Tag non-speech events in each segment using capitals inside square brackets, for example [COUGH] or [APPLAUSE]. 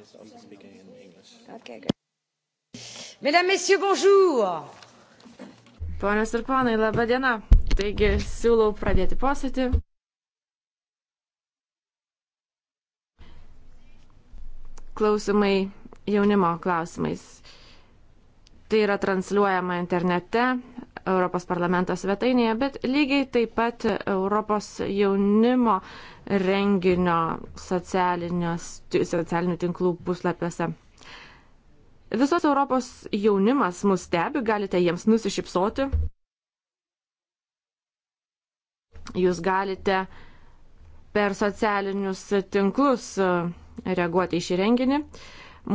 yes, I'm speaking in English. Okay, good. Mesdames, Messieurs, bonjour. Ponios ir ponai, laba diena. Taigi siūlau pradėti posėdį. Klausimai jaunimo klausimais. Tai yra transliuojama internete, Europos parlamento svetainėje, bet lygiai taip pat Europos jaunimo renginio socialinių tinklų puslapiuose. Visos Europos jaunimas mus stebi, galite jiems nusišypsoti. Jūs galite per socialinius tinklus reaguoti į šį renginį.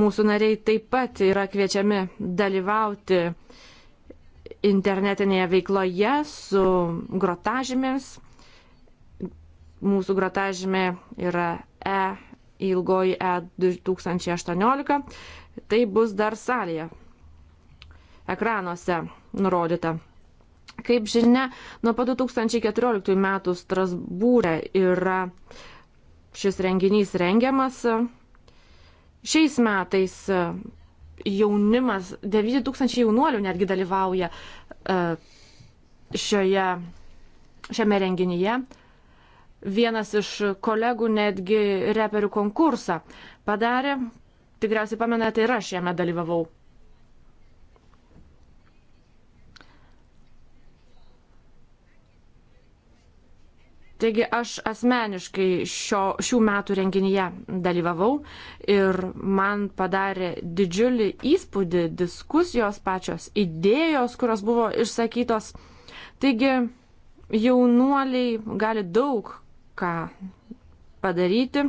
Mūsų nariai taip pat yra kviečiami dalyvauti uh, internetinėje veikloje su grotažymėmis. Mūsų grotažymė yra E ilgoji E 2018. Tai bus dar salėje, ekranuose nurodyta. Kaip žinia, nuo pat 2014 metų Strasbūrė yra šis renginys rengiamas. Šiais metais jaunimas, 9 tūkstančiai jaunuolių netgi dalyvauja e, šioje, šiame renginyje. Vienas iš kolegų netgi reperių konkursą padarė, tikriausiai pamenate, ir aš jame dalyvavau. Taigi aš asmeniškai šio, šių metų renginyje dalyvavau ir man padarė didžiulį įspūdį diskusijos pačios idėjos, kurios buvo išsakytos. Taigi jaunuoliai gali daug ką padaryti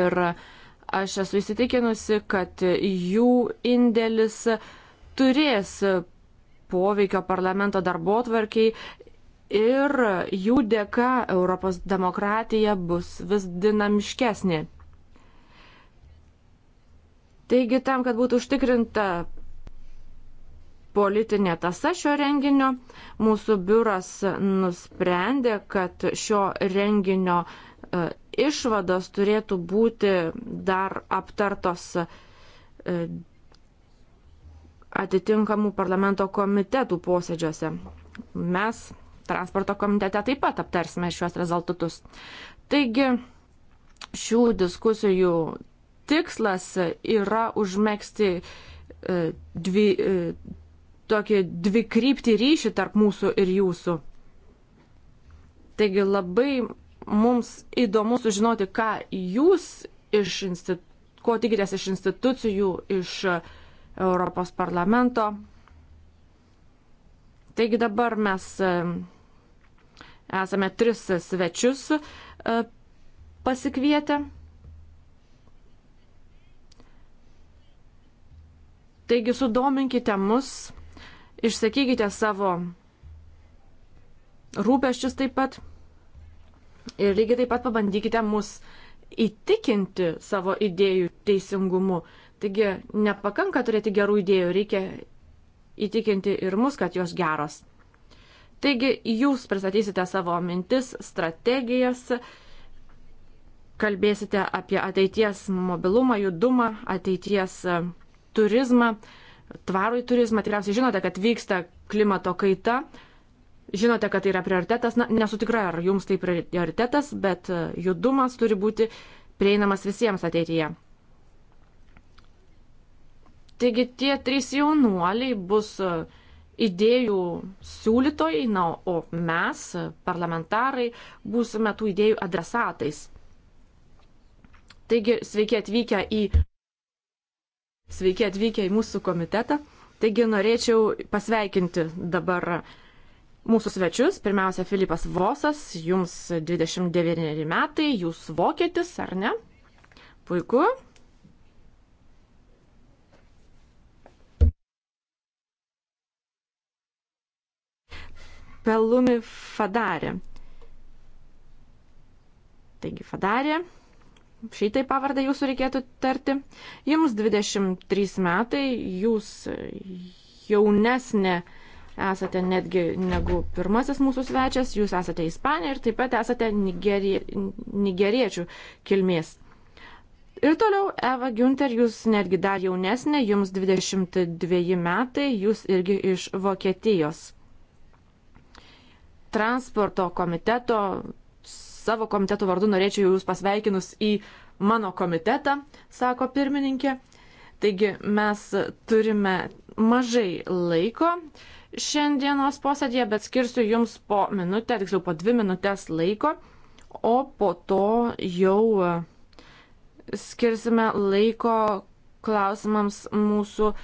ir aš esu įsitikinusi, kad jų indėlis turės poveikio parlamento darbo tvarkiai ir jų dėka Europos demokratija bus vis dinamiškesnė. Taigi tam, kad būtų užtikrinta politinė tasa šio renginio, mūsų biuras nusprendė, kad šio renginio e, išvados turėtų būti dar aptartos e, atitinkamų parlamento komitetų posėdžiuose. Mes transporto komitete taip pat aptarsime šiuos rezultatus. Taigi, šių diskusijų tikslas yra užmėgsti e, dvi, e, tokį dvikryptį ryšį tarp mūsų ir jūsų. Taigi labai mums įdomu sužinoti, ką jūs iš institucijų, ko tikitės iš institucijų, iš Europos parlamento. Taigi dabar mes e, Esame tris svečius e, pasikvietę. Taigi sudominkite mus, išsakykite savo rūpeščius taip pat ir lygiai taip pat pabandykite mus įtikinti savo idėjų teisingumu. Taigi nepakanka turėti gerų idėjų, reikia įtikinti ir mus, kad jos geros. Taigi jūs pristatysite savo mintis, strategijas, kalbėsite apie ateities mobilumą, judumą, ateities e, turizmą, tvarų į turizmą. Tikriausiai žinote, kad vyksta klimato kaita, žinote, kad tai yra prioritetas. Na, nesu tikra, ar jums tai prioritetas, bet e, judumas turi būti prieinamas visiems ateityje. Taigi tie trys jaunuoliai bus uh, idėjų siūlytojai, na, o mes, parlamentarai, būsime tų idėjų adresatais. Taigi, sveiki atvykę į, sveiki atvykę į mūsų komitetą. Taigi, norėčiau pasveikinti dabar mūsų svečius. Pirmiausia, Filipas Vosas, jums 29 metai, jūs vokietis, ar ne? Puiku. Pelumi Fadarė. Taigi Fadarė, šitai pavardą jūsų reikėtų tarti. Jums 23 metai, jūs jaunesnė esate netgi negu pirmasis mūsų svečias, jūs esate Ispanija ir taip pat esate nigeri, nigeriečių kilmės. Ir toliau, Eva Günther, jūs netgi dar jaunesnė, jums 22 metai, jūs irgi iš Vokietijos transporto komiteto, savo komiteto vardu norėčiau jūs pasveikinus į mano komitetą, sako pirmininkė. Taigi mes turime mažai laiko šiandienos posėdėje, bet skirsiu jums po minutę, tiksliau po dvi minutės laiko, o po to jau e, skirsime laiko klausimams mūsų e,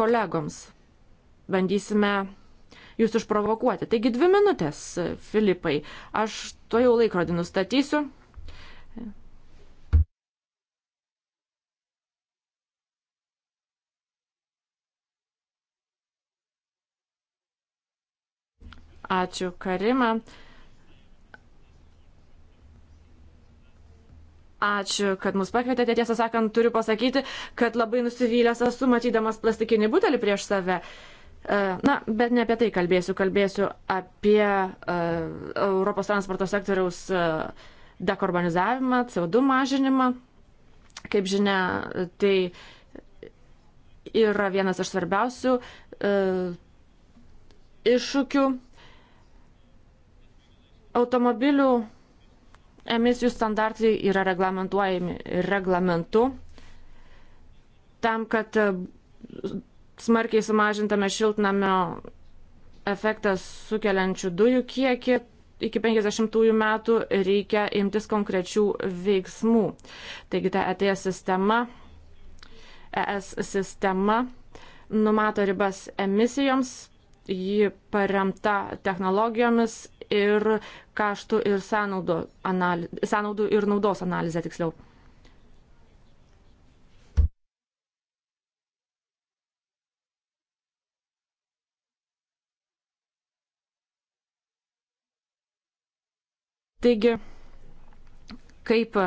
kolegoms. Bandysime jūs išprovokuoti. Taigi dvi minutės, Filipai. Aš to jau laikrodį nustatysiu. Ačiū, Karima. Ačiū, kad mus pakvietėte. Tiesą sakant, turiu pasakyti, kad labai nusivylęs esu matydamas plastikinį butelį prieš save. Uh, E, na, bet ne apie tai kalbėsiu, kalbėsiu apie e, Europos transporto sektoriaus e, dekarbonizavimą, CO2 mažinimą. Kaip žinia, tai yra vienas iš svarbiausių iššūkių. Automobilių emisijų standartai yra reglamentuojami reglamentu tam, kad smarkiai sumažintame šiltnamio efektas sukeliančių dujų kiekį iki 50 metų reikia imtis konkrečių veiksmų. Taigi ta ETS sistema, ES sistema numato ribas emisijoms, ji paremta technologijomis ir kaštų ir sąnaudų, analiz, sąnaudų ir naudos analizė tiksliau. Taigi, kaip e,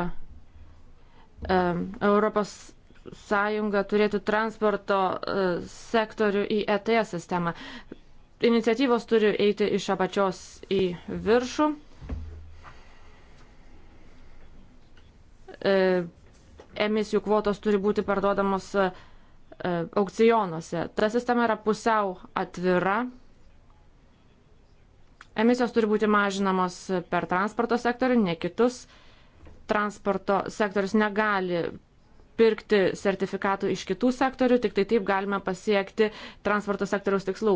Europos sąjunga turėtų transporto e, sektorių į ETS sistemą. Iniciatyvos turi eiti iš apačios į viršų. E, emisijų kvotos turi būti parduodamos aukcionuose. Ta sistema yra pusiau atvira, Emisijos turi būti mažinamos per transporto sektorių, ne kitus. Transporto sektorius negali pirkti sertifikatų iš kitų sektorių, tik tai taip galime pasiekti transporto sektoriaus tikslų.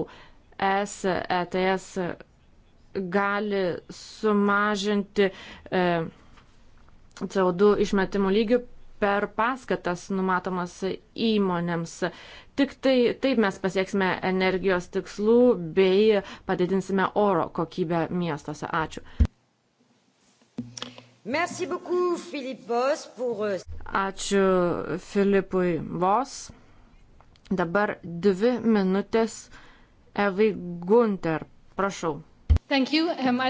SETS e, gali sumažinti e, CO2 išmetimų lygių per paskatas numatomas įmonėms. Tik tai taip mes pasieksime energijos tikslų bei padidinsime oro kokybę miestuose. Ačiū. Merci beaucoup, Filipos, pour... Euh, Ačiū Filipui Vos. Dabar dvi minutės Evai Gunter. Prašau. Thank you. Um,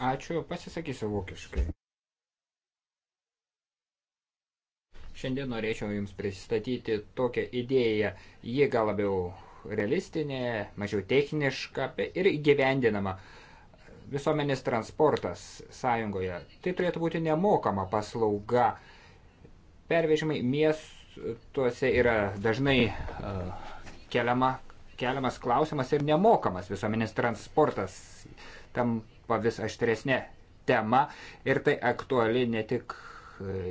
Ačiū, pasisakysiu vokiškai. Šiandien norėčiau Jums pristatyti tokią idėją. Ji gal labiau realistinė, mažiau techniška ir įgyvendinama. Visuomenės transportas sąjungoje. Tai turėtų būti nemokama paslauga. Pervežimai miestuose yra dažnai uh, keliama, keliamas klausimas ir nemokamas visuomenės transportas tampa vis aštresnė tema ir tai aktuali ne tik uh,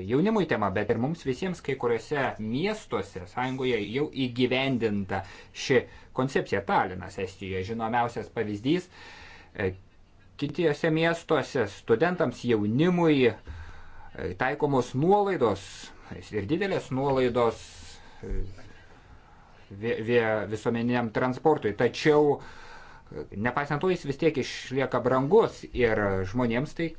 jaunimui tema, bet ir mums visiems kai kuriuose miestuose sąjungoje jau įgyvendinta ši koncepcija. Talinas Estijoje žinomiausias pavyzdys. E, Kitiems miestuose studentams jaunimui e, taikomos nuolaidos ir didelės nuolaidos e, visuomeniniam transportui. Tačiau nepaisant to jis vis tiek išlieka brangus ir žmonėms tai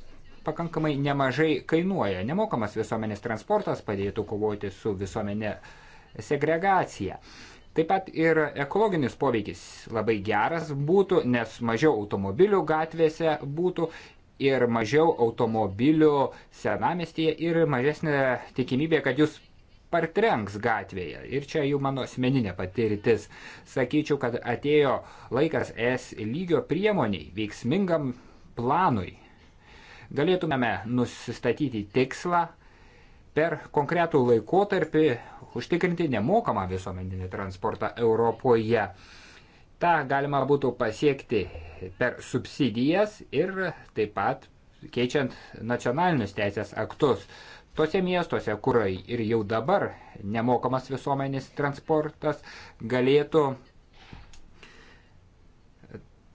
pakankamai nemažai kainuoja. Nemokamas visuomenės transportas padėtų kovoti su visuomenė segregacija. Taip pat ir ekologinis poveikis labai geras būtų, nes mažiau automobilių gatvėse būtų ir mažiau automobilių senamestyje ir mažesnė tikimybė, kad jūs partrenks gatvėje. Ir čia jau mano asmeninė patirtis. Sakyčiau, kad atėjo laikas S lygio priemoniai, veiksmingam planui galėtumėme nusistatyti tikslą per konkretų laikotarpį užtikrinti nemokamą visuomeninį transportą Europoje. Ta galima būtų pasiekti per subsidijas ir taip pat keičiant nacionalinius teisės aktus. Tose miestuose, kur ir jau dabar nemokamas visuomenis transportas galėtų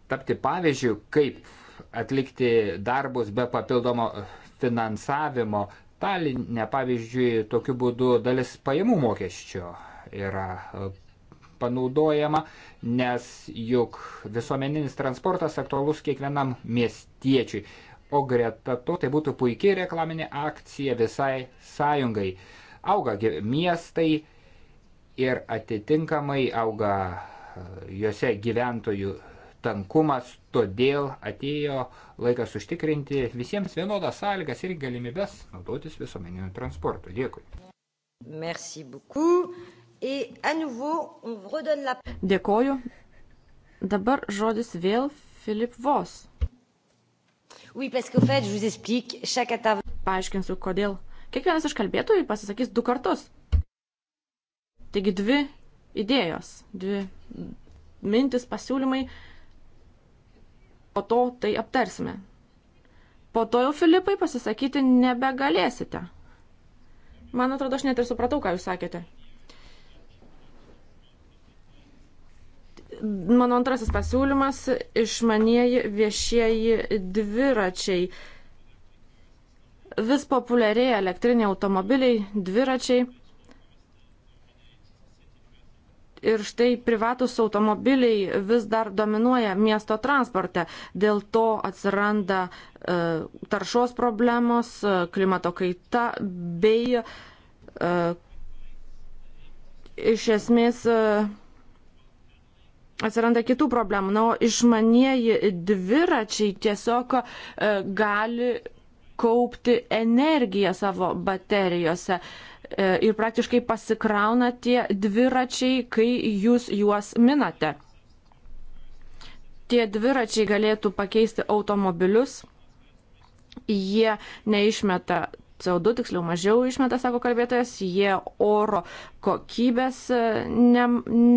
tapti pavyzdžių, kaip atlikti darbus be papildomo finansavimo. Talinė, pavyzdžiui, tokiu būdu dalis pajamų mokesčio yra e, panaudojama, nes juk visuomeninis transportas aktualus kiekvienam miestiečiui. O greta to tai būtų puikiai reklaminė akcija visai sąjungai. Auga miestai ir atitinkamai auga e, juose gyventojų tankumas, todėl atėjo laikas užtikrinti visiems vienodas sąlygas ir galimybės naudotis visuomeniniu transportu. Dėkui. Merci beaucoup. Et à nouveau, on redonne la... Dėkoju. Dabar žodis vėl Filip Vos. Oui, parce qu'au fait, je vous explique, chaque intervenant... Paaiškinsiu, kodėl. Kiekvienas iš kalbėtojų pasisakys du kartus. Taigi dvi idėjos, dvi mintis, pasiūlymai po to tai aptarsime. Po to jau Filipai pasisakyti nebegalėsite. Man atrodo, aš net ir supratau, ką jūs sakėte. Mano antrasis pasiūlymas - išmanieji viešieji dviračiai. Vis populiarėja elektriniai automobiliai, dviračiai ir štai privatus automobiliai vis dar dominuoja miesto transporte. Dėl to atsiranda e, taršos problemos, e, klimato kaita bei e, iš esmės atsiranda kitų problemų. Na, o išmanieji dviračiai tiesiog gali kaupti energiją savo baterijose. Uh, E, ir praktiškai pasikrauna tie dviračiai, kai jūs juos minate. Tie dviračiai galėtų pakeisti automobilius, jie neišmeta CO2, tiksliau mažiau išmeta, sako kalbėtojas, jie oro kokybės e, ne,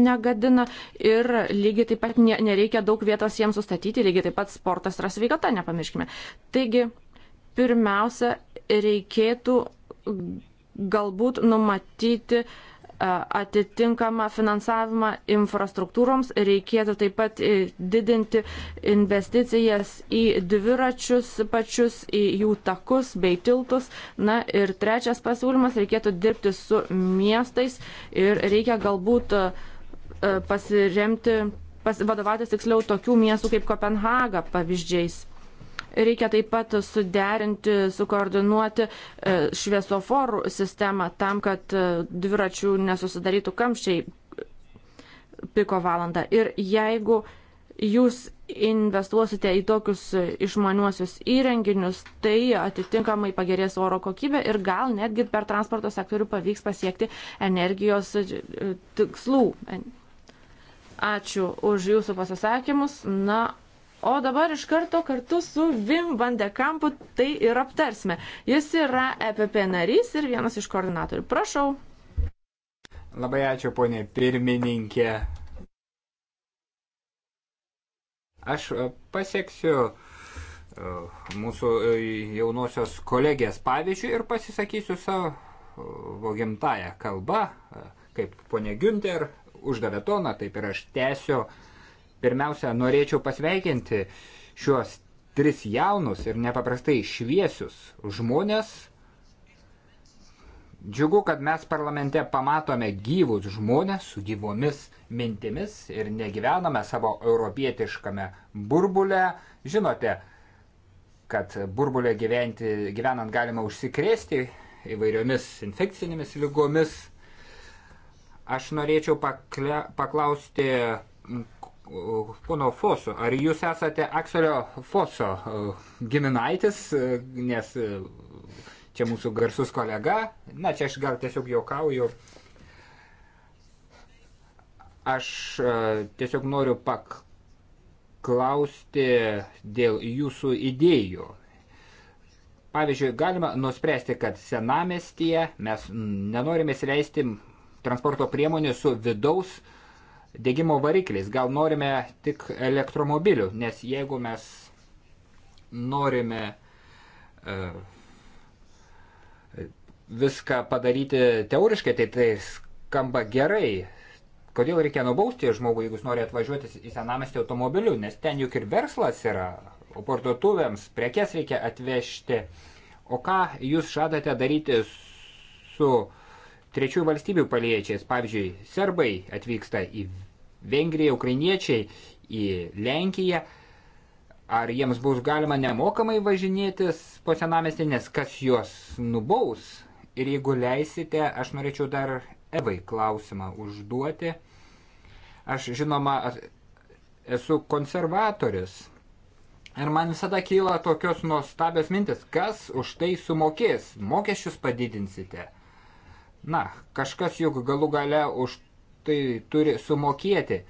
negadina ir lygiai taip pat ne, nereikia daug vietos jiems sustatyti, lygiai taip pat sportas yra sveikata, nepamirškime. Taigi, pirmiausia, reikėtų galbūt numatyti e, atitinkamą finansavimą infrastruktūroms, reikėtų taip pat e, didinti investicijas į dviračius pačius, į jų takus bei tiltus. Na ir trečias pasiūlymas, reikėtų dirbti su miestais ir reikia galbūt e, pasiremti, pas, vadovautis tiksliau tokių miestų kaip Kopenhaga pavyzdžiais. Reikia taip pat suderinti, sukoordinuoti e, šviesoforų sistemą tam, kad e, dviračių nesusidarytų kamščiai e, piko valandą. Ir jeigu jūs investuosite į tokius išmaniuosius įrenginius, tai atitinkamai pagerės oro kokybė ir gal netgi per transporto sektorių pavyks pasiekti energijos tikslų. Ačiū už jūsų pasisakymus. Na, O dabar iš karto kartu su Vim Vandekampu tai ir aptarsime. Jis yra EPP narys ir vienas iš koordinatorių. Prašau. Labai ačiū, ponė pirmininkė. Aš e, pasieksiu e, mūsų e, jaunosios kolegės pavyzdžių ir pasisakysiu savo gimtają kalbą, kaip ponė Günter uždavė toną, taip ir aš tęsiu Pirmiausia, norėčiau pasveikinti šiuos tris jaunus ir nepaprastai šviesius žmonės. Džiugu, kad mes parlamente pamatome gyvus žmonės su gyvomis mintimis ir negyvename savo europietiškame burbulė. Žinote, kad burbulė gyventi, gyvenant galima užsikrėsti įvairiomis infekcinėmis lygomis. Aš norėčiau pakle, paklausti pono Foso, ar jūs esate Akselio Foso e, giminaitis, e, nes e, čia mūsų garsus kolega, na čia aš gal tiesiog juokauju. Aš tiesiog noriu paklausti dėl jūsų idėjų. Pavyzdžiui, galima nuspręsti, kad senamestyje mes nenorime įsileisti transporto priemonių su vidaus uh, degimo varikliais. Gal norime tik elektromobilių, nes jeigu mes norime uh, viską padaryti teoriškai, tai tai skamba gerai. Kodėl reikia nubausti žmogų, jeigu jis nori atvažiuoti į senamestį automobiliu, nes ten juk ir verslas yra, o parduotuvėms prekes reikia atvežti. O ką jūs žadate daryti su uh, trečiųjų valstybių paliečiais. Pavyzdžiui, serbai atvyksta į Vengriją, ukrainiečiai į Lenkiją. Ar jiems bus galima nemokamai važinėtis po senamestį, nes kas juos nubaus? Ir jeigu leisite, aš norėčiau dar Evai klausimą užduoti. Aš žinoma esu konservatorius. Ir man visada kyla tokios nuostabios mintis, kas už tai sumokės, mokesčius padidinsite – Na, kažkas juk galų gale už tai turi sumokėti.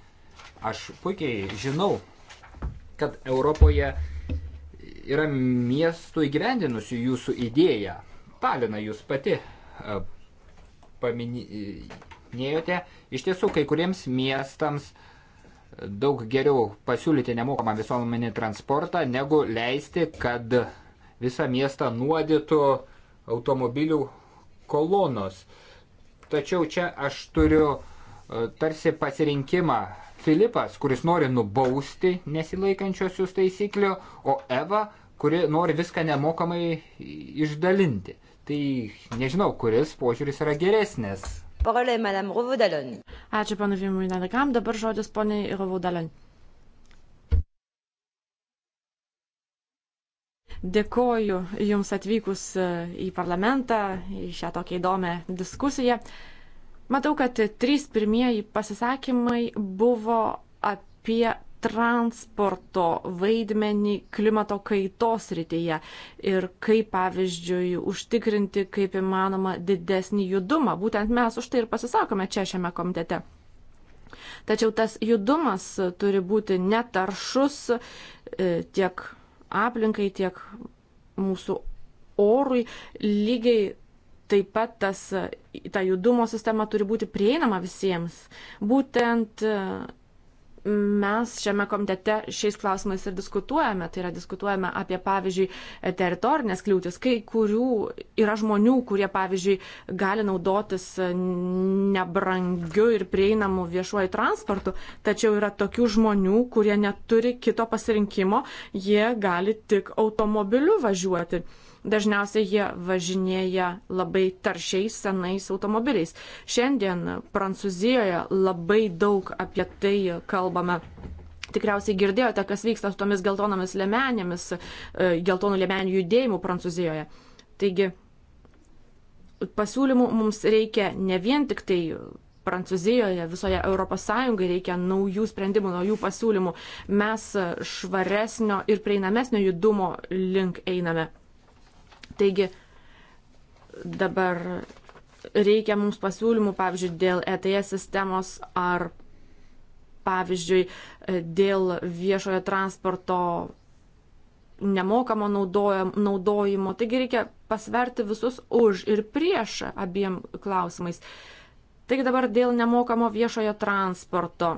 Aš puikiai žinau, kad Europoje yra miestų įgyvendinusių jūsų idėją. Taliną jūs pati e, paminėjote. Iš tiesų, kai kuriems miestams daug geriau pasiūlyti nemokamą visuomenį transportą, negu leisti, kad visą miestą nuodytų automobilių kolonos. Tačiau čia aš turiu e, tarsi pasirinkimą. Filipas, kuris nori nubausti nesilaikančiosius taisyklių, o Eva, kuri nori viską nemokamai išdalinti. Tai nežinau, kuris požiūris yra geresnis. Parolė, madame Rovodalon. Ačiū panu Vimui Nadakam, dabar žodis poniai Rovodalon. Dėkoju Jums atvykus e, į parlamentą, į šią tokią įdomią diskusiją. Matau, kad trys pirmieji pasisakymai buvo apie transporto vaidmenį klimato kaitos rytyje ir kaip, pavyzdžiui, užtikrinti kaip įmanoma didesnį judumą. Būtent mes už tai ir pasisakome čia šiame komitete. Tačiau tas judumas turi būti netaršus e, tiek aplinkai, tiek mūsų orui. Lygiai taip pat tas, ta judumo sistema turi būti prieinama visiems. Būtent mes šiame komitete šiais klausimais ir diskutuojame. Tai yra diskutuojame apie, pavyzdžiui, teritorinės kliūtis, kai kurių yra žmonių, kurie, pavyzdžiui, gali naudotis nebrangiu ir prieinamu viešuoju transportu, tačiau yra tokių žmonių, kurie neturi kito pasirinkimo, jie gali tik automobiliu važiuoti. Dažniausiai jie važinėja labai taršiais senais automobiliais. Šiandien Prancūzijoje labai daug apie tai kalbame. Tikriausiai girdėjote, kas vyksta su tomis geltonomis lemenėmis, e, geltonų lemenių judėjimu Prancūzijoje. Taigi, pasiūlymų mums reikia ne vien tik tai Prancūzijoje, visoje Europos Sąjungai reikia naujų sprendimų, naujų pasiūlymų. Mes švaresnio ir prieinamesnio judumo link einame. Taigi dabar reikia mums pasiūlymų, pavyzdžiui, dėl ETS sistemos ar, pavyzdžiui, dėl viešojo transporto nemokamo naudojimo. Taigi reikia pasverti visus už ir prieš abiem klausimais. Taigi dabar dėl nemokamo viešojo transporto.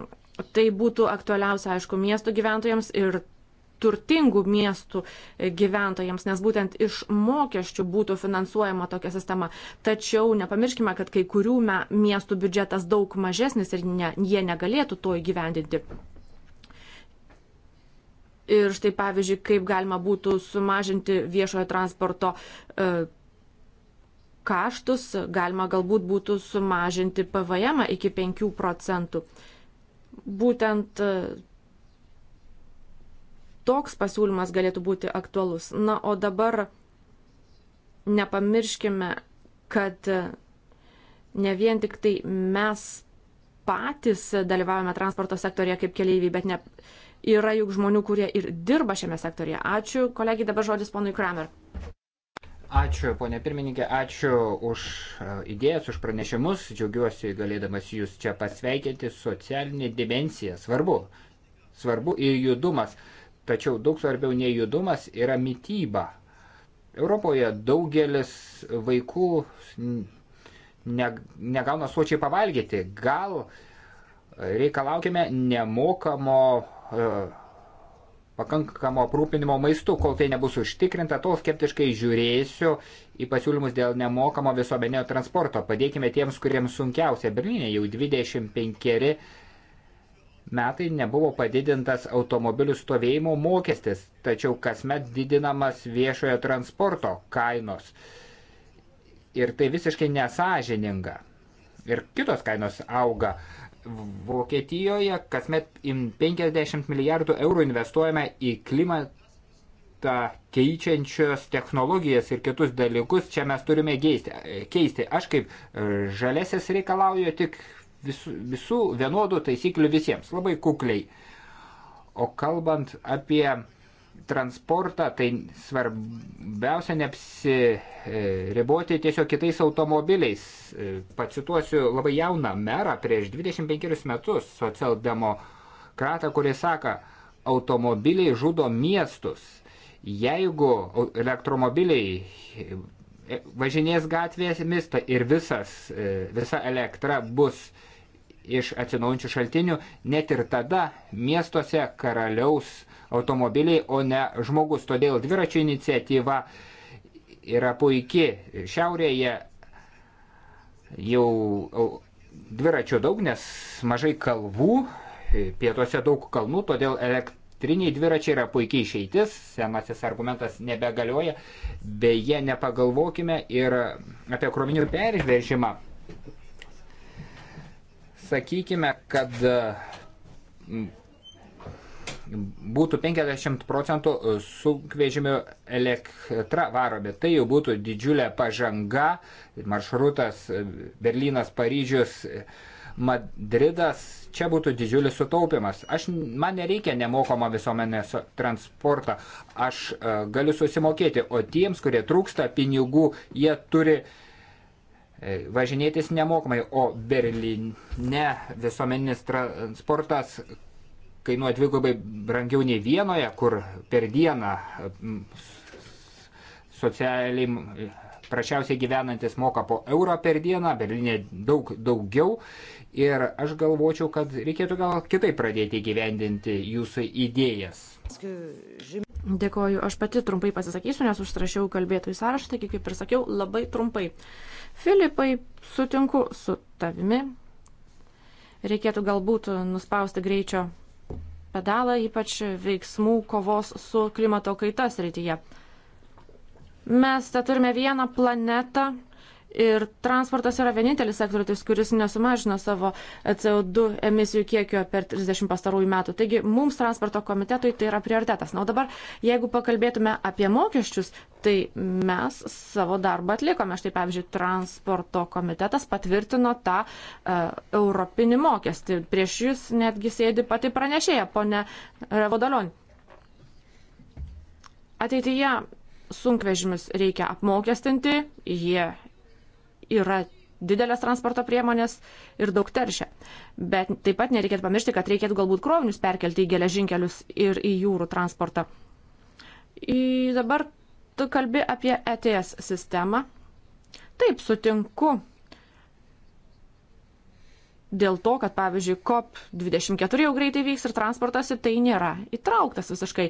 Tai būtų aktualiausia, aišku, miesto gyventojams ir turtingų miestų e, gyventojams, nes būtent iš mokesčių būtų finansuojama tokia sistema. Tačiau nepamirškime, kad kai kurių miestų biudžetas daug mažesnis ir ne, jie negalėtų to įgyvendinti. Ir štai pavyzdžiui, kaip galima būtų sumažinti viešojo transporto e, kaštus, galima galbūt būtų sumažinti PVM iki 5 procentų. Būtent e, toks pasiūlymas galėtų būti aktualus. Na, o dabar nepamirškime, kad ne vien tik tai mes patys dalyvavome transporto sektorėje kaip keleiviai, bet ne, yra juk žmonių, kurie ir dirba šiame sektorėje. Ačiū, kolegiai, dabar žodis ponui Kramer. Ačiū, ponė pirmininkė, ačiū už e, idėjas, už pranešimus. Džiaugiuosi galėdamas jūs čia pasveikinti. Socialinė dimensija svarbu. Svarbu ir judumas. Tačiau daug svarbiau nei judumas yra mytyba. Europoje daugelis vaikų negauna suočiai pavalgyti. Gal reikalaukime nemokamo e, pakankamo aprūpinimo maistu, kol tai nebus užtikrinta, tol skeptiškai žiūrėsiu į pasiūlymus dėl nemokamo visuomenio transporto. Padėkime tiems, kuriems sunkiausia. Berlyne jau 25 metai nebuvo padidintas automobilių stovėjimo mokestis, tačiau kasmet didinamas viešojo transporto kainos. Ir tai visiškai nesažininga. Ir kitos kainos auga. Vokietijoje kasmet 50 milijardų eurų investuojame į klimatą keičiančios technologijas ir kitus dalykus. Čia mes turime keisti. keisti. Aš kaip žalesis reikalauju tik visų, visų vienodų taisyklių visiems, labai kukliai. O kalbant apie transportą, tai svarbiausia neapsiriboti tiesiog kitais automobiliais. E, pacituosiu labai jauną merą prieš 25 metus socialdemokratą, kuris sako, automobiliai žudo miestus. Jeigu elektromobiliai e, važinės gatvėmis tai ir visas, e, visa elektra bus iš atsinaujančių šaltinių, net ir tada miestuose karaliaus automobiliai, o ne žmogus. Todėl dviračių iniciatyva yra puikiai. Šiaurėje jau dviračių daug, nes mažai kalvų, pietuose daug kalnų, todėl elektriniai dviračiai yra puikiai išeitis, senasis argumentas nebegalioja, beje nepagalvokime ir apie krovinių peržvežimą sakykime, kad e, būtų 50 procentų sunkvežimio elektra varomi. Tai jau būtų didžiulė pažanga. Maršrutas e, Berlynas, Paryžius, e, Madridas. Čia būtų didžiulis sutaupimas. Aš, man nereikia nemokamo visuomenės transportą. Aš galiu susimokėti. O tiems, kurie trūksta pinigų, jie turi uh, E, važinėtis nemokamai, o Berlyne visuomeninis transportas kainuoja dvigubai brangiau nei vienoje, kur per dieną socialiai prašiausiai gyvenantis moka po eurą per dieną, Berlinė daug daugiau. Ir aš galvočiau, kad reikėtų gal kitaip pradėti gyvendinti jūsų idėjas. Dėkoju, aš pati trumpai pasisakysiu, nes užrašiau kalbėtojų sąrašą, taigi kaip ir sakiau, labai trumpai. Uh, Filipai, sutinku su tavimi. Reikėtų galbūt nuspausti greičio pedalą, ypač veiksmų kovos su klimato kaitas rytyje. Mes tą turime vieną planetą, Ir transportas yra vienintelis sektorius, kuris nesumažino savo CO2 emisijų kiekio per 30 pastarųjų metų. Taigi mums transporto komitetui tai yra prioritetas. Na, o dabar, jeigu pakalbėtume apie mokesčius, tai mes šavo darbą atlikome. Štai, pavyzdžiui, transporto komitetas patvirtino tą e, europinį mokestį. Prieš jūs netgi sėdi pati pranešėja, ponė Revodalion. Ateityje sunkvežimius reikia apmokestinti, jie yra didelės transporto priemonės ir daug teršia. Bet taip pat nereikėtų pamiršti, kad reikėtų galbūt krovinius perkelti į geležinkelius ir į jūrų transportą. Į dabar tu kalbi apie ETS sistemą. Taip, sutinku. Dėl to, kad pavyzdžiui, COP24 jau greitai vyks ir transportas į tai nėra įtrauktas visiškai.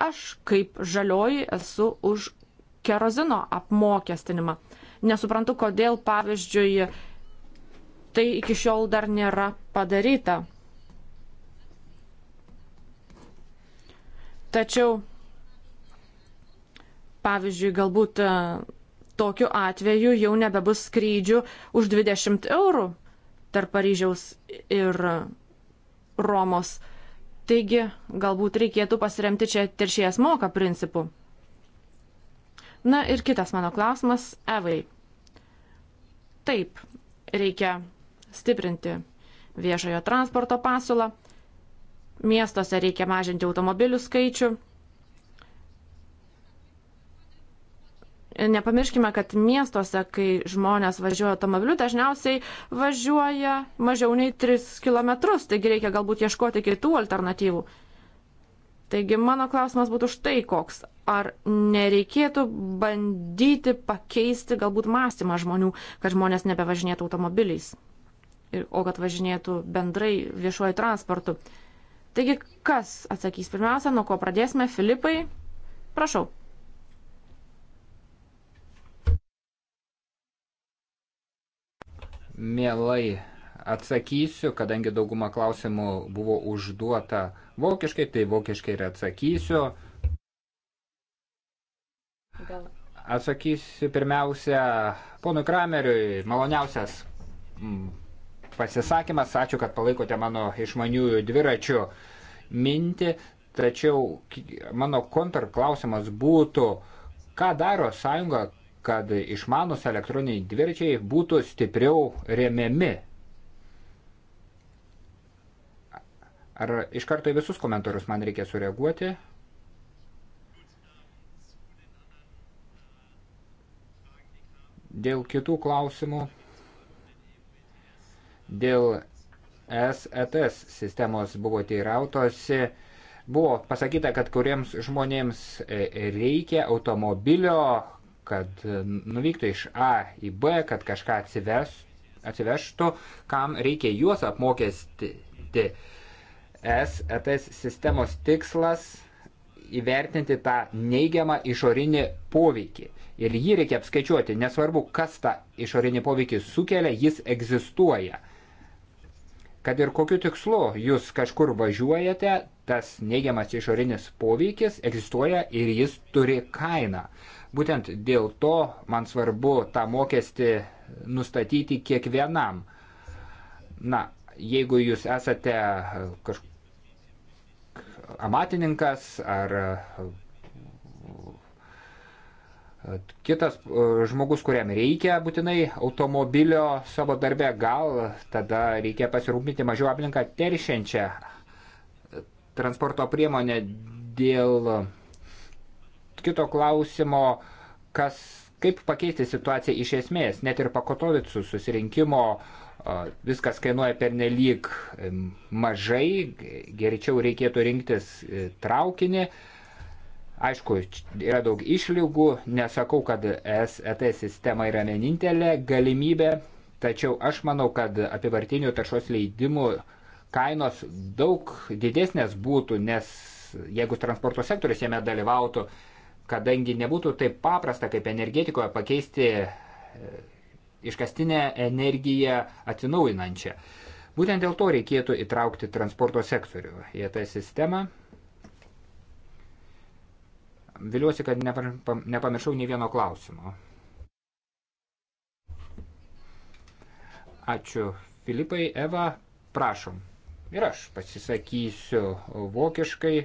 Aš kaip žalioji esu už kerozino apmokestinimą. Nesuprantu, kodėl, pavyzdžiui, tai iki šiol dar nėra padaryta. Tačiau, pavyzdžiui, galbūt e, tokiu atveju jau nebebus skrydžių už 20 eurų tarp Paryžiaus ir Romos. Taigi, galbūt reikėtų pasiremti čia teršėjas moka principu. Na ir kitas mano klausimas Evai. Taip, reikia stiprinti viešojo transporto pasiūlą, miestuose reikia mažinti automobilių skaičių. Nepamirškime, kad miestuose, kai žmonės važiuoja automobiliu, dažniausiai važiuoja mažiau nei 3 km, taigi reikia galbūt ieškoti kitų alternatyvų. Taigi mano klausimas būtų štai koks. Ar nereikėtų bandyti pakeisti galbūt mąstymą žmonių, kad žmonės nebevažinėtų automobiliais, o kad važinėtų bendrai viešuoju transportu? Taigi kas atsakys pirmiausia, nuo ko pradėsime? Filipai, prašau. Mielai atsakysiu, kadangi dauguma klausimų buvo užduota vokiškai, tai vokiškai ir atsakysiu. Gal. Atsakysiu pirmiausia ponui Krameriui, maloniausias mm, pasisakymas, ačiū, kad palaikote mano išmaniųjų dviračių mintį, tačiau mano kontrklausimas būtų, ką daro sąjunga, kad išmanus elektroniniai dviračiai būtų stipriau remiami Ar iš karto į visus komentarus man reikia sureaguoti? Dėl kitų klausimų, dėl SETS e sistemos buvo teirautosi, buvo pasakyta, kad kuriems žmonėms e, reikia automobilio, kad nuvyktų iš A į B, kad kažką atsivestų, atsivežtų, kam reikia juos apmokestinti. S ETS sistemos tikslas įvertinti tą neigiamą išorinį poveikį. Ir jį reikia apskaičiuoti, nesvarbu, kas tą išorinį poveikį sukelia, jis egzistuoja. Kad ir kokiu tikslu jūs kažkur važiuojate, tas neigiamas išorinis poveikis egzistuoja ir jis turi kainą. Būtent dėl to man svarbu tą mokestį nustatyti kiekvienam. Na, jeigu jūs esate kažkokiu amatininkas ar e, kitas e, žmogus, kuriam reikia būtinai automobilio savo darbe, gal tada reikia pasirūpinti mažiau aplinką teršiančią transporto priemonę dėl kito klausimo, kas Kaip pakeisti situaciją iš esmės? Net ir pakotovicų susirinkimo viskas kainuoja pernelyg mažai, geriau reikėtų rinktis e, traukinį. Aišku, yra daug išlygų, nesakau, kad SET sistema yra vienintelė galimybė, tačiau aš manau, kad apivartinių taršos leidimų kainos daug didesnės būtų, nes jeigu transporto sektorius jame dalyvautų, kadangi nebūtų taip paprasta kaip energetikoje pakeisti e, iškastinę energiją atsinaujinančią. Būtent dėl to reikėtų įtraukti transporto sektorių į tą sistemą. Viliuosi, kad nepamiršau nei vieno klausimo. Ačiū Filipai, Eva, prašom. Ir aš pasisakysiu vokiškai.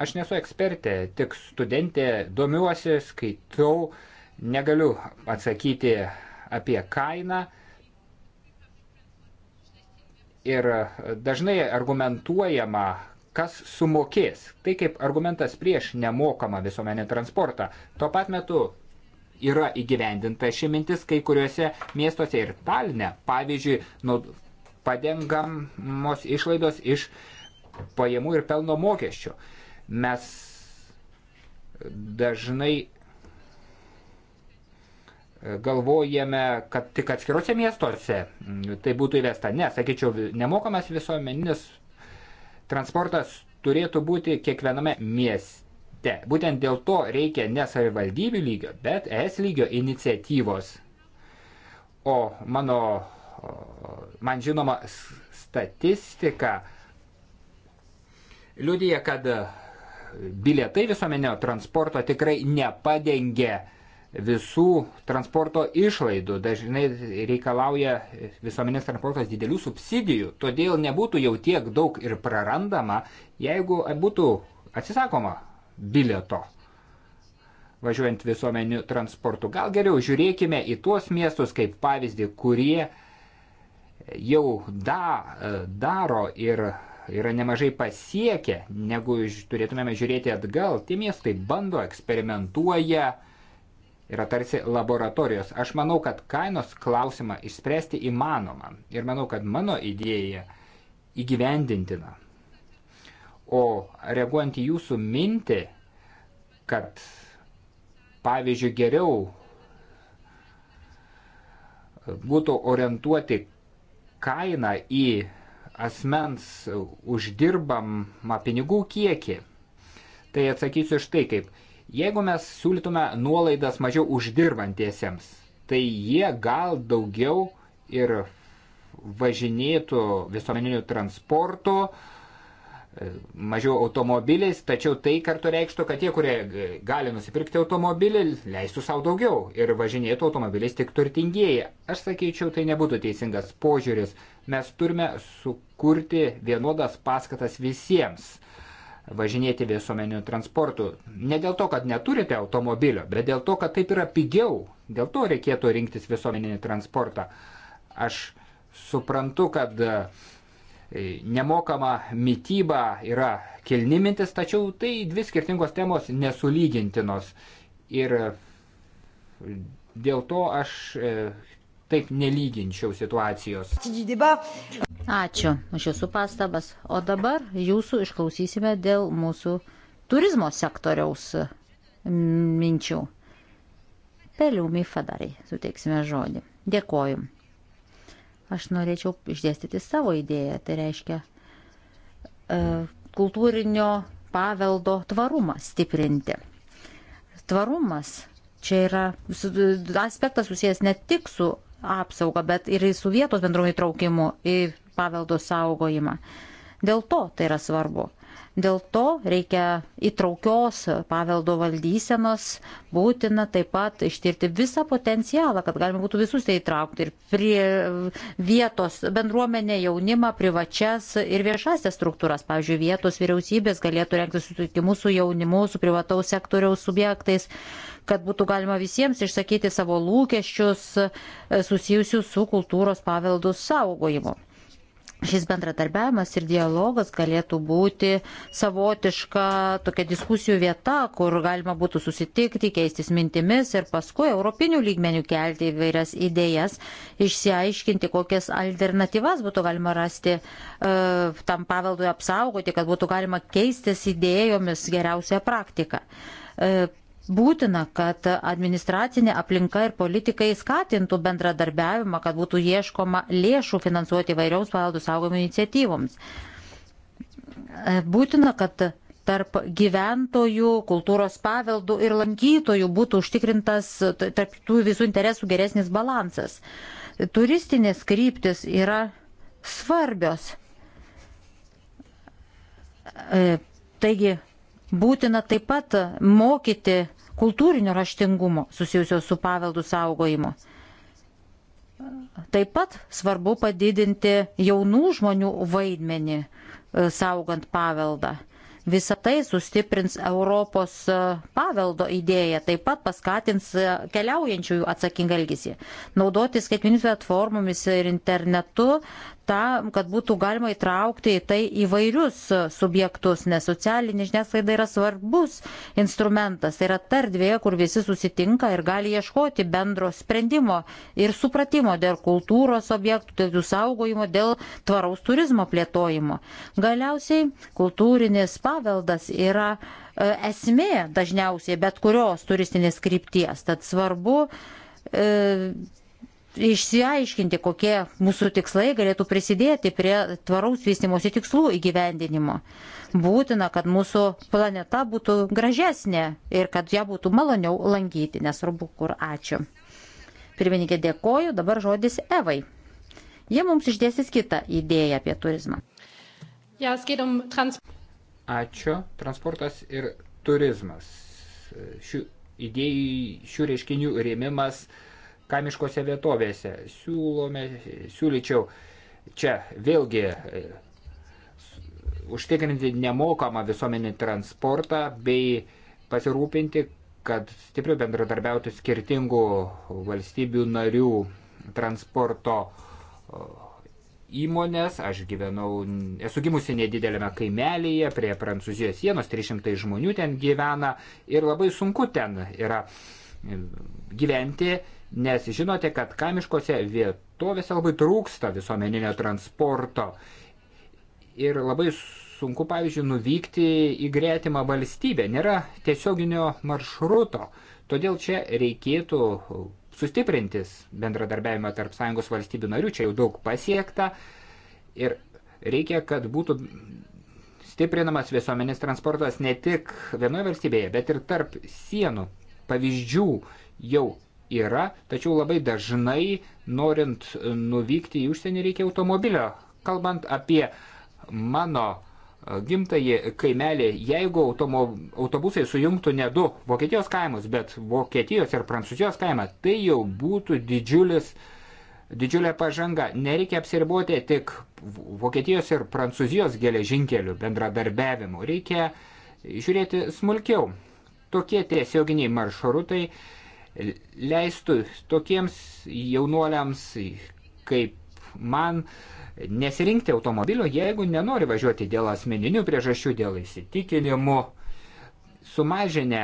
Aš nesu ekspertė, tik studentė, domiuosi, skaitau, negaliu atsakyti apie kainą. Ir dažnai argumentuojama, kas sumokės. Tai kaip argumentas prieš nemokamą visuomenį transportą. Tuo pat metu yra įgyvendinta ši mintis kai kuriuose miestuose ir Taline. Pavyzdžiui, nu, padengamos išlaidos iš pajamų ir pelno mokesčio. Uh, Mes dažnai e, galvojame, kad tik atskiruose miestuose tai būtų įvesta. Ne, sakyčiau, nemokamas visuomeninis transportas turėtų būti kiekviename mieste. Būtent dėl to reikia ne savivaldybių lygio, bet es lygio iniciatyvos. O mano, man žinoma, statistika liudija, kad bilietai visuomenio transporto tikrai nepadengia visų transporto išlaidų. Dažnai reikalauja visuomenės transportas didelių subsidijų, todėl nebūtų jau tiek daug ir prarandama, jeigu būtų atsisakoma bilieto. Važiuojant visuomeniu transportu, gal geriau žiūrėkime į tuos miestus kaip pavyzdį, kurie jau da, e, daro ir yra nemažai pasiekę, negu turėtumėme žiūrėti atgal. Tie miestai bando, eksperimentuoja, yra tarsi laboratorijos. Aš manau, kad kainos klausimą išspręsti įmanoma ir manau, kad mano idėja įgyvendintina. O reaguojant į jūsų mintį, kad pavyzdžiui geriau būtų orientuoti kainą į asmens uždirbamą pinigų kiekį. Tai atsakysiu štai kaip. Jeigu mes siūlytume nuolaidas mažiau uždirbantiesiems, tai jie gal daugiau ir važinėtų visuomeniniu transportu, uh, mažiau automobiliais, tačiau tai kartu reikštų, kad tie, kurie gali nusipirkti automobilį, leistų savo daugiau ir važinėtų automobiliais tik turtingieji. Aš sakyčiau, tai nebūtų teisingas požiūris. Mes turime sukurti vienodas paskatas visiems važinėti visuomeniu transportu. Ne dėl to, kad neturite automobilio, bet dėl to, kad taip yra pigiau. Dėl to reikėtų rinktis visuomeninį transportą. Aš suprantu, kad uh, E, nemokama mytyba yra kilni mintis, tačiau tai dvi skirtingos temos nesulygintinos. Ir dėl to aš e, taip nelyginčiau situacijos. Ačiū už jūsų pastabas. O dabar jūsų išklausysime dėl mūsų turizmo sektoriaus minčių. Peliumi Fadarai suteiksime žodį. Dėkoju. Aš norėčiau išdėstyti savo idėją, tai reiškia e, kultūrinio paveldo tvarumą stiprinti. Tvarumas čia yra aspektas susijęs ne tik su apsauga, bet ir su vietos bendruomenų įtraukimu į paveldo saugojimą. Dėl to tai yra svarbu. Dėl to reikia įtraukios paveldo valdysenos, būtina taip pat ištirti visą potencialą, kad galima būtų visus tai įtraukti ir prie vietos bendruomenę, jaunimą, privačias ir viešasias struktūras. Pavyzdžiui, vietos vyriausybės galėtų renkti sutikimus su jaunimu, su privataus sektoriaus subjektais kad būtų galima visiems išsakyti savo lūkesčius susijusius su kultūros paveldų saugojimu šis bendradarbiavimas ir dialogas galėtų būti savotiška tokia diskusijų vieta, kur galima būtų susitikti, keistis mintimis ir paskui europinių lygmenių kelti įvairias idėjas, išsiaiškinti, kokias alternatyvas būtų galima rasti e, tam paveldui apsaugoti, kad būtų galima keistis idėjomis geriausią praktiką. E, Būtina, kad administracinė aplinka ir politikai skatintų bendradarbiavimą, kad būtų ieškoma lėšų finansuoti vairioms paveldų saugomų iniciatyvoms. E, būtina, kad tarp gyventojų, kultūros paveldų ir lankytojų būtų užtikrintas tarp tų visų interesų geresnis balansas. Turistinės kryptis yra svarbios. E, taigi, būtina taip pat mokyti kultūrinio raštingumo susijusio su paveldų saugojimu. Taip pat svarbu padidinti jaunų žmonių vaidmenį e, saugant paveldą. Visą tai sustiprins Europos e, paveldo idėją, taip pat paskatins e, keliaujančiųjų atsakingą elgesį. Naudoti skaitminius platformomis ir internetu tam, kad būtų galima įtraukti į tai įvairius e, subjektus, nes socialinė žiniasklaida yra svarbus instrumentas, tai yra tardvėje, kur visi susitinka ir gali ieškoti bendro sprendimo ir supratimo dėl kultūros objektų, dėl jų saugojimo, dėl tvaraus turizmo plėtojimo. Galiausiai kultūrinis paveldas paveldas yra e, esmė dažniausiai bet kurios turistinės krypties. Tad svarbu e, išsiaiškinti, kokie mūsų tikslai galėtų prisidėti prie tvaraus vystimosi tikslų įgyvendinimo. Būtina, kad mūsų planeta būtų gražesnė ir kad ją būtų maloniau lankyti, nesvarbu kur. Ačiū. Pirmininkė dėkoju, dabar žodis Evai. Jie mums išdėsis kitą idėją apie turizmą. Ja, es geht um Transport. Ačiū. Transportas ir turizmas. Šių idėjų, šių reiškinių rėmimas kamiškose vietovėse. Siūlome, siūlyčiau čia vėlgi e, užtikrinti nemokamą visuomenį transportą bei pasirūpinti, kad stipriau bendradarbiautų skirtingų valstybių narių transporto įmonės, aš gyvenau, esu gimusi nedidelėme kaimelėje prie Prancūzijos sienos, 300 žmonių ten gyvena ir labai sunku ten yra gyventi, nes žinote, kad kaimiškose vietovėse labai trūksta visuomeninio transporto ir labai sunku, pavyzdžiui, nuvykti į greitimą valstybę, nėra tiesioginio maršruto, todėl čia reikėtų sustiprintis bendradarbiavimą tarp sąjungos valstybių narių, čia jau daug pasiekta ir reikia, kad būtų stiprinamas visuomenis transportas ne tik vienoje valstybėje, bet ir tarp sienų. Pavyzdžių jau yra, tačiau labai dažnai norint nuvykti į užsienį reikia automobilio. Kalbant apie mano gimtąjį kaimelį, jeigu automo, autobusai sujungtų ne du Vokietijos kaimus, bet Vokietijos ir Prancūzijos kaimą, tai jau būtų didžiulis, didžiulė pažanga. Nereikia apsiriboti tik Vokietijos ir Prancūzijos geležinkelių bendradarbiavimu, reikia žiūrėti smulkiau. Tokie tiesioginiai maršrutai leistų tokiems jaunuoliams kaip man uh, nesirinkti automobilio, jeigu nenori važiuoti dėl asmeninių priežasčių, dėl įsitikinimų, sumažinę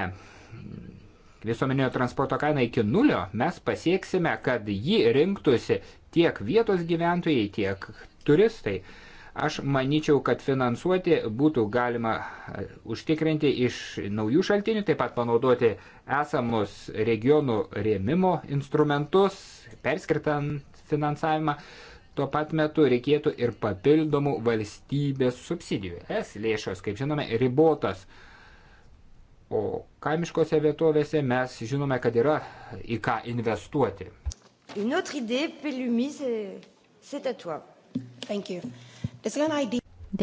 visuomeninio transporto kainą iki nulio, mes pasieksime, kad ji rinktųsi tiek vietos gyventojai, tiek turistai. Aš manyčiau, kad finansuoti būtų galima e, užtikrinti iš naujų šaltinių, taip pat panaudoti esamus regionų rėmimo instrumentus, perskirtant finansavimą. Tuo pat metu reikėtų ir papildomų valstybės subsidijų. Es lėšos, kaip žinome, ribotas. O kaimiškose vietovėse mes žinome, kad yra į ką investuoti.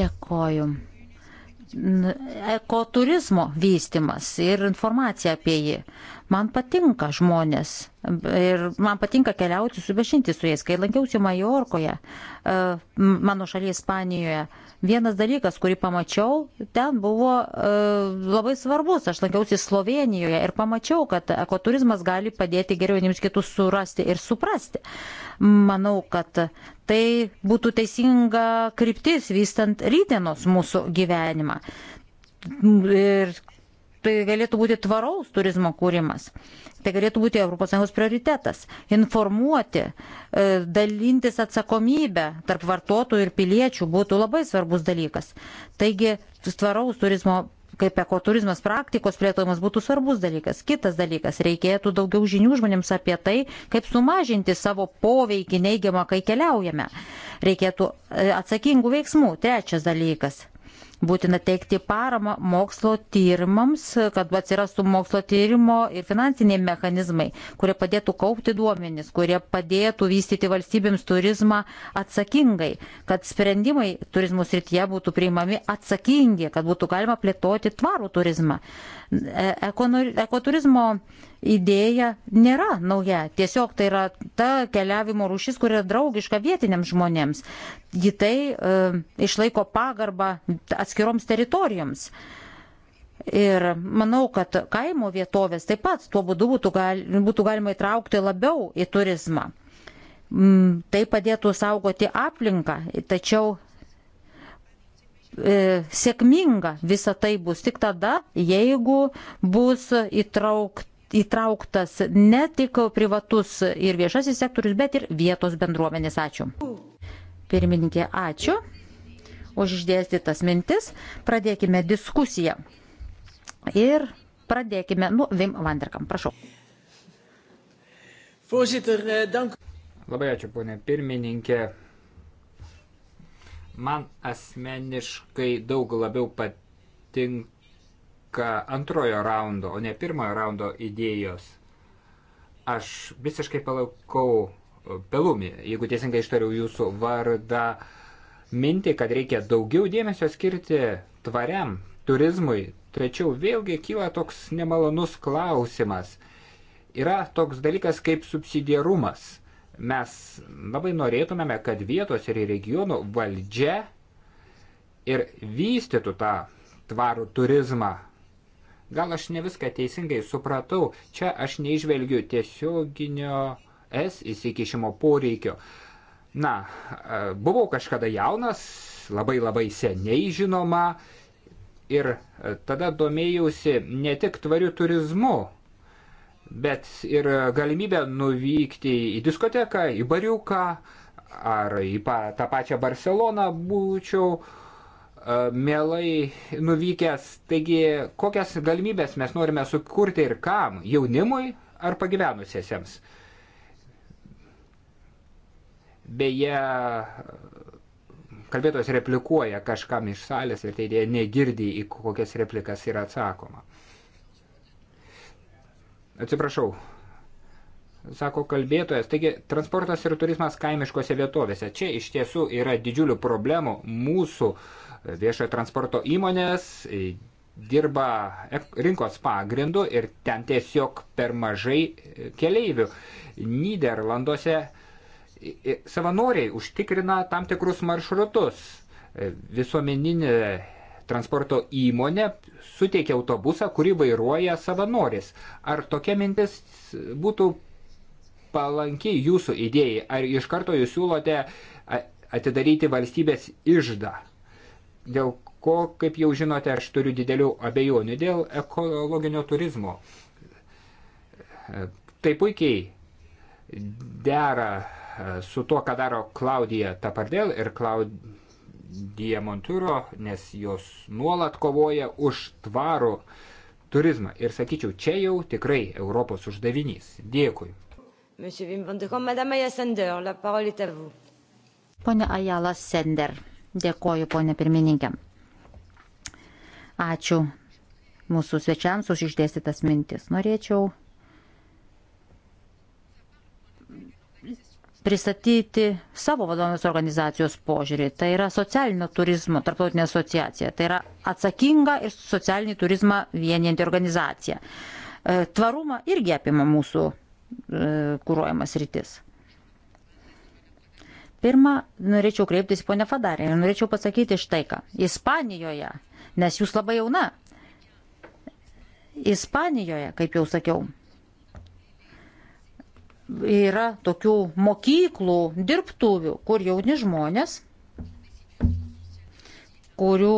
Dėkoju. Ekoturizmo vystimas ir informacija apie jį. Man patinka žmonės ir man patinka keliauti, subežinti su jais. Kai lankiausi Majorkoje, e, mano šalyje Ispanijoje, vienas dalykas, kurį pamačiau, ten buvo e, labai svarbus. Aš lankiausi Slovenijoje ir pamačiau, kad ekoturizmas gali padėti geriau vieniems kitus surasti ir suprasti. Manau, kad tai būtų teisinga kryptis vystant rydienos mūsų gyvenimą ir tai galėtų būti tvaraus turizmo kūrimas. Tai galėtų būti ES prioritetas - informuoti, e, dalintis atsakomybę tarp vartotojų ir piliečių būtų labai svarbus dalykas. Taigi tvaraus turizmo kaip ekoturizmas praktikos plėtojimas būtų svarbus dalykas. Kitas dalykas - reikėtų daugiau žinių žmonėms apie tai, kaip sumažinti savo poveikį neigiamą, kai keliaujame. Reikėtų e, atsakingų veiksmų. Trečias dalykas Būtina teikti paramą mokslo tyrimams, kad atsirastų mokslo tyrimo ir finansiniai mechanizmai, kurie padėtų kaupti duomenis, kurie padėtų vystyti valstybėms turizmą atsakingai, kad sprendimai turizmų srityje būtų priimami atsakingi, kad būtų galima plėtoti tvarų turizmą. E, ekoturizmo idėja nėra nauja. Tiesiog tai yra ta keliavimo rūšis, kuri yra draugiška vietiniams žmonėms. Ji tai e, išlaiko pagarbą atskiroms teritorijoms. Ir manau, kad kaimo vietovės taip pat tuo būdu būtų, gal, būtų galima įtraukti labiau į turizmą. Mm, tai padėtų saugoti aplinką, tačiau e, sėkminga visa tai bus tik tada, jeigu bus įtraukti įtrauktas ne tik privatus ir viešasis sektorius, bet ir vietos bendruomenės. Ačiū. Pirmininkė, ačiū už išdėstytas mintis. Pradėkime diskusiją. Ir pradėkime nuo Vim Vanderkam. Prašau. Voorzitter, eh, dank. Labai ačiū, ponė pirmininkė. Man asmeniškai daug labiau patinka antrojo raundo, o ne pirmojo raundo idėjos. Aš visiškai palaikau e, Pelumi, jeigu teisingai ištariau jūsų vardą, mintį, kad reikia daugiau dėmesio skirti tvariam turizmui. Tačiau vėlgi kyla toks nemalonus klausimas. Yra toks dalykas kaip subsidiarumas. Mes labai norėtumėme, kad vietos ir regionų valdžia ir vystytų tą tvarų turizmą. Gal aš ne viską teisingai supratau, čia aš neižvelgiu tiesioginio es įsikišimo poreikio. Na, e, buvau kažkada jaunas, labai labai seniai žinoma, ir e, tada domėjausi ne tik tvariu turizmu, bet ir galimybę nuvykti į diskoteką, į bariuką ar į pa, tą pačią Barceloną būčiau mielai nuvykęs. Taigi, kokias galimybės mes norime sukurti ir kam? Jaunimui ar pagyvenusiesiems? Beje, kalbėtos replikuoja kažkam iš salės ir tai jie negirdi, į kokias replikas yra atsakoma. Atsiprašau, sako kalbėtojas. Taigi, transportas ir turizmas kaimiškose vietovėse. Čia iš tiesų yra didžiulių problemų mūsų uh, viešojo transporto įmonės e, dirba rinkos pagrindu ir ten tiesiog per mažai e, keleivių. Niderlanduose savanoriai užtikrina tam tikrus maršrutus. E, visuomeninė transporto įmonė suteikia autobusą, kurį vairuoja savanoris. Ar tokia mintis būtų palankiai jūsų idėjai? Ar iš karto jūs siūlote atidaryti valstybės išdą? dėl ko, kaip jau žinote, aš turiu didelių abejonių dėl ekologinio turizmo. Tai puikiai dera e, su tuo, ką daro Klaudija Tapardėl ir Klaudija Monturo, nes jos nuolat kovoja už tvarų turizmą. Ir sakyčiau, čia jau tikrai Europos uždavinys. Dėkui. Monsieur Wim van de Kom, Madame Ayala Sender, la parole est à vous. Pone Ayala Sender. Dėkoju, ponė pirmininkė. Ačiū mūsų svečiams už išdėstytas mintis. Norėčiau pristatyti savo vadovės organizacijos požiūrį. Tai yra socialinio turizmo tarptautinė asociacija. Tai yra atsakinga ir socialinį turizmą vienijanti organizacija. E, tvarumą irgi apima mūsų e, kūruojamas rytis. Pirma, norėčiau kreiptis į ponę Fadarę ir norėčiau pasakyti štai ką. Ispanijoje, nes jūs labai jauna, Ispanijoje, kaip jau sakiau, yra tokių mokyklų, dirbtuvių, kur jauni žmonės, kurių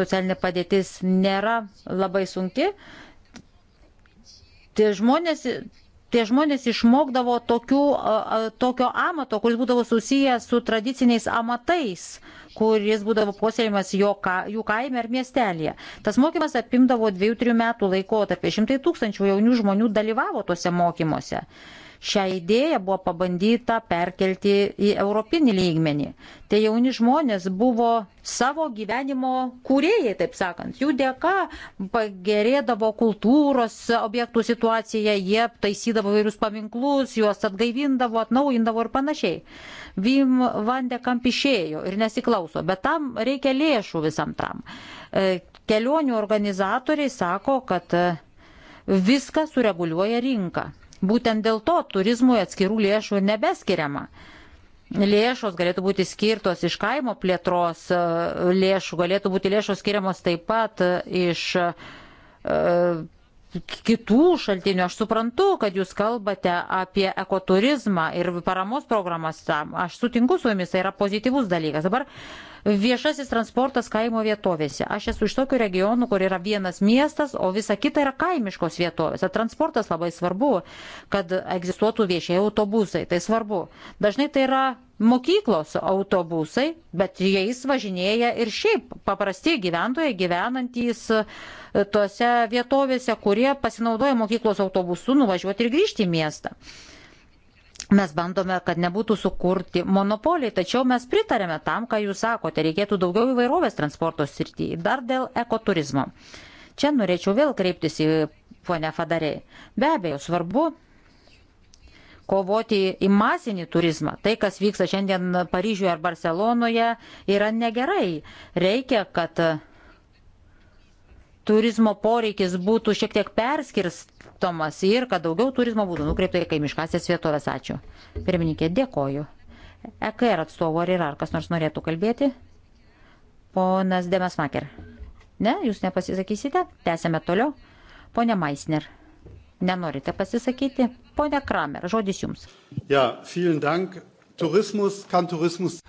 socialinė padėtis nėra labai sunki, tie žmonės tie žmonės išmokdavo tokių, tokio amato, kuris būdavo susijęs su tradiciniais amatais, kuris būdavo puoselėjimas jų kaime ar miestelėje. Tas mokymas apimdavo 2-3 metų laikotarpį. Šimtai tūkstančių jaunų žmonių dalyvavo tuose mokymuose šią idėją buvo pabandyta perkelti į europinį lygmenį. Tai jauni žmonės buvo savo gyvenimo kūrėjai, taip sakant. Jų dėka pagerėdavo kultūros objektų situacija, jie taisydavo vairius paminklus, juos atgaivindavo, atnaujindavo ir panašiai. Vim Vandekamp išėjo ir nesiklauso, bet tam reikia lėšų visam tam. E, kelionių organizatoriai sako, kad e, viską sureguliuoja rinka. Būtent dėl to turizmui atskirų lėšų nebeskiriama. Lėšos galėtų būti skirtos iš kaimo plėtros e, lėšų, galėtų būti lėšos skiriamos taip pat e, iš e, kitų šaltinių. Aš suprantu, kad jūs kalbate apie ekoturizmą ir paramos programas tam. Aš sutinku su jumis, tai yra pozityvus dalykas. Dabar viešasis transportas kaimo vietovėse. Aš esu iš tokių regionų, kur yra vienas miestas, o visa kita yra kaimiškos vietovės. Transportas labai svarbu, kad egzistuotų viešieji autobusai. Tai svarbu. Dažnai tai yra mokyklos autobusai, bet jais važinėja ir šiaip paprasti gyventojai gyvenantys e, tose vietovėse, kurie pasinaudoja mokyklos autobusu nuvažiuoti ir grįžti į miestą. Mes bandome, kad nebūtų sukurti monopoliai, tačiau mes pritarėme tam, ką jūs sakote, reikėtų daugiau įvairovės transporto srityje. Dar dėl ekoturizmo. Čia norėčiau vėl kreiptis į ponę Fadarei. Be abejo, svarbu kovoti į masinį turizmą. Tai, kas vyksta šiandien Paryžiuje ar Barcelonoje, yra negerai. Reikia, kad turizmo poreikis būtų šiek tiek perskirstomas ir kad daugiau turizmo būtų nukreipta į kaimiškasias vietovės. Ačiū. Pirmininkė, dėkoju. EKR atstovo ar yra, ar kas nors norėtų kalbėti? Ponas Demesmaker. Ne, jūs nepasisakysite? Tęsėme toliau. Pone Maisner. Nenorite pasisakyti? Pone Kramer, žodis jums. Ja, vielen dank. Turismus, kan turismus.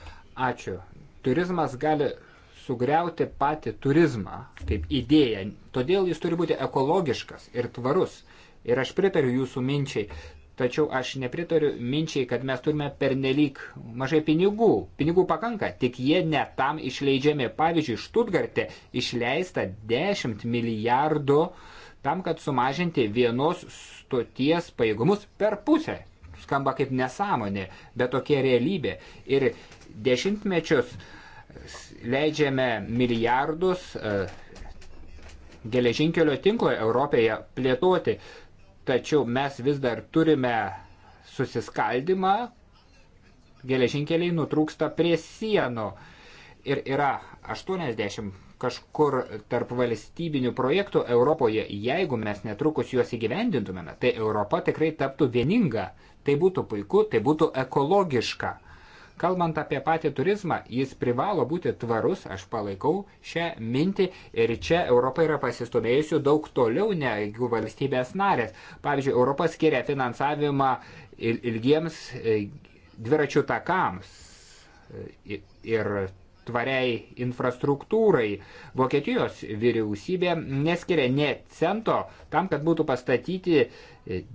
Ačiū. Turizmas gali sugriauti patį turizmą kaip idėją. Todėl jis turi būti ekologiškas ir tvarus. Ir aš pritariu jūsų minčiai. Tačiau aš nepritariu minčiai, kad mes turime pernelyg mažai pinigų. Pinigų pakanka, tik jie netam išleidžiami. Pavyzdžiui, Štutgarte išleista 10 milijardų tam, kad sumažinti vienos stoties pajėgumus per pusę. Skamba kaip nesąmonė, bet tokia realybė. Ir dešimtmečius leidžiame milijardus e, geležinkelio tinklo Europoje plėtoti, tačiau mes vis dar turime susiskaldimą, geležinkeliai nutrūksta prie sienų ir yra 80 kažkur tarp valstybinių projektų Europoje, jeigu mes netrukus juos įgyvendintumėme, tai Europa tikrai taptų vieninga. Tai būtų puiku, tai būtų ekologiška. Kalbant apie patį turizmą, jis privalo būti tvarus, aš palaikau šią mintį ir čia Europa yra pasistumėjusi daug toliau negu valstybės narės. Pavyzdžiui, Europa skiria finansavimą ilgiems e, dviračių takams e, ir tvariai infrastruktūrai. Vokietijos vyriausybė neskiria ne cento tam, kad būtų pastatyti e,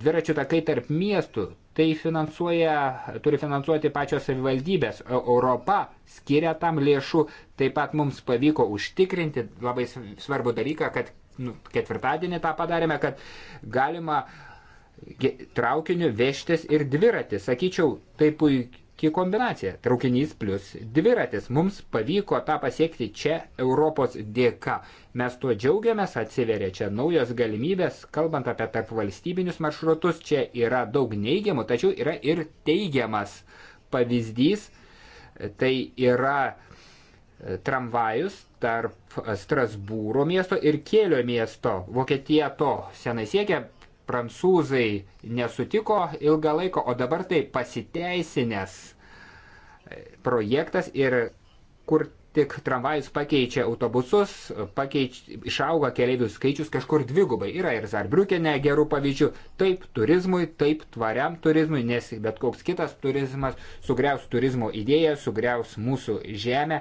dviračių takai tarp miestų tai finansuoja, turi finansuoti pačios savivaldybės. E, Europa skiria tam lėšų, taip pat mums pavyko užtikrinti labai svarbų dalyką, kad nu, ketvirtadienį tą padarėme, kad galima traukiniu vežtis ir dviratį. Sakyčiau, tai puikiai puikiai kombinacija - traukinys plus dviratis. Mums pavyko tą pasiekti čia Europos dėka. Mes tuo džiaugiamės, atsiveria čia naujos galimybės, kalbant apie tarp valstybinius maršrutus, čia yra daug neigiamų, tačiau yra ir teigiamas pavyzdys. Tai yra e, tramvajus tarp Strasbūro miesto ir Kėlio miesto. Vokietija to senai siekia, prancūzai nesutiko ilgą laiką, o dabar tai pasiteisinęs projektas ir kur tik tramvajus pakeičia autobusus, pakeič, išauga keliaivių skaičius kažkur dvigubai. Yra ir Zarbriukenė gerų pavyzdžių. Taip turizmui, taip tvariam turizmui, nes bet koks kitas turizmas sugriaus turizmo idėją, sugriaus mūsų žemę.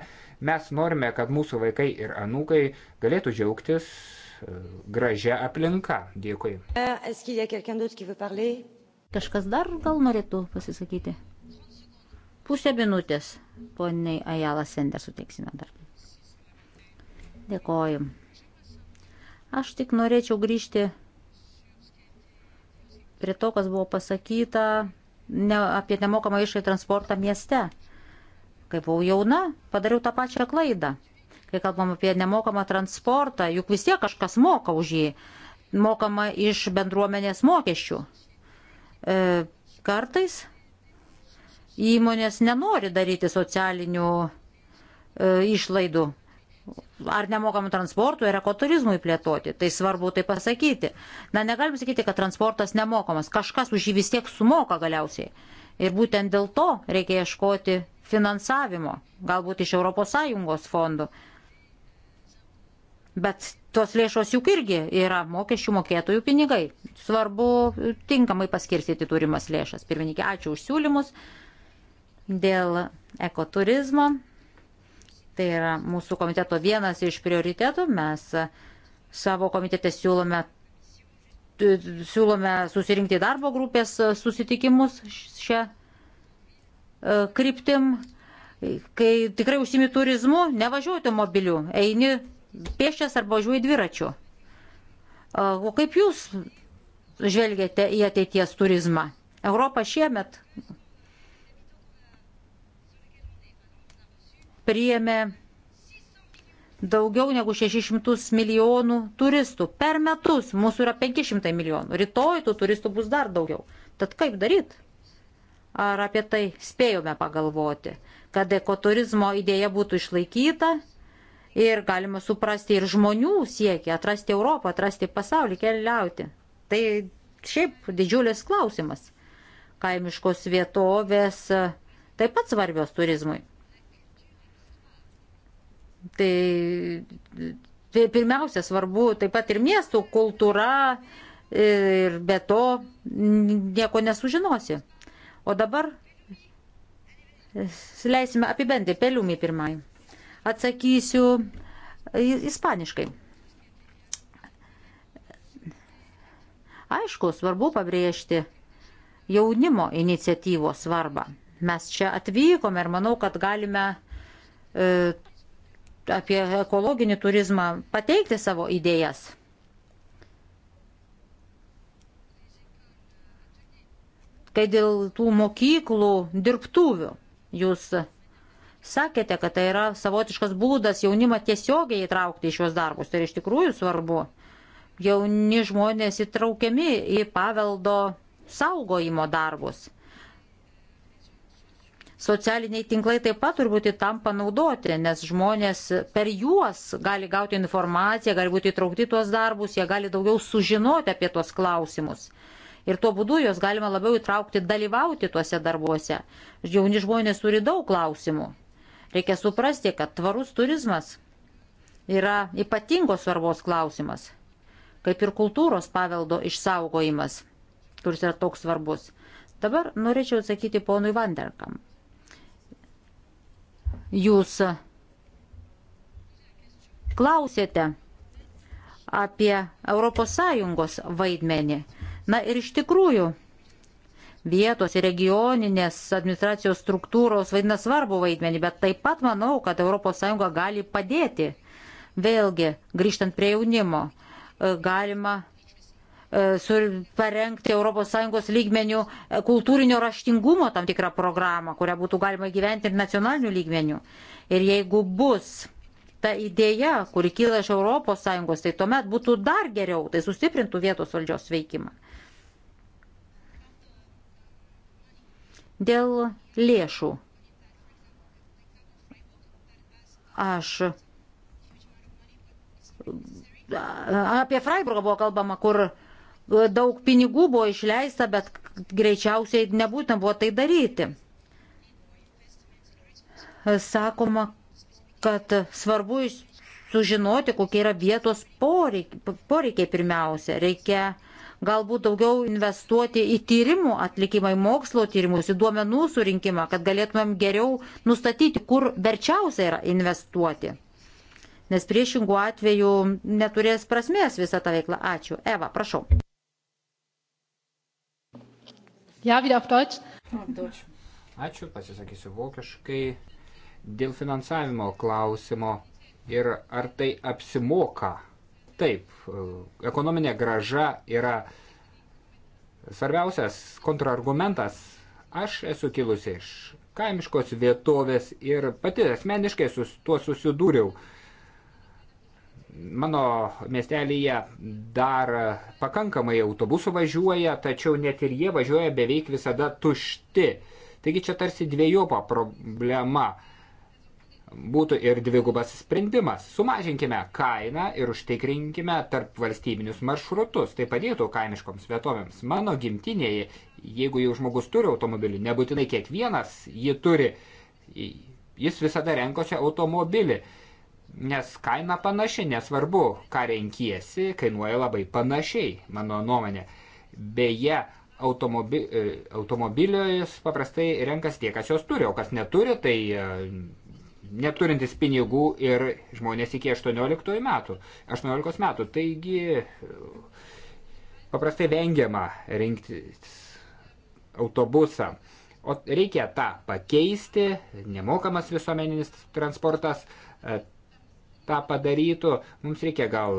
Mes norime, kad mūsų vaikai ir anūkai galėtų džiaugtis gražia aplinka. Dėkui. Euh, Kažkas dar gal norėtų pasisakyti? Pusę minutės poniai Ajala Sender suteiksime dar. Dėkoju. Aš tik norėčiau grįžti prie to, kas buvo pasakyta ne, apie nemokamą viešąjį transportą mieste. Kai buvau jauna, padariau tą pačią klaidą kai kalbam apie nemokamą transportą, juk vis tiek kažkas moka už jį, mokama iš bendruomenės mokesčių. E, kartais įmonės nenori daryti socialinių e, išlaidų ar nemokamų transportų ir ekoturizmui plėtoti. Tai svarbu tai pasakyti. Na, negalim sakyti, kad transportas nemokamas. Kažkas už jį vis tiek sumoka galiausiai. Ir būtent dėl to reikia ieškoti finansavimo, galbūt iš ES fondų. Bet tos lėšos juk irgi yra mokesčių mokėtojų pinigai. Svarbu tinkamai paskirstyti turimas lėšas. Pirmininkė, ačiū už siūlymus dėl ekoturizmo. Tai yra mūsų komiteto vienas iš prioritetų. Mes savo komitete siūlome, siūlome susirinkti darbo grupės susitikimus šią e, kryptim. Kai tikrai užsimi turizmu, nevažiuoji automobiliu, eini pėščias arba važiuoji dviračiu. O kaip jūs žvelgiate į ateities turizmą? Europą šiemet priėmė daugiau negu 600 milijonų turistų. Per metus mūsų yra 500 milijonų. Rytoj tų turistų bus dar daugiau. Tad kaip daryt? Ar apie tai spėjome pagalvoti, kad ekoturizmo idėja būtų išlaikyta, ir galima suprasti ir žmonių siekį atrasti Europą, atrasti pasaulį, keliauti. Tai šiaip didžiulis klausimas. Kaimiškos vietovės taip pat svarbios turizmui. Tai, tai pirmiausia svarbu taip pat ir miestų kultūra ir be to nieko nesužinosi. O dabar leisime apibendrinti peliumį pirmąjį. Atsakysiu ispaniškai. Aišku, svarbu pabrėžti jaunimo iniciatyvos svarbą. Mes čia atvykome ir manau, kad galime e, apie ekologinį turizmą pateikti savo idėjas. Kai dėl tų mokyklų dirbtuvių jūs Sakėte, kad tai yra savotiškas būdas jaunimą tiesiogiai įtraukti į šios darbus. Tai iš tikrųjų svarbu. Jauni žmonės įtraukiami į paveldo saugojimo darbus. Socialiniai tinklai taip pat turi būti tam panaudoti, nes žmonės per juos gali gauti informaciją, gali būti įtraukti tuos darbus, jie gali daugiau sužinoti apie tuos klausimus. Ir tuo būdu juos galima labiau įtraukti, dalyvauti tuose darbuose. Jauni žmonės turi daug klausimų. Reikia suprasti, kad tvarus turizmas yra ypatingos svarbos klausimas, kaip ir kultūros paveldo išsaugojimas, kuris yra toks svarbus. Dabar norėčiau atsakyti ponui Vanderkam. Jūs klausėte apie ES vaidmenį. Na ir iš tikrųjų, vietos ir regioninės administracijos struktūros vaidina svarbu vaidmenį, bet taip pat manau, kad ES gali padėti. Vėlgi, grįžtant prie jaunimo, e, galima e, parengti ES lygmenių e, kultūrinio raštingumo tam tikrą programą, kurią būtų galima gyventi ir nacionalinių lygmenių. Ir jeigu bus ta idėja, kuri kyla iš ES, tai tuomet būtų dar geriau, tai sustiprintų vietos valdžios veikimą. Dėl lėšų. Aš apie Freiburgą buvo kalbama, kur daug pinigų buvo išleista, bet greičiausiai nebūtina buvo tai daryti. Sakoma, kad svarbu sužinoti, kokie yra vietos poreikiai, poreikiai pirmiausia. Reikia uh, galbūt daugiau investuoti į tyrimų atlikimą, į mokslo tyrimus, į duomenų surinkimą, kad galėtumėm geriau nustatyti, kur verčiausia yra investuoti. Nes priešingų atveju neturės prasmės visą tą veiklą. Ačiū. Eva, prašau. Ja, wieder auf Deutsch. Ačiū, pasisakysiu vokiškai. Dėl finansavimo klausimo ir ar tai apsimoka Taip, e, ekonominė graža yra svarbiausias kontrargumentas. Aš esu kilusi iš kaimiškos vietovės ir pati asmeniškai su tuo susidūriau. Mano miestelėje dar pakankamai autobusų važiuoja, tačiau net ir jie važiuoja beveik visada tušti. Taigi čia tarsi dviejopa problema būtų ir dvigubas sprendimas. Sumažinkime kainą ir užtikrinkime tarp valstybinius maršrutus. Tai padėtų kaimiškoms vietovėms. Mano gimtinėje, jeigu jau žmogus turi automobilį, nebūtinai kiekvienas jį turi, jis visada renkosi automobilį. Nes kaina panaši, nesvarbu, ką renkiesi, kainuoja labai panašiai, mano nuomonė. Beje, automobi, e, automobilius paprastai renkas tie, kas jos turi, o kas neturi, tai e, neturintis pinigų ir žmonės iki 18 metų, 18 metų. Taigi paprastai vengiama rinkti autobusą. O reikia tą pakeisti, nemokamas visuomeninis transportas e, tą padarytų, mums reikia gal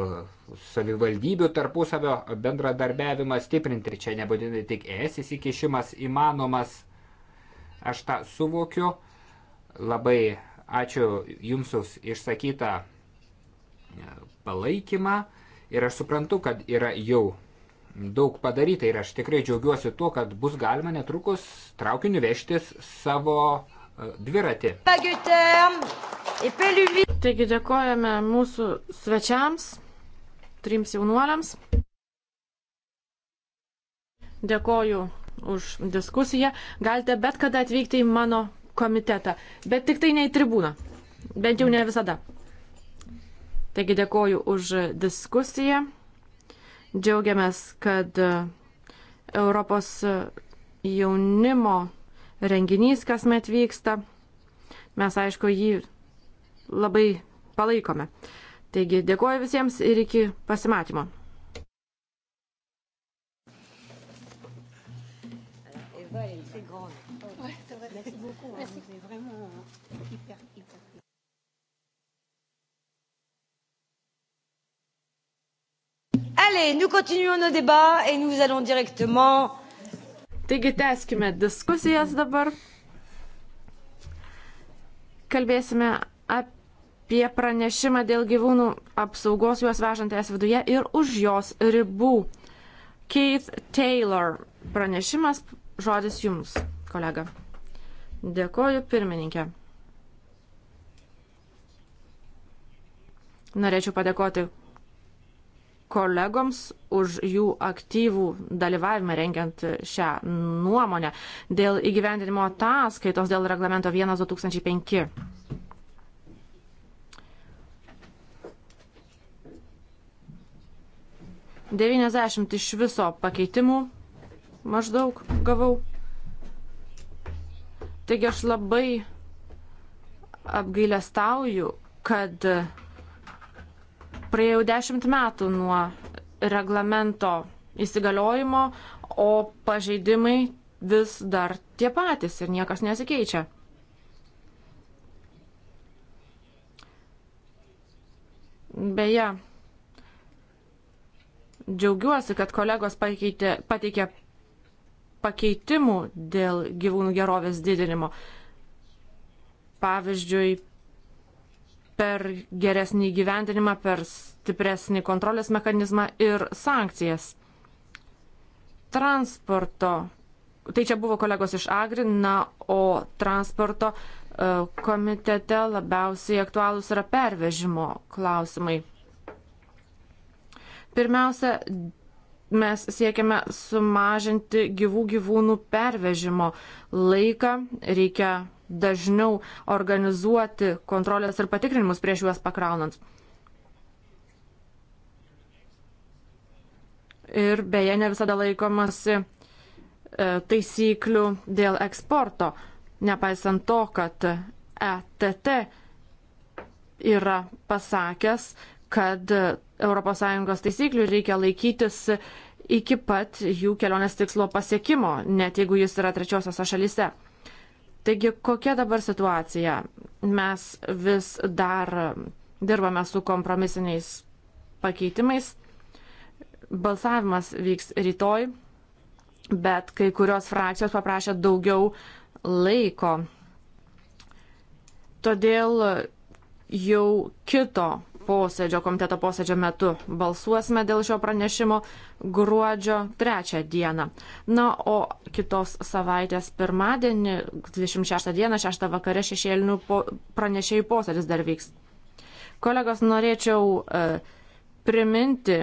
savivaldybių tarpusavio bendradarbiavimą stiprinti ir čia nebūtinai tik ES įsikišimas įmanomas. Aš tą suvokiu, labai Ačiū Jums už išsakytą e, palaikymą ir aš suprantu, kad yra jau daug padaryta ir aš tikrai džiaugiuosi tuo, kad bus galima netrukus traukiniu vežtis savo e, dviratį. Taigi dėkojame mūsų svečiams, trims jaunuoliams. Dėkoju už diskusiją. Galite bet kada atvykti į mano komitetą, bet tik tai ne į tribūną. Bent jau ne visada. Taigi dėkoju už diskusiją. Džiaugiamės, kad e, Europos e, jaunimo renginys kasmet vyksta. Mes, aišku, jį labai palaikome. Taigi dėkoju visiems ir iki pasimatymo. beaucoup. Hein. Merci. Vous êtes vraiment euh, hyper, hyper. Allez, nous continuons nos débats et nous allons directement. Taigi, tęskime diskusijas dabar. Kalbėsime apie pranešimą dėl gyvūnų apsaugos juos vežantės viduje ir už jos ribų. Keith Taylor pranešimas, žodis jums, kolega. Dėkoju, pirmininkė. Norėčiau padėkoti kolegoms už jų aktyvų dalyvavimą rengiant šią nuomonę dėl įgyvendinimo ataskaitos dėl reglamento 1-2005. Devyniasdešimt iš viso pakeitimų maždaug gavau. Taigi aš labai apgailestauju, kad praėjau dešimt metų nuo reglamento įsigaliojimo, o pažeidimai vis dar tie patys ir niekas nesikeičia. Beje, džiaugiuosi, kad kolegos pakeitė, pateikė pakeitimų dėl gyvūnų gerovės didinimo. Pavyzdžiui, per geresnį gyvendinimą, per stipresnį kontrolės mechanizmą ir sankcijas. Transporto. Tai čia buvo kolegos iš Agrina, o transporto e, komitete labiausiai aktualūs yra pervežimo klausimai. Pirmiausia, mes siekiame sumažinti gyvų gyvūnų pervežimo laiką. Reikia dažniau organizuoti kontrolės ir patikrinimus prieš juos pakraunant. Ir beje, ne visada laikomasi e, taisyklių dėl eksporto, nepaisant to, kad ETT yra pasakęs, kad ES taisyklių reikia laikytis iki pat jų kelionės tikslo pasiekimo, net jeigu jis yra trečiosiose šalyse. Taigi, kokia dabar situacija? Mes vis dar dirbame su kompromisiniais pakeitimais. Balsavimas vyks rytoj, bet kai kurios frakcijos paprašė daugiau laiko. Todėl jau kito posėdžio, komiteto posėdžio metu balsuosime dėl šio pranešimo gruodžio 3 dieną. Na, o kitos savaitės pirmadienį, 26 dieną, 6 vakare šešėlinių po, pranešėjų posėdis dar vyks. Kolegos, norėčiau e, priminti,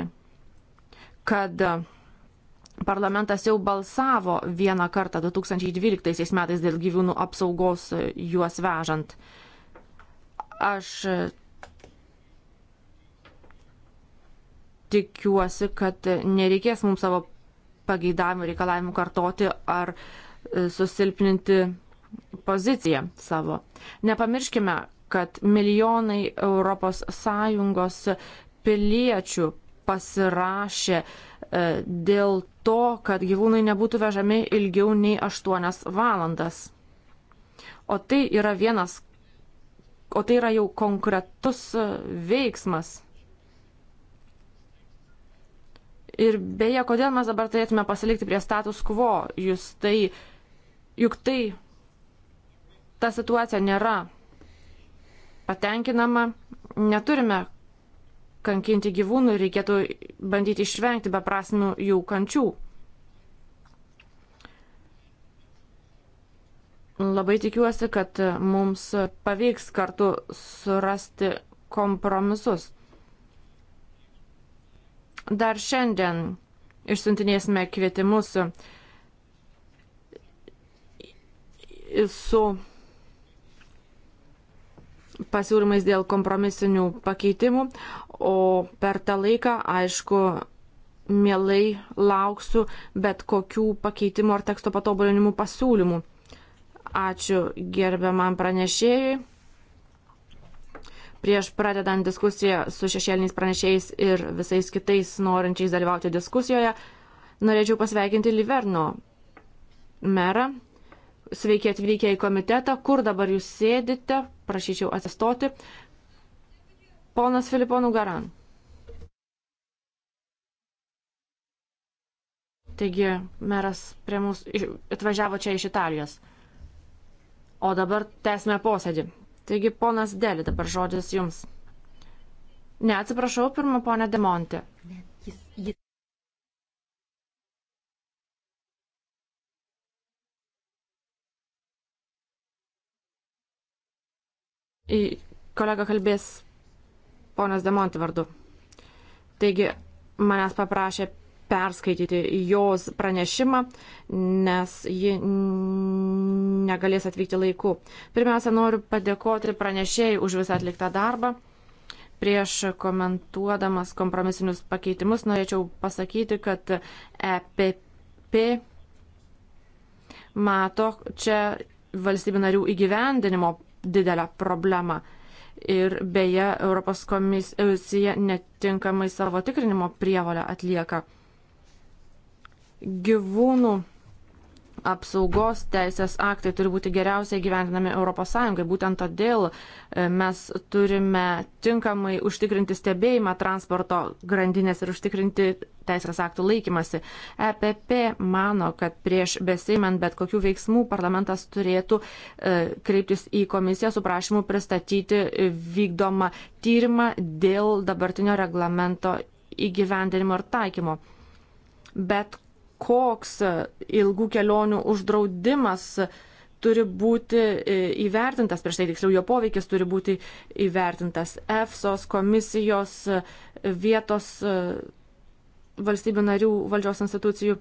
kad parlamentas jau balsavo vieną kartą 2012 metais dėl gyvūnų apsaugos juos vežant. Aš tikiuosi, kad nereikės mums savo pageidavimų reikalavimų kartoti ar e, susilpninti poziciją savo. Nepamirškime, kad milijonai ES piliečių pasirašė e, dėl to, kad gyvūnai nebūtų vežami ilgiau nei 8 valandas. O tai yra vienas, o tai yra jau konkretus e, veiksmas. Ir beje, kodėl mes dabar turėtume pasilikti prie status quo, jūs tai, juk tai, ta situacija nėra patenkinama, neturime kankinti gyvūnų, reikėtų bandyti išvengti beprasmių jų kančių. Labai tikiuosi, kad mums pavyks kartu surasti kompromisus. Dar šiandien išsiuntinėsime kvietimus su pasiūlymais dėl kompromisinių pakeitimų, o per tą laiką, aišku, mielai lauksiu bet kokių pakeitimų ar teksto patobulinimų pasiūlymų. Ačiū gerbiamam pranešėjui. Prieš pradedant diskusiją su šešėliniais pranešėjais ir visais kitais norinčiais dalyvauti diskusijoje, norėčiau pasveikinti Liverno merą. Sveiki atvykę į komitetą. Kur dabar jūs sėdite? Prašyčiau atsistoti. Ponas Filiponų Garan. Taigi meras prie mūsų atvažiavo čia iš Italijos. O dabar tęsime posėdį. Taigi, ponas Deli, dabar žodis jums. Ne, atsiprašau, pirmą ponę Demontę. Jis, jis. Į kolegą kalbės ponas Demontė vardu. Taigi, manęs paprašė perskaityti jos pranešimą, nes ji negalės atvykti laiku. Pirmiausia, noriu padėkoti pranešėjai už visą atliktą darbą. Prieš komentuodamas kompromisinius pakeitimus norėčiau pasakyti, kad EPP mato čia valstybių narių įgyvendinimo didelę problemą. Ir beje, Europos komisija netinkamai savo tikrinimo prievalę atlieka gyvūnų apsaugos teisės aktai turi būti geriausiai gyventinami ES. Būtent todėl e, mes turime tinkamai užtikrinti stebėjimą transporto grandinės ir užtikrinti teisės aktų laikymasi. EPP mano, kad prieš besimant bet kokių veiksmų parlamentas turėtų e, kreiptis į komisiją su prašymu pristatyti vykdomą tyrimą dėl dabartinio reglamento įgyvendinimo ir taikymo. Bet koks e, ilgų kelionių uždraudimas turi būti e, įvertintas, prieš tai tiksliau jo poveikis turi būti įvertintas EFSOS komisijos e, vietos valstybių narių valdžios institucijų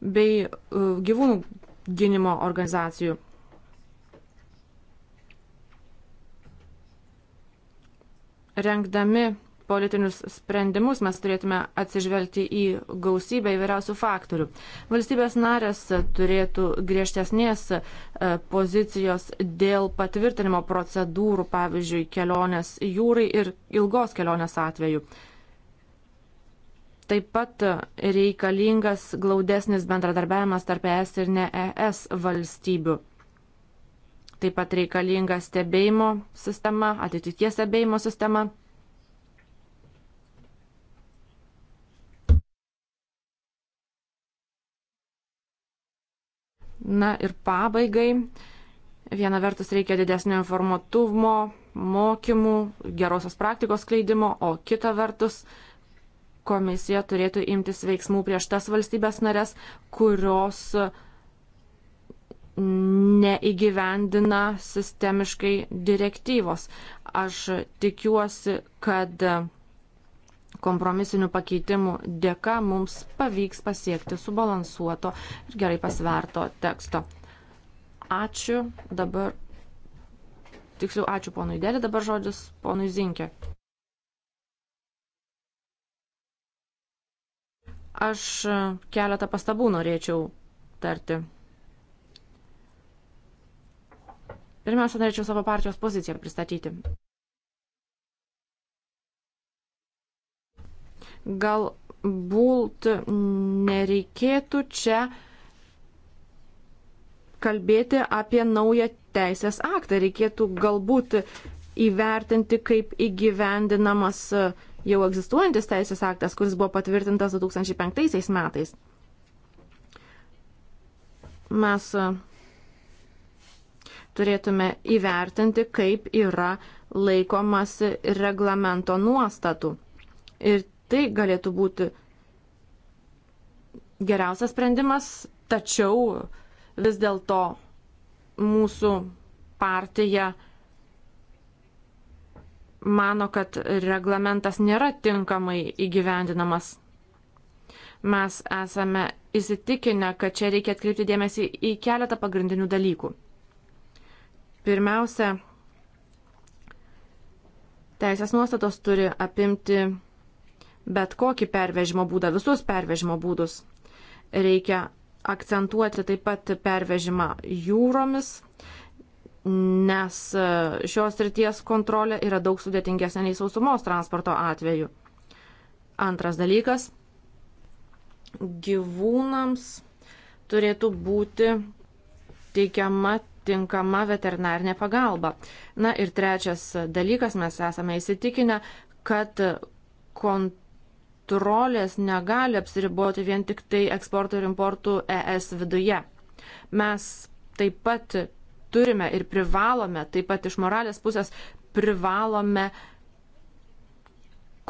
bei gyvūnų gynimo organizacijų. Rengdami politinius sprendimus mes turėtume atsižvelgti į gausybę įvairiausių faktorių. Valstybės narės turėtų griežtesnės e, pozicijos dėl patvirtinimo procedūrų, pavyzdžiui, kelionės jūrai ir ilgos kelionės atveju. Taip pat reikalingas glaudesnis bendradarbiavimas tarp ES ir ne ES valstybių. Taip pat reikalinga stebėjimo sistema, atitikties stebėjimo sistema. Na ir pabaigai, viena vertus reikia didesnio informatumo, mokymų, gerosios praktikos kleidimo, o kita vertus komisija turėtų imtis veiksmų prieš tas valstybės narės, kurios neįgyvendina sistemiškai direktyvos. Aš tikiuosi, kad kompromisinių pakeitimų dėka mums pavyks pasiekti subalansuoto ir gerai pasverto teksto. Ačiū dabar, tiksliau, ačiū ponui Dėlį, dabar žodis ponui Zinkė. Aš keletą pastabų norėčiau tarti. Pirmiausia, norėčiau savo partijos poziciją pristatyti. Galbūt nereikėtų čia kalbėti apie naują teisės aktą. Reikėtų galbūt įvertinti, kaip įgyvendinamas jau egzistuojantis teisės aktas, kuris buvo patvirtintas 2005 metais. Mes e, turėtume įvertinti, kaip yra laikomasi reglamento nuostatų. Ir Tai galėtų būti geriausias sprendimas, tačiau vis dėlto mūsų partija mano, kad reglamentas nėra tinkamai įgyvendinamas. Mes esame įsitikinę, kad čia reikia atkreipti dėmesį į keletą pagrindinių dalykų. Pirmiausia, teisės nuostatos turi apimti bet kokį pervežimo būdą, visus pervežimo būdus. Reikia akcentuoti taip pat pervežimą jūromis, nes e, šios ryties kontrolė yra daug sudėtingesnė nei sausumos transporto atveju. Antras dalykas - gyvūnams turėtų būti teikiama tinkama veterinarinė pagalba. Na ir trečias dalykas - mes esame įsitikinę, kad kont kontrolės negali apsiriboti vien tik tai eksporto ir importų ES viduje. Mes taip pat turime ir privalome, taip pat iš moralės pusės privalome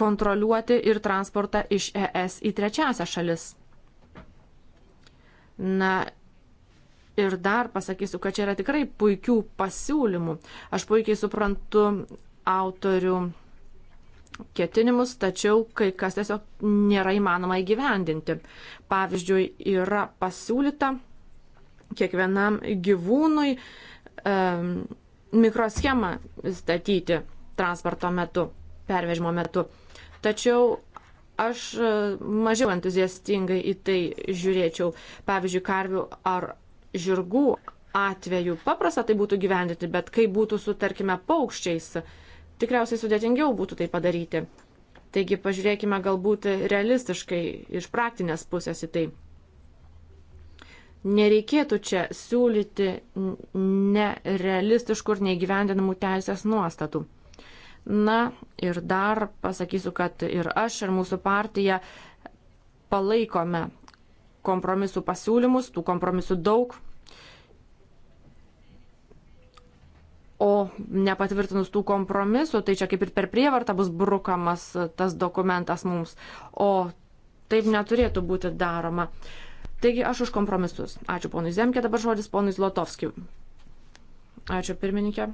kontroliuoti ir transportą iš ES į trečiąsią šalis. Na, ir dar pasakysiu, kad čia yra tikrai puikių pasiūlymų. Aš puikiai suprantu autorių ketinimus, tačiau kai kas tiesiog nėra įmanoma įgyvendinti. Pavyzdžiui, yra pasiūlyta kiekvienam gyvūnui e, mikroschemą statyti transporto metu, pervežimo metu. Tačiau aš e, mažiau entuziastingai į tai žiūrėčiau. Pavyzdžiui, karvių ar žirgų atveju paprasta tai būtų gyvendyti, bet kai būtų su, tarkime, paukščiais, tikriausiai sudėtingiau būtų tai padaryti. Taigi pažiūrėkime galbūt realistiškai iš praktinės pusės į tai. Nereikėtų čia siūlyti nerealistiškų ir neįgyvendinamų teisės nuostatų. Na ir dar pasakysiu, kad ir aš, ir mūsų partija palaikome kompromisų pasiūlymus, tų kompromisų daug, O nepatvirtinus tų kompromisų, tai čia kaip ir per prievartą bus brukamas e, tas dokumentas mums. O taip neturėtų būti daroma. Taigi aš už kompromisus. Ačiū ponui Zemke, dabar žodis ponui Zlotovskiu. Ačiū pirmininkė.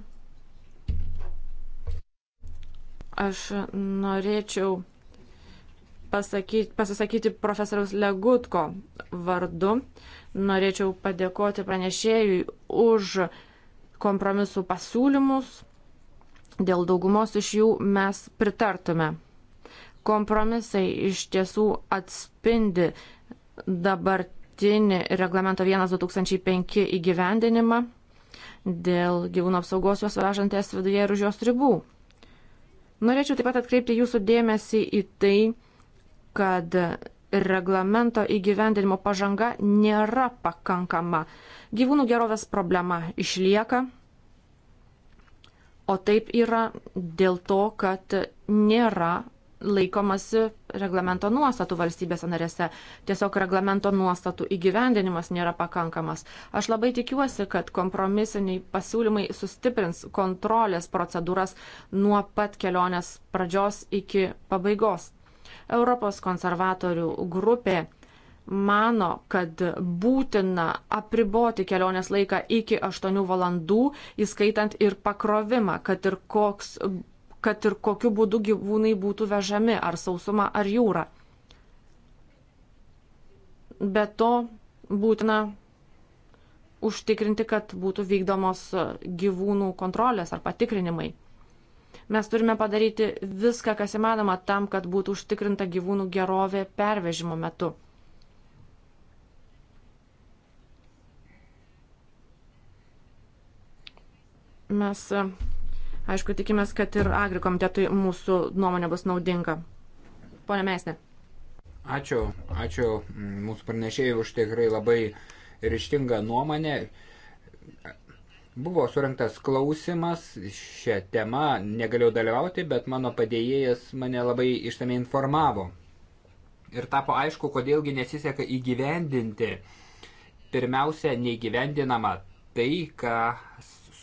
Aš norėčiau pasakyti, pasisakyti profesoriaus Legutko vardu. Norėčiau padėkoti pranešėjui už kompromisų pasiūlymus. Dėl daugumos iš jų mes pritartume. Kompromisai iš tiesų atspindi dabartinį reglamento 1.2005 įgyvendinimą dėl gyvūnų apsaugos juos vežantės viduje ir už jos ribų. Norėčiau taip pat atkreipti jūsų dėmesį į tai, kad reglamento įgyvendinimo pažanga nėra pakankama. Gyvūnų gerovės problema išlieka, o taip yra dėl to, kad nėra laikomasi reglamento nuostatų valstybėse narėse. Tiesiog reglamento nuostatų įgyvendinimas nėra pakankamas. Aš labai tikiuosi, kad kompromisiniai pasiūlymai sustiprins kontrolės procedūras nuo pat kelionės pradžios iki pabaigos. Europos konservatorių grupė mano, kad būtina apriboti kelionės laiką iki 8 valandų, įskaitant ir pakrovimą, kad ir, koks, kad ir kokiu būdu gyvūnai būtų vežami, ar sausuma, ar jūra. Be to būtina užtikrinti, kad būtų vykdomos gyvūnų kontrolės ar patikrinimai. Mes turime padaryti viską, kas įmanoma tam, kad būtų užtikrinta gyvūnų gerovė pervežimo metu. Mes, aišku, tikimės, kad ir agrikomtetui mūsų nuomonė bus naudinga. Pone Mesne. Ačiū, ačiū mūsų pranešėjai už tikrai labai ryštingą nuomonę Buvo surinktas klausimas šią temą, negalėjau dalyvauti, bet mano padėjėjas mane labai ištame informavo. Ir tapo aišku, kodėlgi nesiseka įgyvendinti. Pirmiausia, neįgyvendinama tai, ką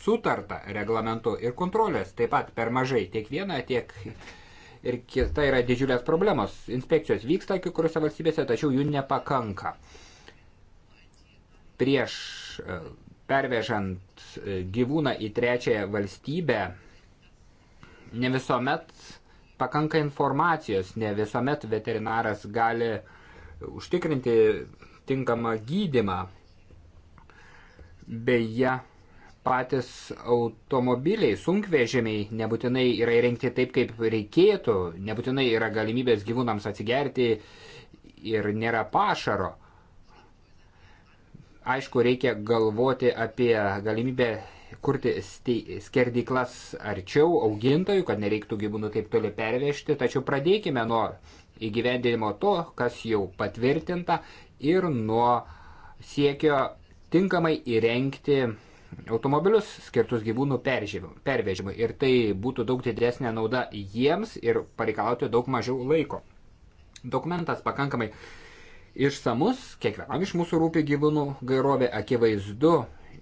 sutarta reglamentu ir kontrolės taip pat per mažai, tiek viena, tiek ir kita yra didžiulės problemos. Inspekcijos vyksta kai kuriuose valstybėse, tačiau jų nepakanka. Prieš pervežant e, gyvūną į trečiąją valstybę, ne visuomet pakanka informacijos, ne visuomet veterinaras gali užtikrinti tinkamą gydimą. Beje, patys automobiliai, sunkvežimiai nebūtinai yra įrengti taip, kaip reikėtų, nebūtinai yra galimybės gyvūnams atsigerti ir nėra pašaro. Aišku, reikia galvoti apie galimybę kurti skerdyklas arčiau augintojų, kad nereiktų gyvūnų taip toli pervežti, tačiau pradėkime nuo įgyvendinimo to, kas jau patvirtinta ir nuo siekio tinkamai įrengti automobilius skirtus gyvūnų pervežimui ir tai būtų daug didesnė nauda jiems ir pareikalauti daug mažiau laiko. Dokumentas pakankamai uh, išsamus, kiekvienam iš mūsų rūpi gyvūnų gairovė, akivaizdu,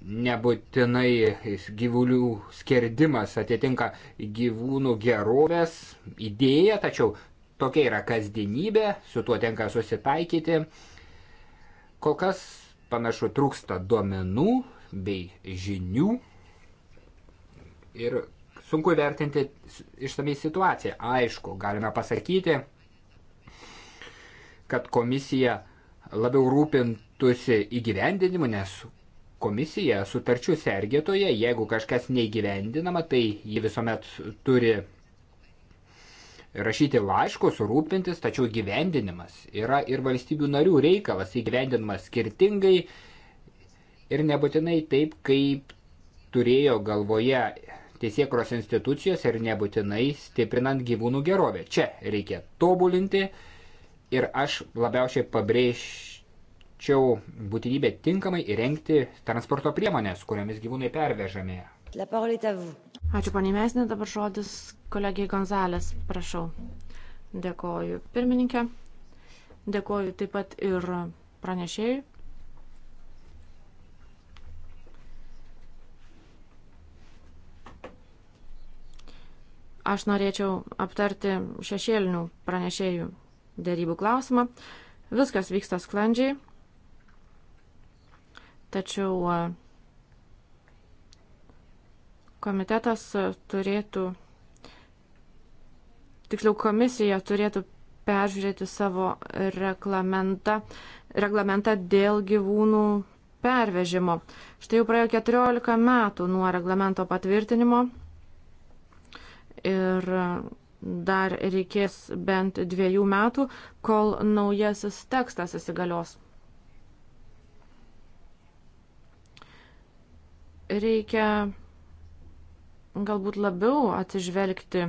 nebūtinai gyvulių skerdimas atitinka gyvūnų gerovės idėją, tačiau tokia yra kasdienybė, su tuo tenka susitaikyti. Kol kas panašu trūksta duomenų bei žinių ir sunku vertinti išsamei situaciją. Aišku, galime pasakyti, kad komisija labiau rūpintųsi įgyvendinimu, nes komisija sutarčių sergėtoje, jeigu kažkas neįgyvendinama, tai ji visuomet turi rašyti laiškus, rūpintis, tačiau gyvendinimas yra ir valstybių narių reikalas, įgyvendinimas skirtingai ir nebūtinai taip, kaip turėjo galvoje teisėkros institucijos ir nebūtinai stiprinant gyvūnų gerovę. Čia reikia tobulinti, Ir aš labiausiai pabrėžčiau būtinybę tinkamai įrengti transporto priemonės, kuriomis gyvūnai pervežami. Ačiū, poniai Mesnė, dabar žodis kolegijai Gonzalės, prašau. Dėkoju pirmininkė, dėkoju taip pat ir pranešėjui. Aš norėčiau aptarti šešėlinių pranešėjų dėrybų klausimą. Viskas vyksta sklandžiai, tačiau e, komitetas turėtų, tiksliau komisija turėtų peržiūrėti savo reglamentą, reglamentą dėl gyvūnų pervežimo. Štai jau praėjo 14 metų nuo reglamento patvirtinimo ir dar reikės bent dviejų metų, kol naujasis tekstas įsigalios. Reikia galbūt labiau atsižvelgti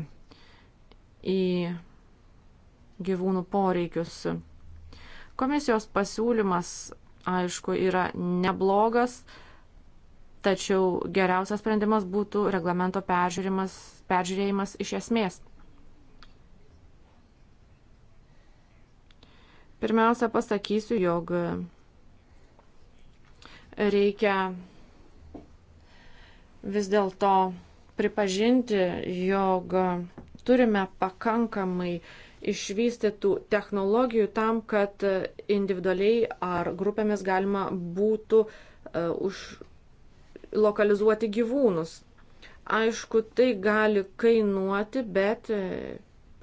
į gyvūnų poreikius. Komisijos pasiūlymas, aišku, yra neblogas, tačiau geriausias sprendimas būtų reglamento peržiūrėjimas iš esmės. Pirmiausia, pasakysiu, jog reikia vis dėlto pripažinti, jog turime pakankamai išvystytų technologijų tam, kad individualiai ar grupėmis galima būtų uh, už lokalizuoti gyvūnus. Aišku, tai gali kainuoti, bet e,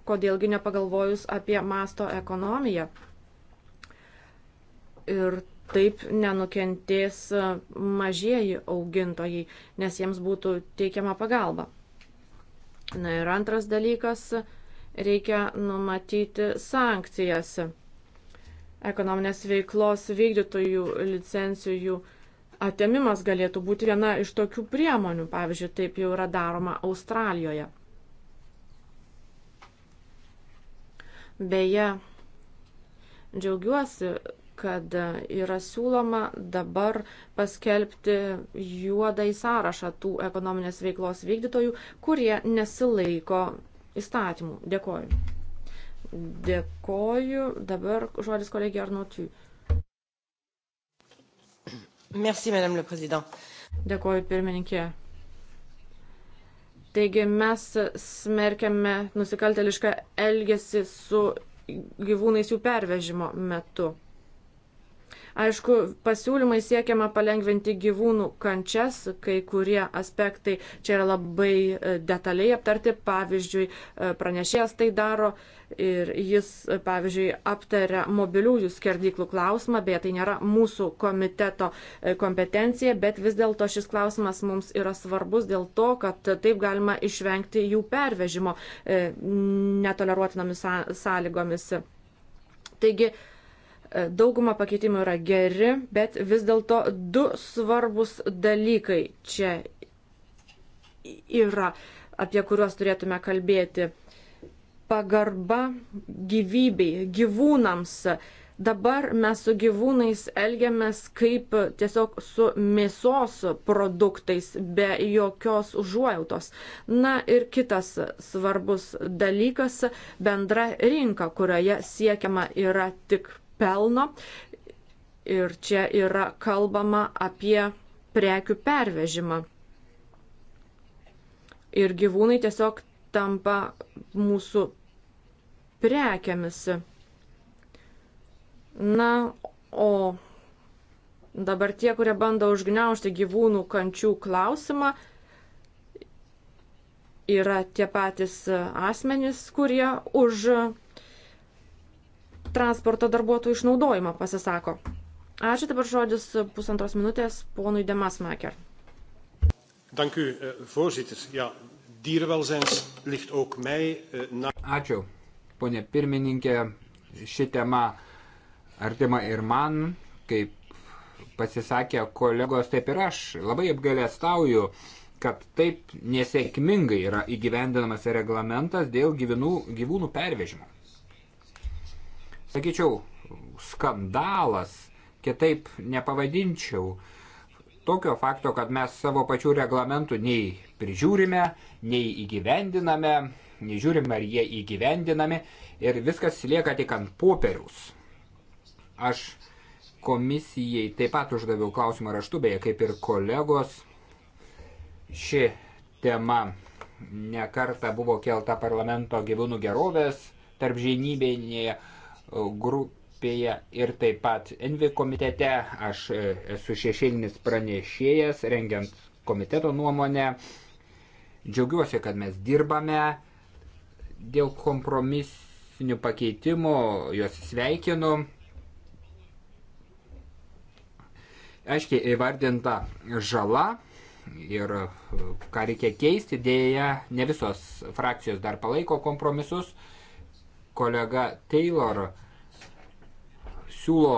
kodėlgi nepagalvojus apie masto ekonomiją ir taip nenukentės e, mažieji augintojai, nes jiems būtų teikiama pagalba. Na ir antras dalykas - reikia numatyti sankcijas. Ekonominės veiklos vykdytojų licencijų atėmimas galėtų būti viena iš tokių priemonių, pavyzdžiui, taip jau yra daroma Australijoje. Beje, džiaugiuosi kad yra siūloma dabar paskelbti juodai sąrašą tų ekonominės veiklos vykdytojų, kurie nesilaiko įstatymų. Dėkoju. Dėkoju. Dabar žodis kolegija Arnautijui. Merci, Madame le Président. Dėkoju, pirmininkė. Taigi mes smerkiame nusikaltelišką elgesį su gyvūnais jų pervežimo metu. Aišku, pasiūlymai siekiama palengventi gyvūnų kančias, kai kurie aspektai čia yra labai e, detaliai aptarti. Pavyzdžiui, e, pranešėjas tai daro ir jis, e, pavyzdžiui, aptaria mobiliųjų skerdyklų klausimą, beje, tai nėra mūsų komiteto kompetencija, bet vis dėlto šis klausimas mums yra svarbus dėl to, kad taip galima išvengti jų pervežimo netoleruotinomis sąlygomis. Taigi, E, dauguma pakeitimų yra geri, bet vis dėlto du svarbus dalykai čia yra, apie kuriuos turėtume kalbėti. Pagarba gyvybei, gyvūnams. Dabar mes su gyvūnais elgiamės kaip tiesiog su mėsos produktais, be jokios užuojautos. Na ir kitas svarbus dalykas - bendra rinka, kurioje siekiama yra tik pelno. Ir čia yra kalbama apie prekių pervežimą. Ir gyvūnai tiesiog tampa mūsų prekiamis. Na, o dabar tie, kurie bando užgneušti gyvūnų kančių klausimą, yra tie patys asmenys, kurie už transporto darbuotojų išnaudojimą pasisako. Ačiū dabar žodis pusantros minutės ponui Demasmaker. Dank u, eh, voorzitter. Ja, dierenwelzijns ligt ook mij eh, na. Ačiū, ponė pirmininkė. Ši tema artima ir man, kaip pasisakė kolegos, taip ir aš. Labai apgalėstauju, kad taip nesėkmingai yra įgyvendinamas reglamentas dėl gyvinų, gyvūnų pervežimo sakyčiau, skandalas, kitaip nepavadinčiau, tokio fakto, kad mes savo pačių reglamentų nei prižiūrime, nei įgyvendiname, nei žiūrime, ar jie įgyvendinami ir viskas lieka tik ant popieriaus. Aš komisijai taip pat uždaviau klausimą raštu, beje, kaip ir kolegos. Ši tema nekarta buvo kelta parlamento gyvūnų gerovės tarp žinybėje grupėje ir taip pat Envi komitete. Aš e, esu šešėlinis pranešėjas, rengiant komiteto nuomonę. Džiaugiuosi, kad mes dirbame dėl kompromisinių pakeitimų, juos sveikinu. Aiškiai įvardinta žala ir e, ką reikia keisti, dėja ne visos frakcijos dar palaiko kompromisus kolega Taylor siūlo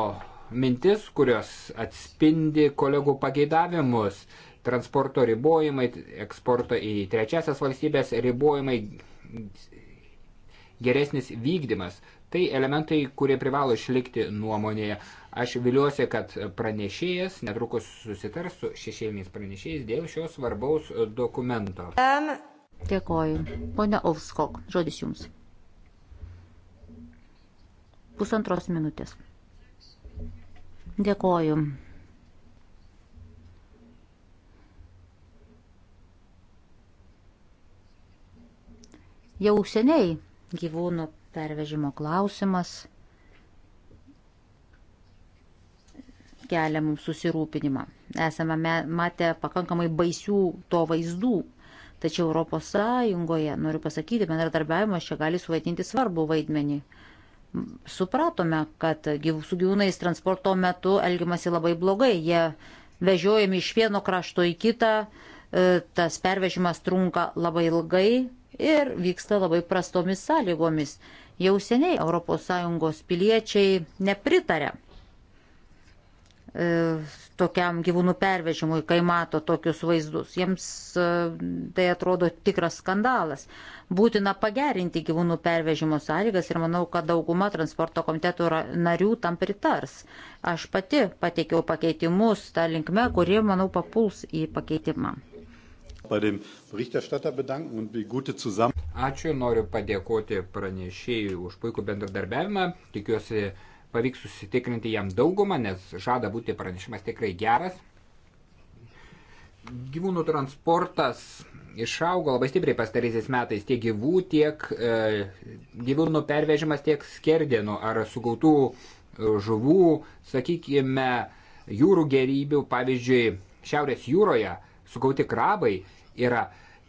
mintis, kurios atspindi kolegų pageidavimus transporto ribojimai, eksporto į trečiasias valstybės ribojimai, geresnis vykdymas. Tai elementai, kurie privalo išlikti nuomonėje. Aš viliuosi, kad pranešėjas netrukus susitars su šešėliniais pranešėjais dėl šio svarbaus dokumento. Dėkoju. Pone Olskok, žodis jums pusantros minutės. Dėkoju. Jau seniai gyvūnų pervežimo klausimas kelia mums susirūpinimą. Esame matę pakankamai baisių to vaizdų. Tačiau ES, noriu pasakyti, bendradarbiavimas čia gali suvaidinti svarbų vaidmenį supratome, kad su gyvūnais transporto metu elgiamasi labai blogai. Jie vežiojami iš vieno krašto į kitą, e, tas pervežimas trunka labai ilgai ir vyksta labai prastomis sąlygomis. Jau seniai ES piliečiai nepritarė E, tokiam gyvūnų pervežimui, kai mato tokius vaizdus. Jiems e, tai atrodo tikras skandalas. Būtina pagerinti gyvūnų pervežimo sąlygas ir manau, kad dauguma transporto komitetų narių tam pritars. Aš pati pateikiau pakeitimus tą linkmę, kurie, manau, papuls į pakeitimą. Ačiū, noriu padėkoti pranešėjui už puikų bendradarbiavimą. Tikiuosi, pavyks susitikrinti jam daugumą, nes žada būti pranešimas tikrai geras. Gyvūnų transportas išaugo labai stipriai pastarysiais metais tiek gyvų, tiek e, gyvūnų pervežimas, tiek skerdinų ar sugautų e, žuvų, sakykime, jūrų gerybių, pavyzdžiui, Šiaurės jūroje sugauti krabai yra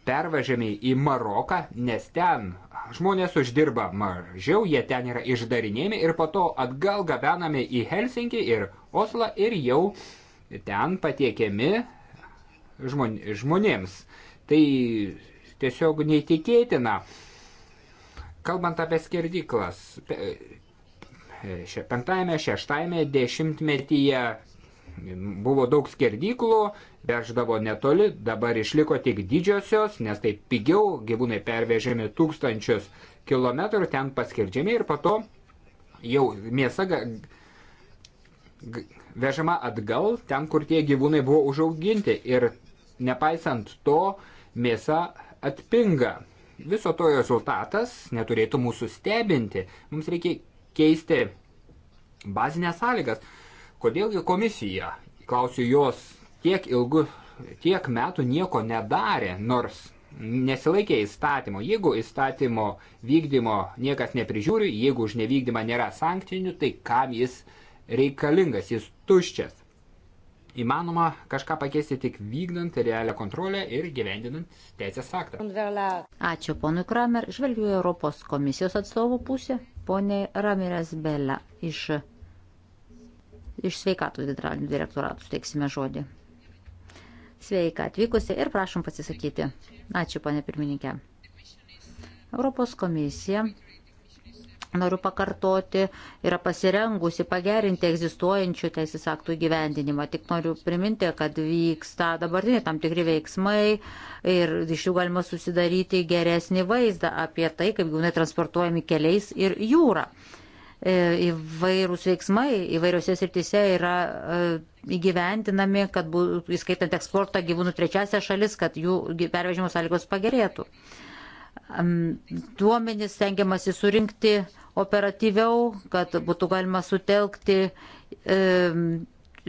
pervažiami į Maroką, nes ten žmonės uždirba mažiau, jie ten yra išdarinėjami ir po to atgal gabenami į Helsinkį ir Oslą ir jau ten patiekiami žmon, žmonėms. Tai tiesiog neįtikėtina. Kalbant apie skerdiklas, penktame, šeštame dešimtmetyje Buvo daug skerdyklų, veždavo netoli, dabar išliko tik didžiosios, nes taip pigiau gyvūnai pervežiami tūkstančius kilometrų, ten paskerdžiami ir po to jau mėsa vežama atgal ten, kur tie gyvūnai buvo užauginti ir nepaisant to mėsa atpinga. Viso to rezultatas neturėtų mūsų stebinti. Mums reikia keisti bazinės sąlygas. Kodėlgi komisija, klausiu jos, tiek ilgu, tiek metų nieko nedarė, nors nesilaikė įstatymo. Jeigu įstatymo vykdymo niekas neprižiūri, jeigu už nevykdymą nėra sankcijų, tai kam jis reikalingas, jis tuščias. Įmanoma kažką pakeisti tik vykdant realią kontrolę ir gyvendinant teisės aktą. Ačiū ponui Kramer, žvelgiu Europos komisijos atstovų pusę, ponė Ramirės Bela iš iš sveikatos generalinių direktoratų suteiksime žodį. Sveika atvykusi ir prašom pasisakyti. Ačiū, ponė pirmininkė. Europos komisija, noriu pakartoti, yra pasirengusi pagerinti egzistuojančių teisės aktų gyvendinimą. Tik noriu priminti, kad vyksta dabartiniai tam tikri veiksmai ir iš jų galima susidaryti geresnį vaizdą apie tai, kaip gyvūnai transportuojami keliais ir jūra. Uh, E, įvairūs veiksmai įvairiose srityse yra e, įgyventinami, kad būtų įskaitant eksportą gyvūnų trečiasią šalis, kad jų pervežimo sąlygos pagerėtų. Duomenys tengiamasi surinkti operatyviau, kad būtų galima sutelkti e,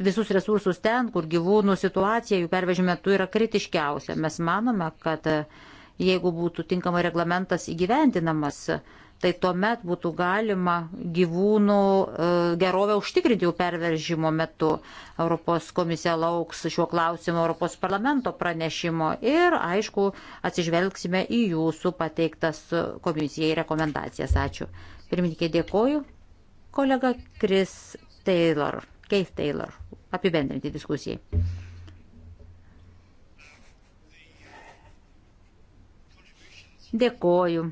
visus resursus ten, kur gyvūnų situacija jų pervežimo metu yra kritiškiausia. Mes manome, kad jeigu būtų tinkamai reglamentas įgyventinamas, tai tuomet būtų galima gyvūnų e, gerovę užtikrinti jų perveržimo metu. Europos komisija lauks šiuo klausimu Europos parlamento pranešimo ir, aišku, atsižvelgsime į jūsų pateiktas komisijai rekomendacijas. Ačiū. Pirmininkė, dėkoju. Kolega Kris Taylor, Keith Taylor, apibendrinti diskusijai. Dėkoju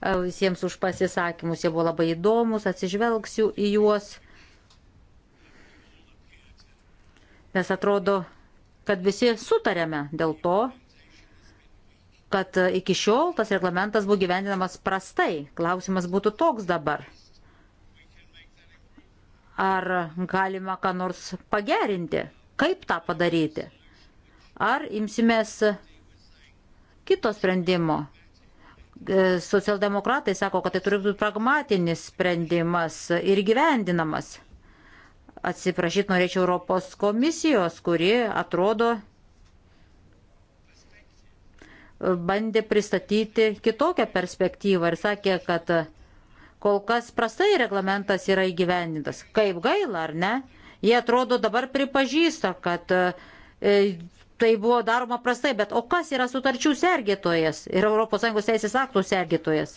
visiems už pasisakymus. Jie buvo labai įdomus, atsižvelgsiu į juos. Nes atrodo, kad visi sutarėme dėl to, kad iki šiol tas reglamentas buvo gyvendinamas prastai. Klausimas būtų toks dabar. Ar galima ką nors pagerinti? Kaip tą padaryti? Ar imsimės kito sprendimo? E, socialdemokratai sako, kad tai turi būti pragmatinis sprendimas ir gyvendinamas. Atsiprašyti norėčiau Europos komisijos, kuri atrodo bandė pristatyti kitokią perspektyvą ir sakė, kad kol kas prastai reglamentas yra įgyvendintas. Kaip gaila, ar ne? Jie atrodo dabar pripažįsta, kad e, tai buvo daroma prastai, bet o kas yra sutarčių sergėtojas ir ES teisės aktų sergėtojas?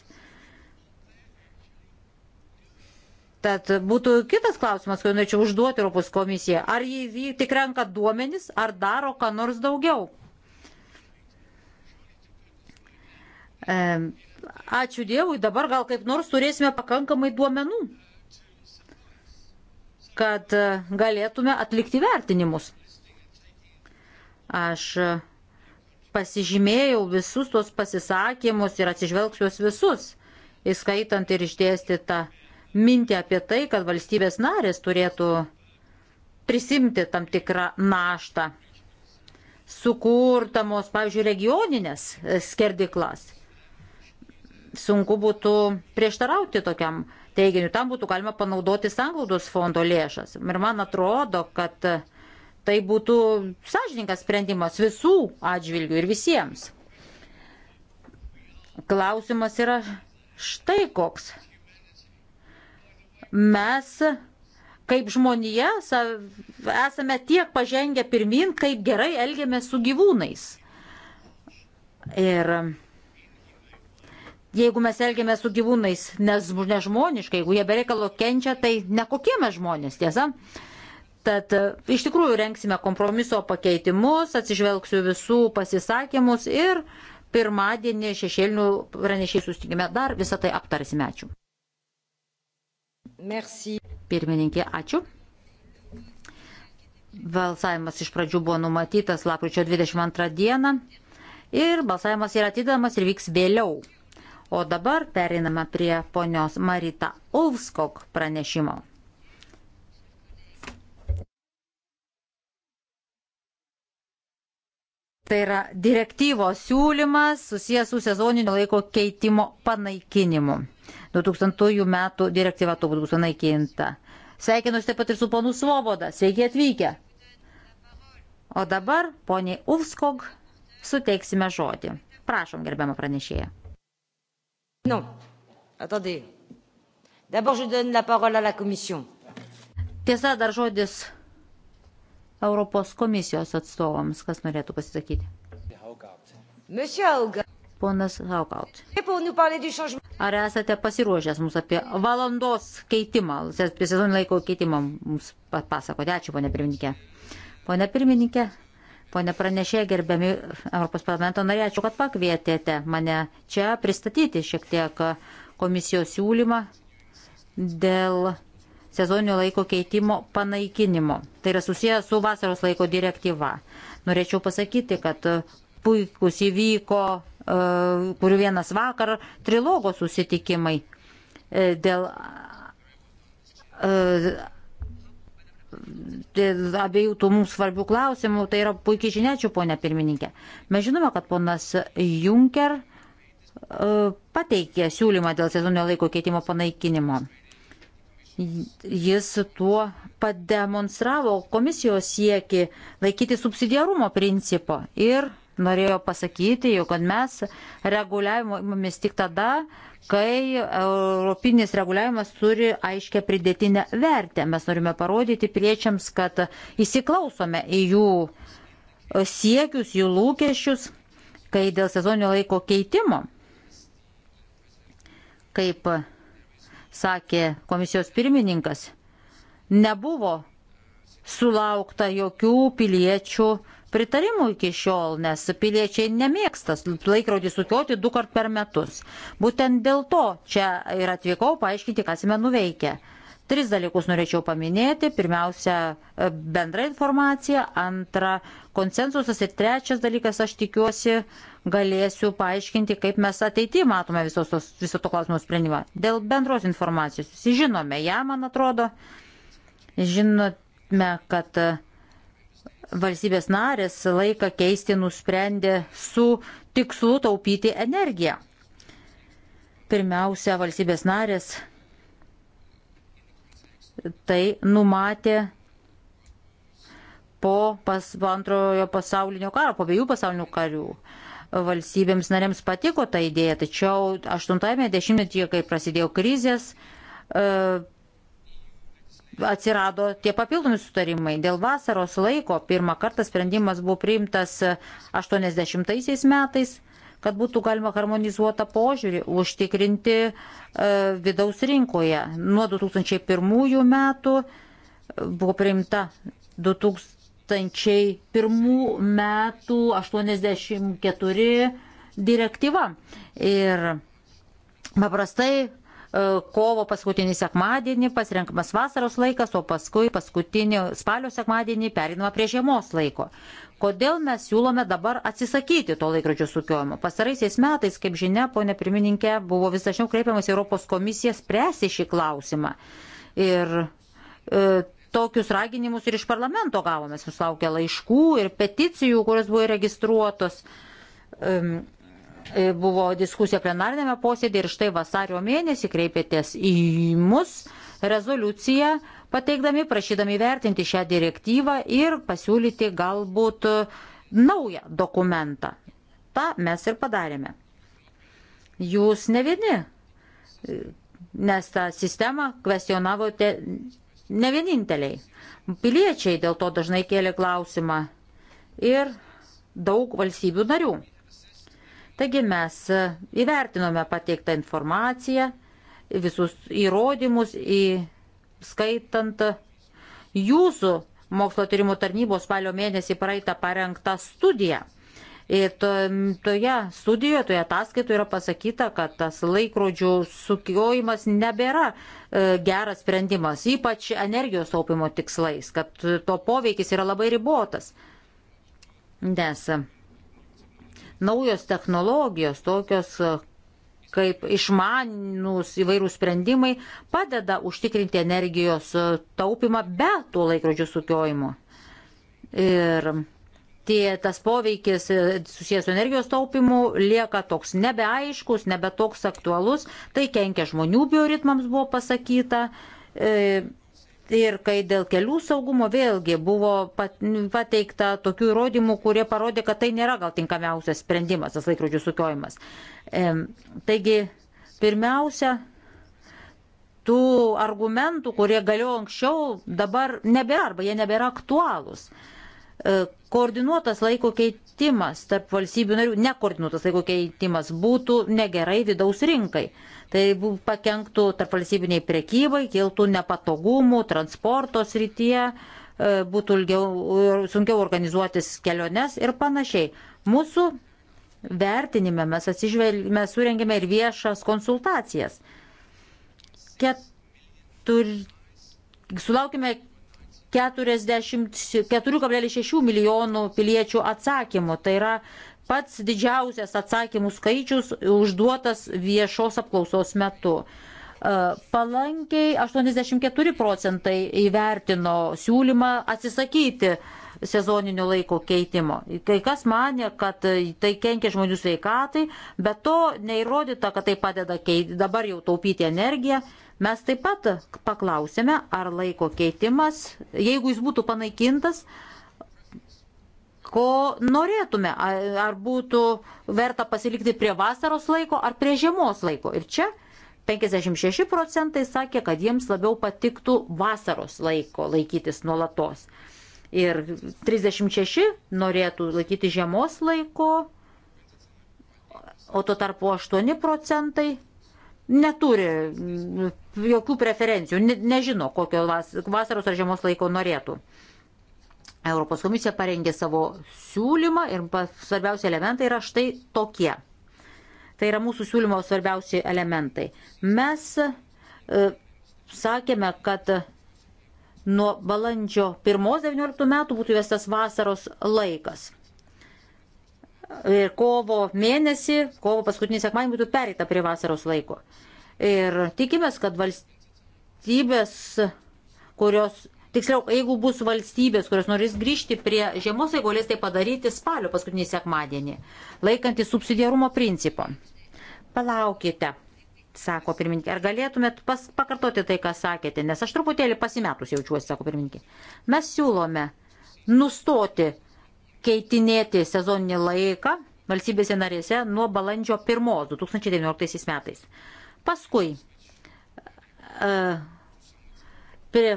Tad būtų kitas klausimas, kurį norėčiau užduoti Europos komisiją. Ar jį tik renka duomenis, ar daro ką nors daugiau? Ačiū Dievui, dabar gal kaip nors turėsime pakankamai duomenų, kad e, galėtume atlikti vertinimus. Aš pasižymėjau visus tos pasisakymus ir atsižvelgsiu juos visus, įskaitant ir išdėstytą mintį apie tai, kad valstybės narės turėtų prisimti tam tikrą naštą, sukurtamos, pavyzdžiui, regioninės skerdiklas. Sunku būtų prieštarauti tokiam teiginiu, tam būtų galima panaudoti sanglaudos fondo lėšas. Ir man atrodo, kad tai būtų sąžininkas sprendimas visų atžvilgių ir visiems. Klausimas yra štai koks. Mes kaip žmonija esame tiek pažengę pirmin, kaip gerai elgiamės su gyvūnais. Ir jeigu mes elgiamės su gyvūnais nežmoniškai, jeigu jie bereikalo kenčia, tai nekokie mes žmonės, tiesa. Uh, Tad e, iš tikrųjų renksime kompromiso pakeitimus, atsižvelgsiu visų pasisakymus ir pirmadienį šešėlinių pranešėjų sustikime dar visą tai aptarsime. Ačiū. Merci. Pirmininkė, ačiū. Balsavimas iš pradžių buvo numatytas lapkričio 22 dieną ir balsavimas yra atidamas ir vyks vėliau. O dabar pereiname prie ponios Marita Ulfskog pranešimo. Tai yra direktyvos siūlymas susijęs su sezoninio laiko keitimo panaikinimu. 2000 metų direktyva to būtų sunaikinta. Sveikinuosi taip pat ir su ponu Svoboda. Sveiki atvykę. O dabar poniai Uvskog suteiksime žodį. Prašom, gerbiamą pranešėją. Non, attendez. D'abord, je donne la parole à la commission. Tiesa, dar žodis Europos komisijos atstovams, kas norėtų pasisakyti. Ponas Haukaut. Ar esate pasiruošęs mums apie valandos keitimą, apie sezoninį laiko keitimą mums pasakoti? Ačiū, ponė pirmininkė. Pone pirmininkė, Pone pranešė, gerbiami Europos parlamento nariai, ačiū, kad pakvietėte mane čia pristatyti šiek tiek komisijos siūlymą dėl sezoninio laiko keitimo panaikinimo. Tai yra susiję su vasaros laiko direktyva. Norėčiau pasakyti, kad e, puikus įvyko, e, kurių vienas vakar, trilogo susitikimai e, dėl abiejų tų mums svarbių klausimų, tai yra puikiai žiniačių, ponia pirmininkė. Mes žinome, kad ponas Juncker pateikė siūlymą dėl sezoninio laiko keitimo panaikinimo. Jis tuo pademonstravo komisijos sieki laikyti subsidiarumo principo ir norėjo pasakyti, jog mes reguliavimo imamės tik tada, kai europinis reguliavimas turi aiškę pridėtinę vertę. Mes norime parodyti priečiams, kad įsiklausome į jų siekius, jų lūkesčius, kai dėl sezoninio laiko keitimo, kaip sakė komisijos pirmininkas, nebuvo sulaukta jokių piliečių pritarimų iki šiol, nes piliečiai nemėgstas laikrodį sukioti du kart per metus. Būtent dėl to čia ir atvykau paaiškinti, kas mes nuveikia. Tris dalykus norėčiau paminėti. Pirmiausia, e, bendra informacija, antra, konsensusas ir trečias dalykas, aš tikiuosi, galėsiu paaiškinti, kaip mes ateityje matome visos tos, viso to klausimo sprendimą. Dėl bendros informacijos, visi žinome ją, man atrodo, žinome, kad e, valstybės narės laiką keisti nusprendė su tikslu taupyti energiją. Pirmiausia, valstybės narės tai numatė po, pas, po antrojo pasaulinio karo, po abiejų pasaulinių karių. Valstybėms narėms patiko ta idėja, tačiau 80-ame dešimtmetyje, kai prasidėjo krizės, e, atsirado tie papildomi sutarimai. Dėl vasaros laiko pirmą kartą sprendimas buvo priimtas 80-aisiais metais kad būtų galima harmonizuotą požiūrį užtikrinti e, vidaus rinkoje. Nuo 2001 metų e, buvo priimta 2001 metų 84 direktyva. Ir paprastai E, kovo paskutinį sekmadienį pasirenkamas vasaros laikas, o paskui paskutinį spalio sekmadienį perinama prie žiemos laiko. Kodėl mes siūlome dabar atsisakyti to laikrodžio sukiojimo? Pastaraisiais metais, kaip žinia, ponė pirmininkė, buvo vis dažniau kreipiamas Europos komisija spręsti šį klausimą. Ir e, tokius raginimus ir iš parlamento gavome, susilaukė laiškų ir peticijų, kurios buvo registruotos. E, E, buvo diskusija plenarinėme posėdėje ir štai vasario mėnesį kreipėtės į mus rezoliuciją, pateikdami, prašydami vertinti šią direktyvą ir pasiūlyti galbūt naują dokumentą. Ta mes ir padarėme. Jūs ne vieni, nes tą sistemą kvestionavote ne vieninteliai. Piliečiai dėl to dažnai kėlė klausimą ir daug valstybių narių. Taigi mes e, įvertinome pateiktą informaciją, visus įrodymus, įskaitant jūsų mokslo tyrimų tarnybos spalio mėnesį praeitą parengtą studiją. Ir to, toje studijoje, toje ataskaitoje yra pasakyta, kad tas laikrodžių sukiojimas nebėra e, geras sprendimas, ypač energijos taupimo tikslais, kad to poveikis yra labai ribotas. Nes Naujos technologijos, tokios e, kaip išmanus įvairių sprendimai, padeda užtikrinti energijos e, taupimą be tų laikrodžių sukiojimo. Ir tie, tas poveikis e, susijęs su energijos taupimu lieka toks nebeaiškus, nebetoks aktualus, tai kenkia žmonių bioritmams buvo pasakyta. E, Ir kai dėl kelių saugumo vėlgi buvo pateikta tokių įrodymų, kurie parodė, kad tai nėra gal tinkamiausias sprendimas, tas laikrodžių sukiojimas. E, taigi, pirmiausia, tų argumentų, kurie galėjo anksčiau, dabar nebėra arba jie nebėra aktualūs. E, E, koordinuotas laiko keitimas tarp valstybių narių, nekoordinuotas laiko keitimas būtų negerai vidaus rinkai. Tai pakenktų tarp valstybiniai prekybai, kiltų nepatogumų transporto srityje, e, būtų ilgiau, sunkiau organizuotis keliones ir panašiai. Mūsų vertinime mes, mes surengėme ir viešas konsultacijas. Ketur... Sulaukime 4,6 milijonų piliečių atsakymų. Tai yra pats didžiausias atsakymų skaičius užduotas viešos apklausos metu. E, palankiai 84 procentai įvertino siūlymą atsisakyti sezoninio laiko keitimo. Kai kas mane, kad tai kenkia žmonių sveikatai, bet to neįrodyta, kad tai padeda keit, dabar jau taupyti energiją, Mes taip pat paklausėme, ar laiko keitimas, jeigu jis būtų panaikintas, ko norėtume, ar būtų verta pasilikti prie vasaros laiko ar prie žiemos laiko. Ir čia 56 procentai sakė, kad jiems labiau patiktų vasaros laiko laikytis nuolatos. Ir 36 norėtų laikyti žiemos laiko, o tuo tarpu 8 procentai neturi mm, jokių preferencijų, ne, nežino, kokio vas, vasaros ar žiemos laiko norėtų. Europos komisija parengė savo siūlymą ir svarbiausi elementai yra štai tokie. Tai yra mūsų siūlymo svarbiausi elementai. Mes e, sakėme, kad nuo balandžio 1-19 metų būtų vestas vasaros laikas ir kovo mėnesį, kovo paskutinį sekmadienį būtų pereita prie vasaros laiko. Ir tikimės, kad valstybės, kurios, tiksliau, jeigu bus valstybės, kurios norės grįžti prie žiemos, jeigu tai galės tai padaryti spalio paskutinį sekmadienį, laikantį subsidiarumo principo. Palaukite, sako pirmininkė, ar galėtumėt pas, pakartoti tai, ką sakėte, nes aš truputėlį pasimetus jaučiuosi, sako pirmininkė. Mes siūlome nustoti keitinėti sezoninį laiką valstybėse narėse nuo balandžio 1 2019 metais. Paskui e, prie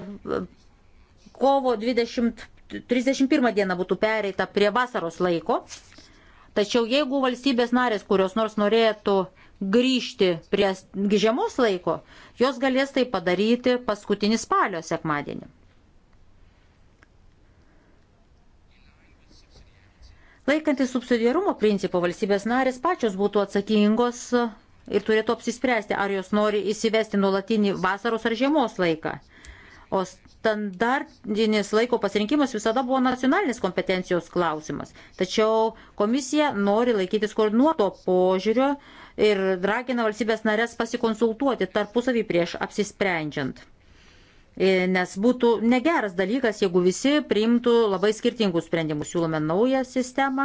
kovo 20, 31 dieną būtų pereita prie vasaros laiko, tačiau jeigu valstybės narės, kurios nors norėtų grįžti prie žiemos laiko, jos galės tai padaryti paskutinį spalio sekmadienį. Laikantis subsidiarumo principo, valstybės narės pačios būtų atsakingos e, ir turėtų apsispręsti, ar jos nori įsivesti nuolatinį vasaros ar žiemos laiką. O standartinis laiko pasirinkimas visada buvo nacionalinės kompetencijos klausimas. Tačiau komisija nori laikytis koordinuoto požiūrio ir ragina valstybės narės pasikonsultuoti tarpusavį prieš apsisprendžiant. E, nes būtų negeras dalykas, jeigu visi priimtų labai skirtingus sprendimus. Siūlome naują sistemą,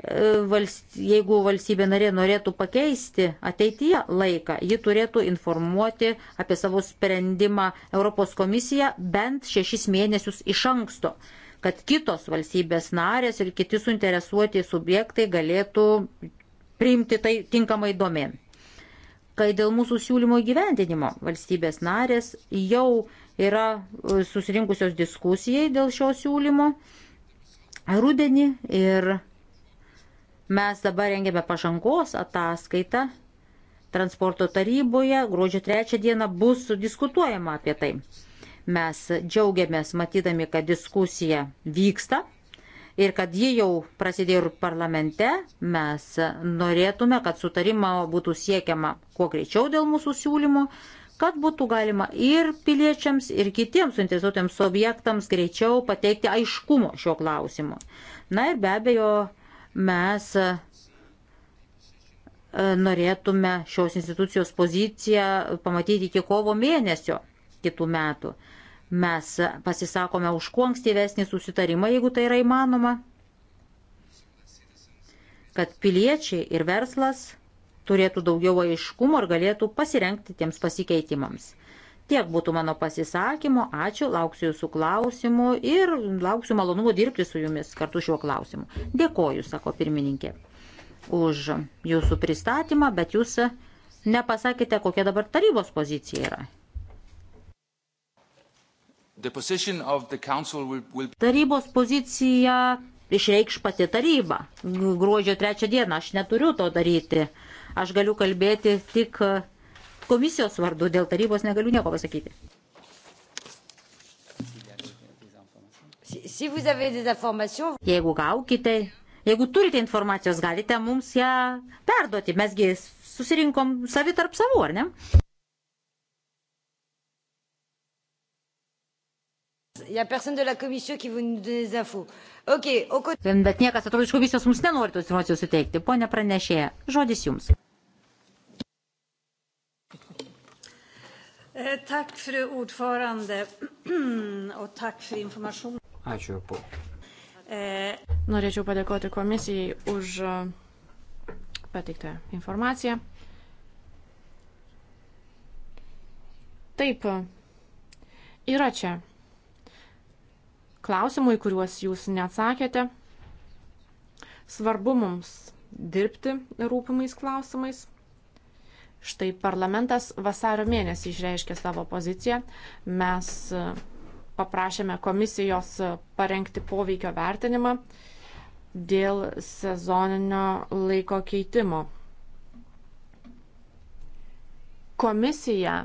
e, jeigu valstybė narė norėtų pakeisti ateityje laiką, ji turėtų informuoti apie savo sprendimą Europos komisiją bent šešis mėnesius iš anksto, kad kitos valstybės narės ir kiti suinteresuoti subjektai galėtų priimti tai tinkamai domėn. Kai dėl mūsų siūlymo įgyvendinimo valstybės narės jau yra e, susirinkusios diskusijai dėl šio siūlymo rudenį ir mes dabar rengėme pažangos ataskaitą transporto taryboje, gruodžio 3 dieną bus diskutuojama apie tai. Mes džiaugiamės matydami, kad diskusija vyksta ir kad ji jau prasidėjo ir parlamente. Mes norėtume, kad sutarimo būtų siekiama kuo greičiau dėl mūsų siūlymo, kad būtų galima ir piliečiams, ir kitiems suinteresuotiems objektams greičiau pateikti aiškumo šio klausimu. Na ir be abejo, mes e, norėtume šios institucijos poziciją pamatyti iki kovo mėnesio kitų metų. Mes pasisakome už kuo ankstyvesnį susitarimą, jeigu tai yra įmanoma, kad piliečiai ir verslas turėtų daugiau aiškumo ir galėtų pasirenkti tiems pasikeitimams. Tiek būtų mano pasisakymo, ačiū, lauksiu jūsų klausimų ir lauksiu malonumo dirbti su jumis kartu šiuo klausimu. Dėkoju, sako pirmininkė, už jūsų pristatymą, bet jūs nepasakėte, kokia dabar tarybos pozicija yra. Will... Tarybos pozicija išreikš pati taryba. Gruodžio trečią dieną aš neturiu to daryti. Aš galiu kalbėti tik komisijos vardu, dėl tarybos negaliu nieko pasakyti. Jeigu gaukite, jeigu turite informacijos, galite mums ją perduoti. Mesgi susirinkom savi tarp savų, ar ne? Okay, o... Bet niekas atrodo iš komisijos mums nenori tos informacijos suteikti. Pone pranešėja, žodis jums. Eh, tak, fru ordförande, o [CLEARS THROAT] tak för information. Ačiū. Po. Eh, norėčiau padėkoti komisijai už eh, pateiktą informaciją. Taip, yra čia klausimų, į kuriuos jūs neatsakėte. Svarbu mums dirbti rūpimais klausimais. Štai parlamentas vasario mėnesį išreiškė savo poziciją. Mes e, paprašėme komisijos parengti poveikio vertinimą dėl sezoninio laiko keitimo. Komisija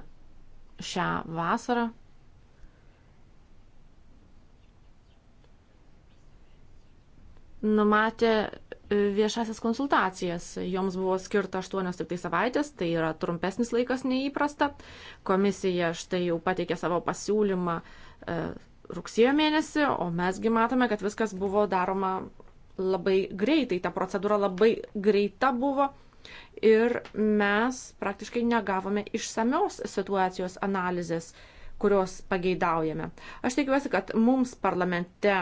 šią vasarą numatė e, viešasias konsultacijas. Joms buvo skirta 8 tik tai savaitės, tai yra trumpesnis laikas neįprasta. Komisija štai jau pateikė savo pasiūlymą e, rugsėjo mėnesį, o mesgi matome, kad viskas buvo daroma labai greitai, ta procedūra labai greita buvo. Ir mes praktiškai negavome išsamios situacijos analizės. E, kurios pageidaujame. Aš tikiuosi, kad mums parlamente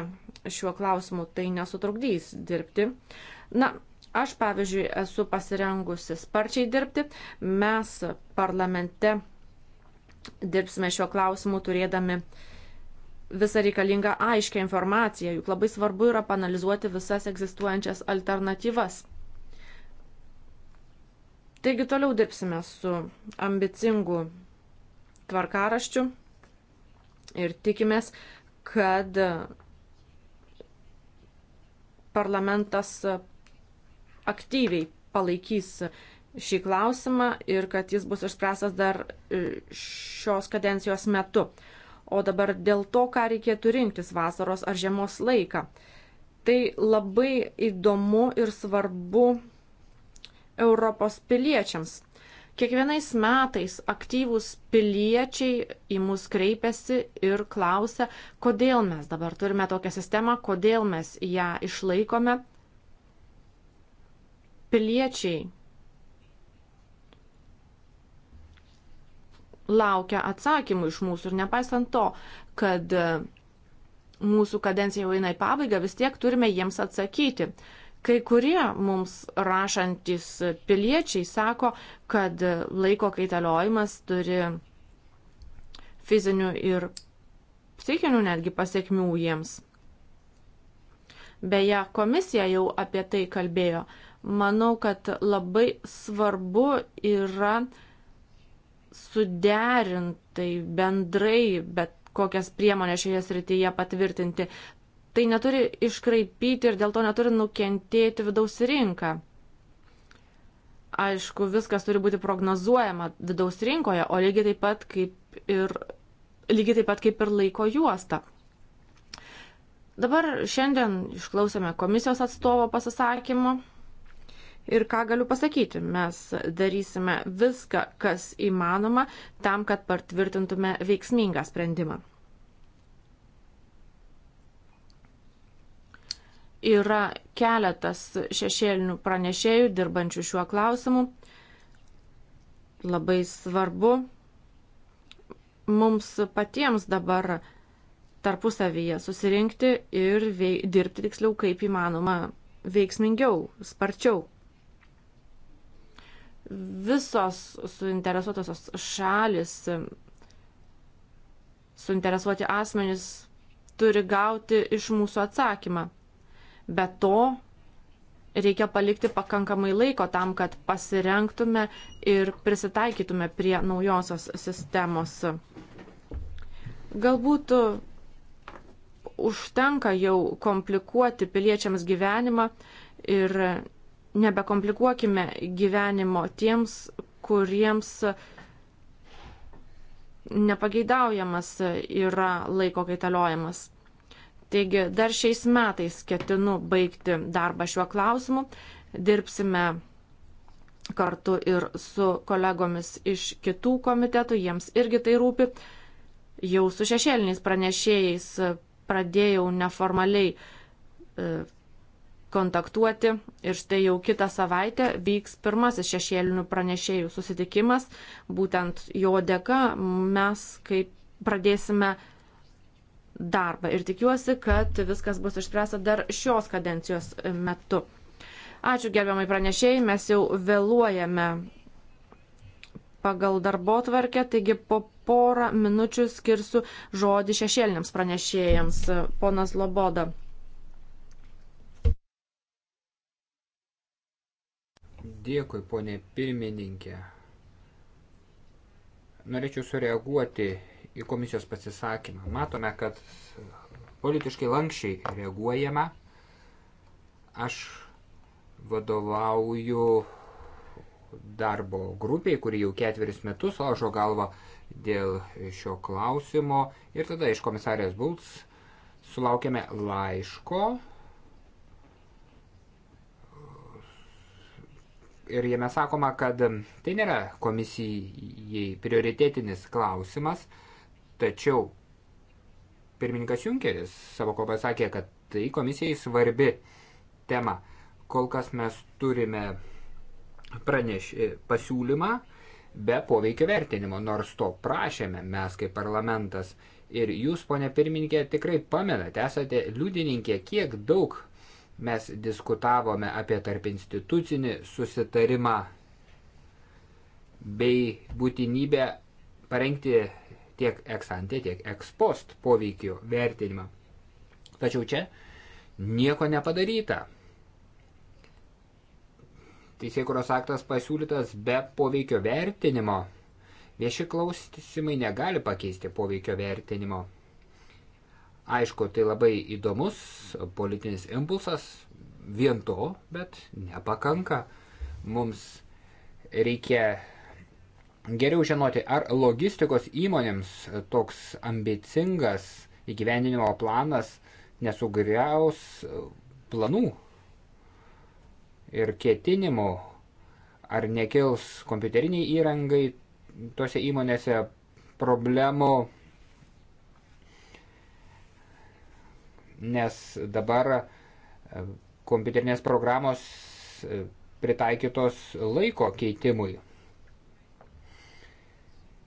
šiuo klausimu tai nesutrukdys dirbti. Na, aš pavyzdžiui esu pasirengusi sparčiai dirbti. Mes parlamente dirbsime šiuo klausimu turėdami visą reikalingą aiškę informaciją, juk labai svarbu yra panalizuoti visas egzistuojančias alternatyvas. Taigi toliau dirbsime su ambicingu tvarkaraščiu ir tikimės, kad parlamentas aktyviai palaikys šį klausimą ir kad jis bus išspręstas dar šios kadencijos metu. O dabar dėl to, ką reikėtų rinktis vasaros ar žiemos laiką. Tai labai įdomu ir svarbu Europos piliečiams. Kiekvienais metais aktyvūs piliečiai į mus kreipiasi ir klausia, kodėl mes dabar turime tokią sistemą, kodėl mes ją išlaikome. Piliečiai laukia atsakymų iš mūsų ir nepaisant to, kad mūsų kadencija jau eina į pabaigą, vis tiek turime jiems atsakyti. Kai kurie mums rašantis piliečiai sako, kad laiko kaitaliojimas turi fizinių ir psichinių netgi pasiekmių jiems. Beje, komisija jau apie tai kalbėjo. Manau, kad labai svarbu yra suderintai bendrai, bet kokias priemonės šioje srityje patvirtinti tai neturi iškraipyti ir dėl to neturi nukentėti vidaus rinka. Aišku, viskas turi būti prognozuojama vidaus rinkoje, o lygiai taip pat kaip ir, lygiai taip pat kaip ir laiko juosta. Dabar šiandien išklausėme komisijos atstovo pasisakymą ir ką galiu pasakyti, mes darysime viską, kas įmanoma, tam, kad patvirtintume veiksmingą sprendimą. yra keletas šešėlinių pranešėjų dirbančių šiuo klausimu. Labai svarbu mums patiems dabar tarpusavyje susirinkti ir vei, dirbti tiksliau kaip įmanoma veiksmingiau, sparčiau. Visos suinteresuotosios šalis, suinteresuoti asmenys turi gauti iš mūsų atsakymą. Be to, reikia palikti pakankamai laiko tam, kad pasirenktume ir prisitaikytume prie naujosios sistemos. Galbūt uh, užtenka jau komplikuoti piliečiams gyvenimą ir nebekomplikuokime gyvenimo tiems, kuriems nepageidaujamas yra laiko kaitaliojimas. Taigi dar šiais metais ketinu baigti darbą šiuo klausimu. Dirbsime kartu ir su kolegomis iš kitų komitetų, jiems irgi tai rūpi. Jau su šešėliniais pranešėjais pradėjau neformaliai e, kontaktuoti ir štai jau kitą savaitę vyks pirmasis šešėlinių pranešėjų susitikimas. Būtent jo dėka mes kaip pradėsime darbą ir tikiuosi, kad viskas bus išspręsta dar šios kadencijos metu. Ačiū gerbiamai pranešėjai, mes jau vėluojame pagal darbo tvarkę, taigi po porą minučių skirsiu žodį šešėliniams pranešėjams. Ponas Loboda. Dėkui, ponė pirmininkė. Norėčiau sureaguoti į komisijos pasisakymą. Matome, kad politiškai lankščiai reaguojama. Aš vadovauju darbo grupiai, kuri jau ketveris metus ožo galvą dėl šio klausimo. Ir tada iš komisarės Bults sulaukėme laiško ir jame sakoma, kad tai nėra komisijai prioritėtinis klausimas – Tačiau pirmininkas Junkeris savo kalbą sakė, kad tai komisijai svarbi tema. Kol kas mes turime praneš, pasiūlymą be poveikio vertinimo, nors to prašėme mes kaip parlamentas. Ir jūs, ponė pirmininkė, tikrai pamenate, esate liudininkė, kiek daug mes diskutavome apie tarp institucinį susitarimą bei būtinybę parengti tiek eksantė, tiek ekspost poveikio vertinimą. Tačiau čia nieko nepadaryta. Teisėkuros aktas pasiūlytas be poveikio vertinimo. Vieši klausimai negali pakeisti poveikio vertinimo. Aišku, tai labai įdomus politinis impulsas, vien to, bet nepakanka. Mums reikia Geriau žinoti, ar logistikos įmonėms toks ambicingas įgyvendinimo planas nesugriaus e, planų ir ketinimų, ar nekils kompiuteriniai įrangai tose įmonėse problemų, nes dabar e, kompiuterinės programos e, pritaikytos laiko keitimui.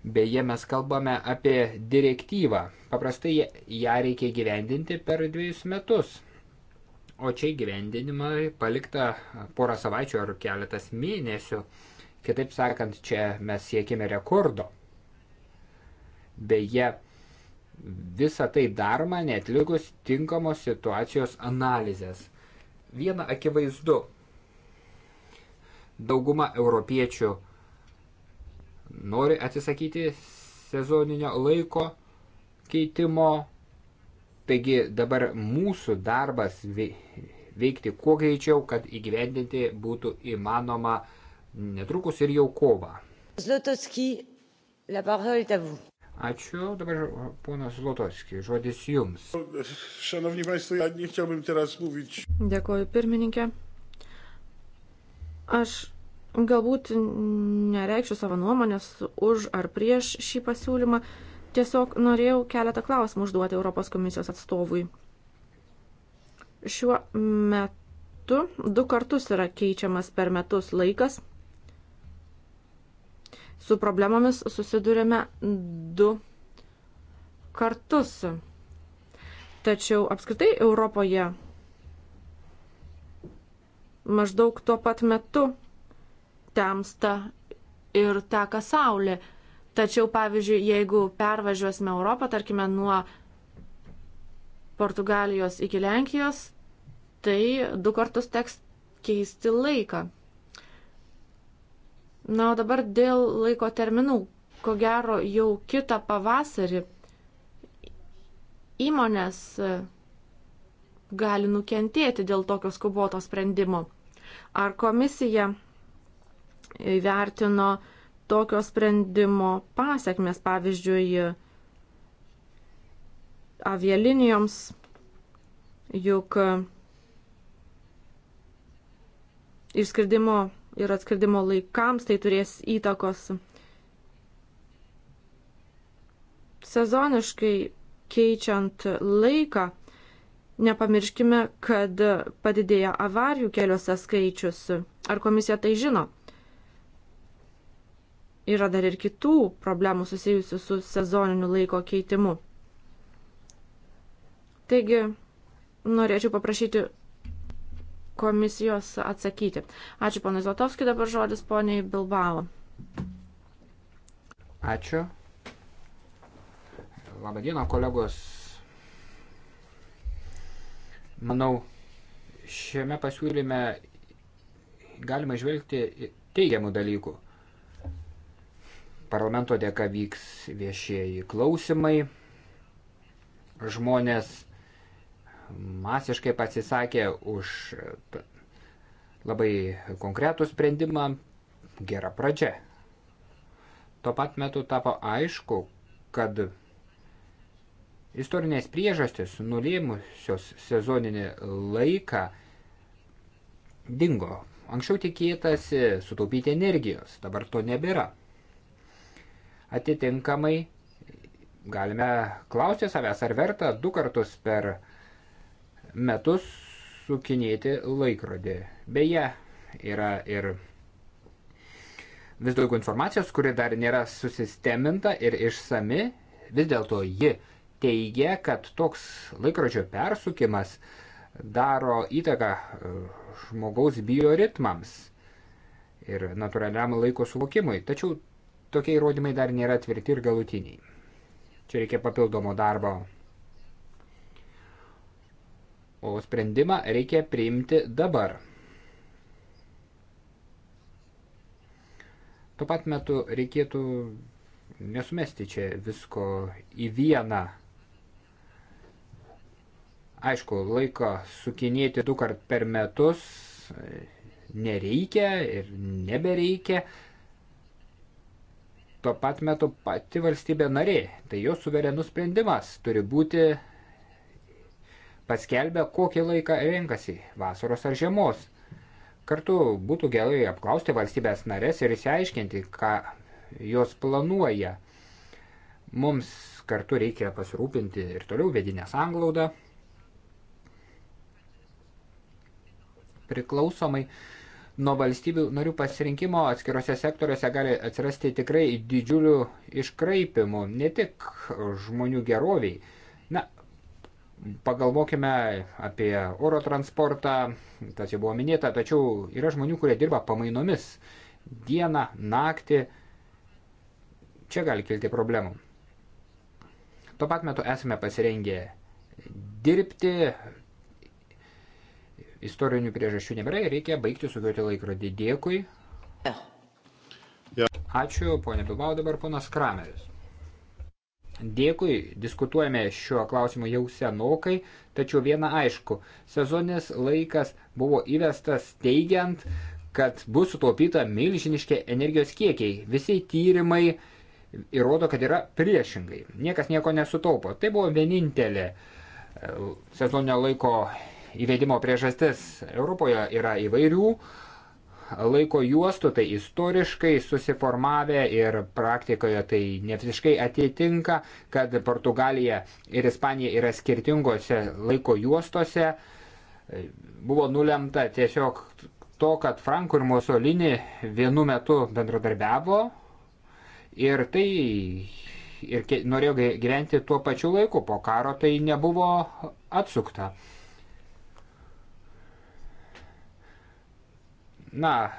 Beje, mes kalbame apie direktyvą. Paprastai ją reikia gyvendinti per dviejus metus. O čia gyvendinimą palikta porą savaičių ar keletas mėnesių. Kitaip sakant, čia mes siekime rekordo. Beje, visa tai daroma netlikus tinkamos situacijos analizės. Viena akivaizdu. Dauguma europiečių nori atsisakyti sezoninio laiko keitimo. Taigi dabar mūsų darbas veikti kuo greičiau, kad įgyvendinti būtų įmanoma netrukus ir jau kovą. Zlotowski, la parole est à vous. Ačiū. Dabar ponas Lotočki, žodis jums. Šanovni paistvo, ja nechčiaubim teraz mówić. Dėkoju, pirmininkė. Aš Galbūt nereikščiau savo nuomonės už ar prieš šį pasiūlymą, tiesiog norėjau keletą klausimų užduoti Europos komisijos atstovui. Šiuo metu du kartus yra keičiamas per metus laikas. Su problemomis susidurėme du kartus. Tačiau apskritai Europoje maždaug tuo pat metu temsta ir teka saulė. Tačiau, pavyzdžiui, jeigu pervažiuosime Europą, tarkime, nuo Portugalijos iki Lenkijos, tai du kartus teks keisti laiką. Na, o dabar dėl laiko terminų. Ko gero, jau kitą pavasarį įmonės e, gali nukentėti dėl tokio skuboto sprendimo. Ar komisija įvertino tokio sprendimo pasiekmes, pavyzdžiui, avialinijoms, juk išskridimo ir atskridimo laikams tai turės įtakos. Sezoniškai keičiant laiką, nepamirškime, kad padidėja avarijų keliuose skaičius. Ar komisija tai žino? yra dar ir kitų problemų susijusių su sezoniniu laiko keitimu. Taigi, norėčiau paprašyti komisijos atsakyti. Ačiū ponai Zotovskiai, dabar žodis poniai Bilbao. Ačiū. Labadiena, kolegos. Manau, šiame pasiūlyme galima žvelgti teigiamų dalykų parlamento dėka vyks viešieji klausimai. Žmonės masiškai pasisakė už labai konkretų sprendimą, gera pradžia. Tuo pat metu tapo aišku, kad istorinės priežastis nulėmusios sezoninį laiką dingo. Anksčiau tikėtasi sutaupyti energijos, dabar to nebėra. Atitinkamai galime klausti savęs, ar verta du kartus per metus sukinėti laikrodį. Beje, yra ir vis daugiau informacijos, kuri dar nėra susisteminta ir išsami, vis dėlto ji teigia, kad toks laikrodžio persukimas daro įtaką e, žmogaus bioritmams ir natūraliam laiko suvokimui. Tačiau tokie įrodymai dar nėra tvirti ir galutiniai. Čia reikia papildomo darbo. O sprendimą reikia priimti dabar. Tuo pat metu reikėtų nesumesti čia visko į vieną. Aišku, laiko sukinėti du kart per metus nereikia ir nebereikia, tuo pat metu pati valstybė narė, tai jos suverenus sprendimas turi būti paskelbę, kokį laiką renkasi - vasaros ar žiemos. Kartu būtų gerai apklausti valstybės narės ir įsiaiškinti, ką jos planuoja. Mums kartu reikia pasirūpinti ir toliau vedinę sanglaudą. Priklausomai nuo valstybių narių pasirinkimo atskirose sektoriuose gali atsirasti tikrai didžiulių iškraipimų, ne tik žmonių geroviai. Na, pagalvokime apie oro transportą, tas jau buvo minėta, tačiau yra žmonių, kurie dirba pamainomis dieną, naktį. Čia gali kilti problemų. Tuo pat metu esame pasirengę dirbti, istorinių priežasčių nebėra ir reikia baigti sukioti laikrodį. Dėkui. Ačiū, ponė Bilbao, dabar ponas Krameris. Dėkui, diskutuojame šiuo klausimu jau senokai, tačiau viena aišku, sezoninis laikas buvo įvestas teigiant, kad bus sutaupyta milžiniški energijos kiekiai. Visi tyrimai įrodo, kad yra priešingai. Niekas nieko nesutaupo. Tai buvo vienintelė e, sezoninio laiko įvedimo priežastis Europoje yra įvairių laiko juostų, tai istoriškai susiformavę ir praktikoje tai ne visiškai atitinka, kad Portugalija ir Ispanija yra skirtingose laiko juostose. Buvo nulemta tiesiog to, kad Franko ir Mussolini vienu metu bendradarbiavo ir tai ir norėjo gyventi tuo pačiu laiku, po karo tai nebuvo atsukta. Na,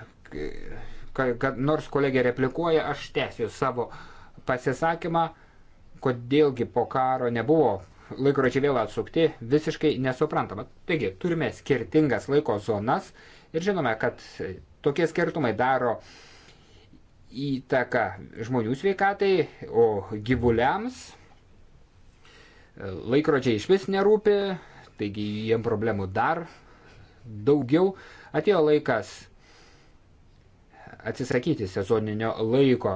kad, kad nors kolegė replikuoja, aš tęsiu savo pasisakymą, kodėlgi po karo nebuvo laikrodžiai vėl atsukti, visiškai nesuprantama. Taigi, turime skirtingas laiko zonas ir žinome, kad tokie skirtumai daro įtaką žmonių sveikatai, o gyvuliams laikrodžiai iš vis nerūpi, taigi jiem problemų dar daugiau. Atėjo laikas atsisakyti sezoninio laiko.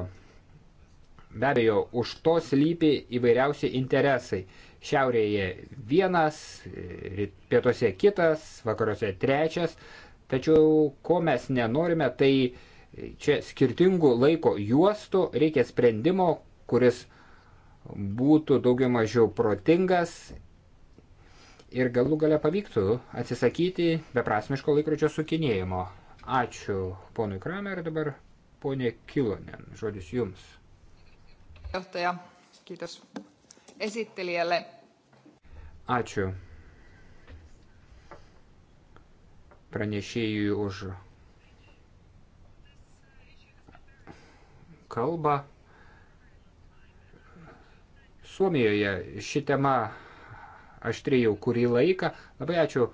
Be abejo, už to slypi įvairiausi interesai. Šiaurėje vienas, pietuose kitas, vakaruose trečias. Tačiau ko mes nenorime, tai čia skirtingų laiko juostų reikia sprendimo, kuris būtų daugiau mažiau protingas ir galų gale pavyktų atsisakyti beprasmiško laikrodžio sukinėjimo. Ačiū ponui Kramer ir dabar ponė Kilonen. Žodis jums. Johtaja, kiitos esittelijälle. Ačiū pranešėjui už kalbą. Suomijoje ši tema aštriai jau kurį laiką. Labai ačiū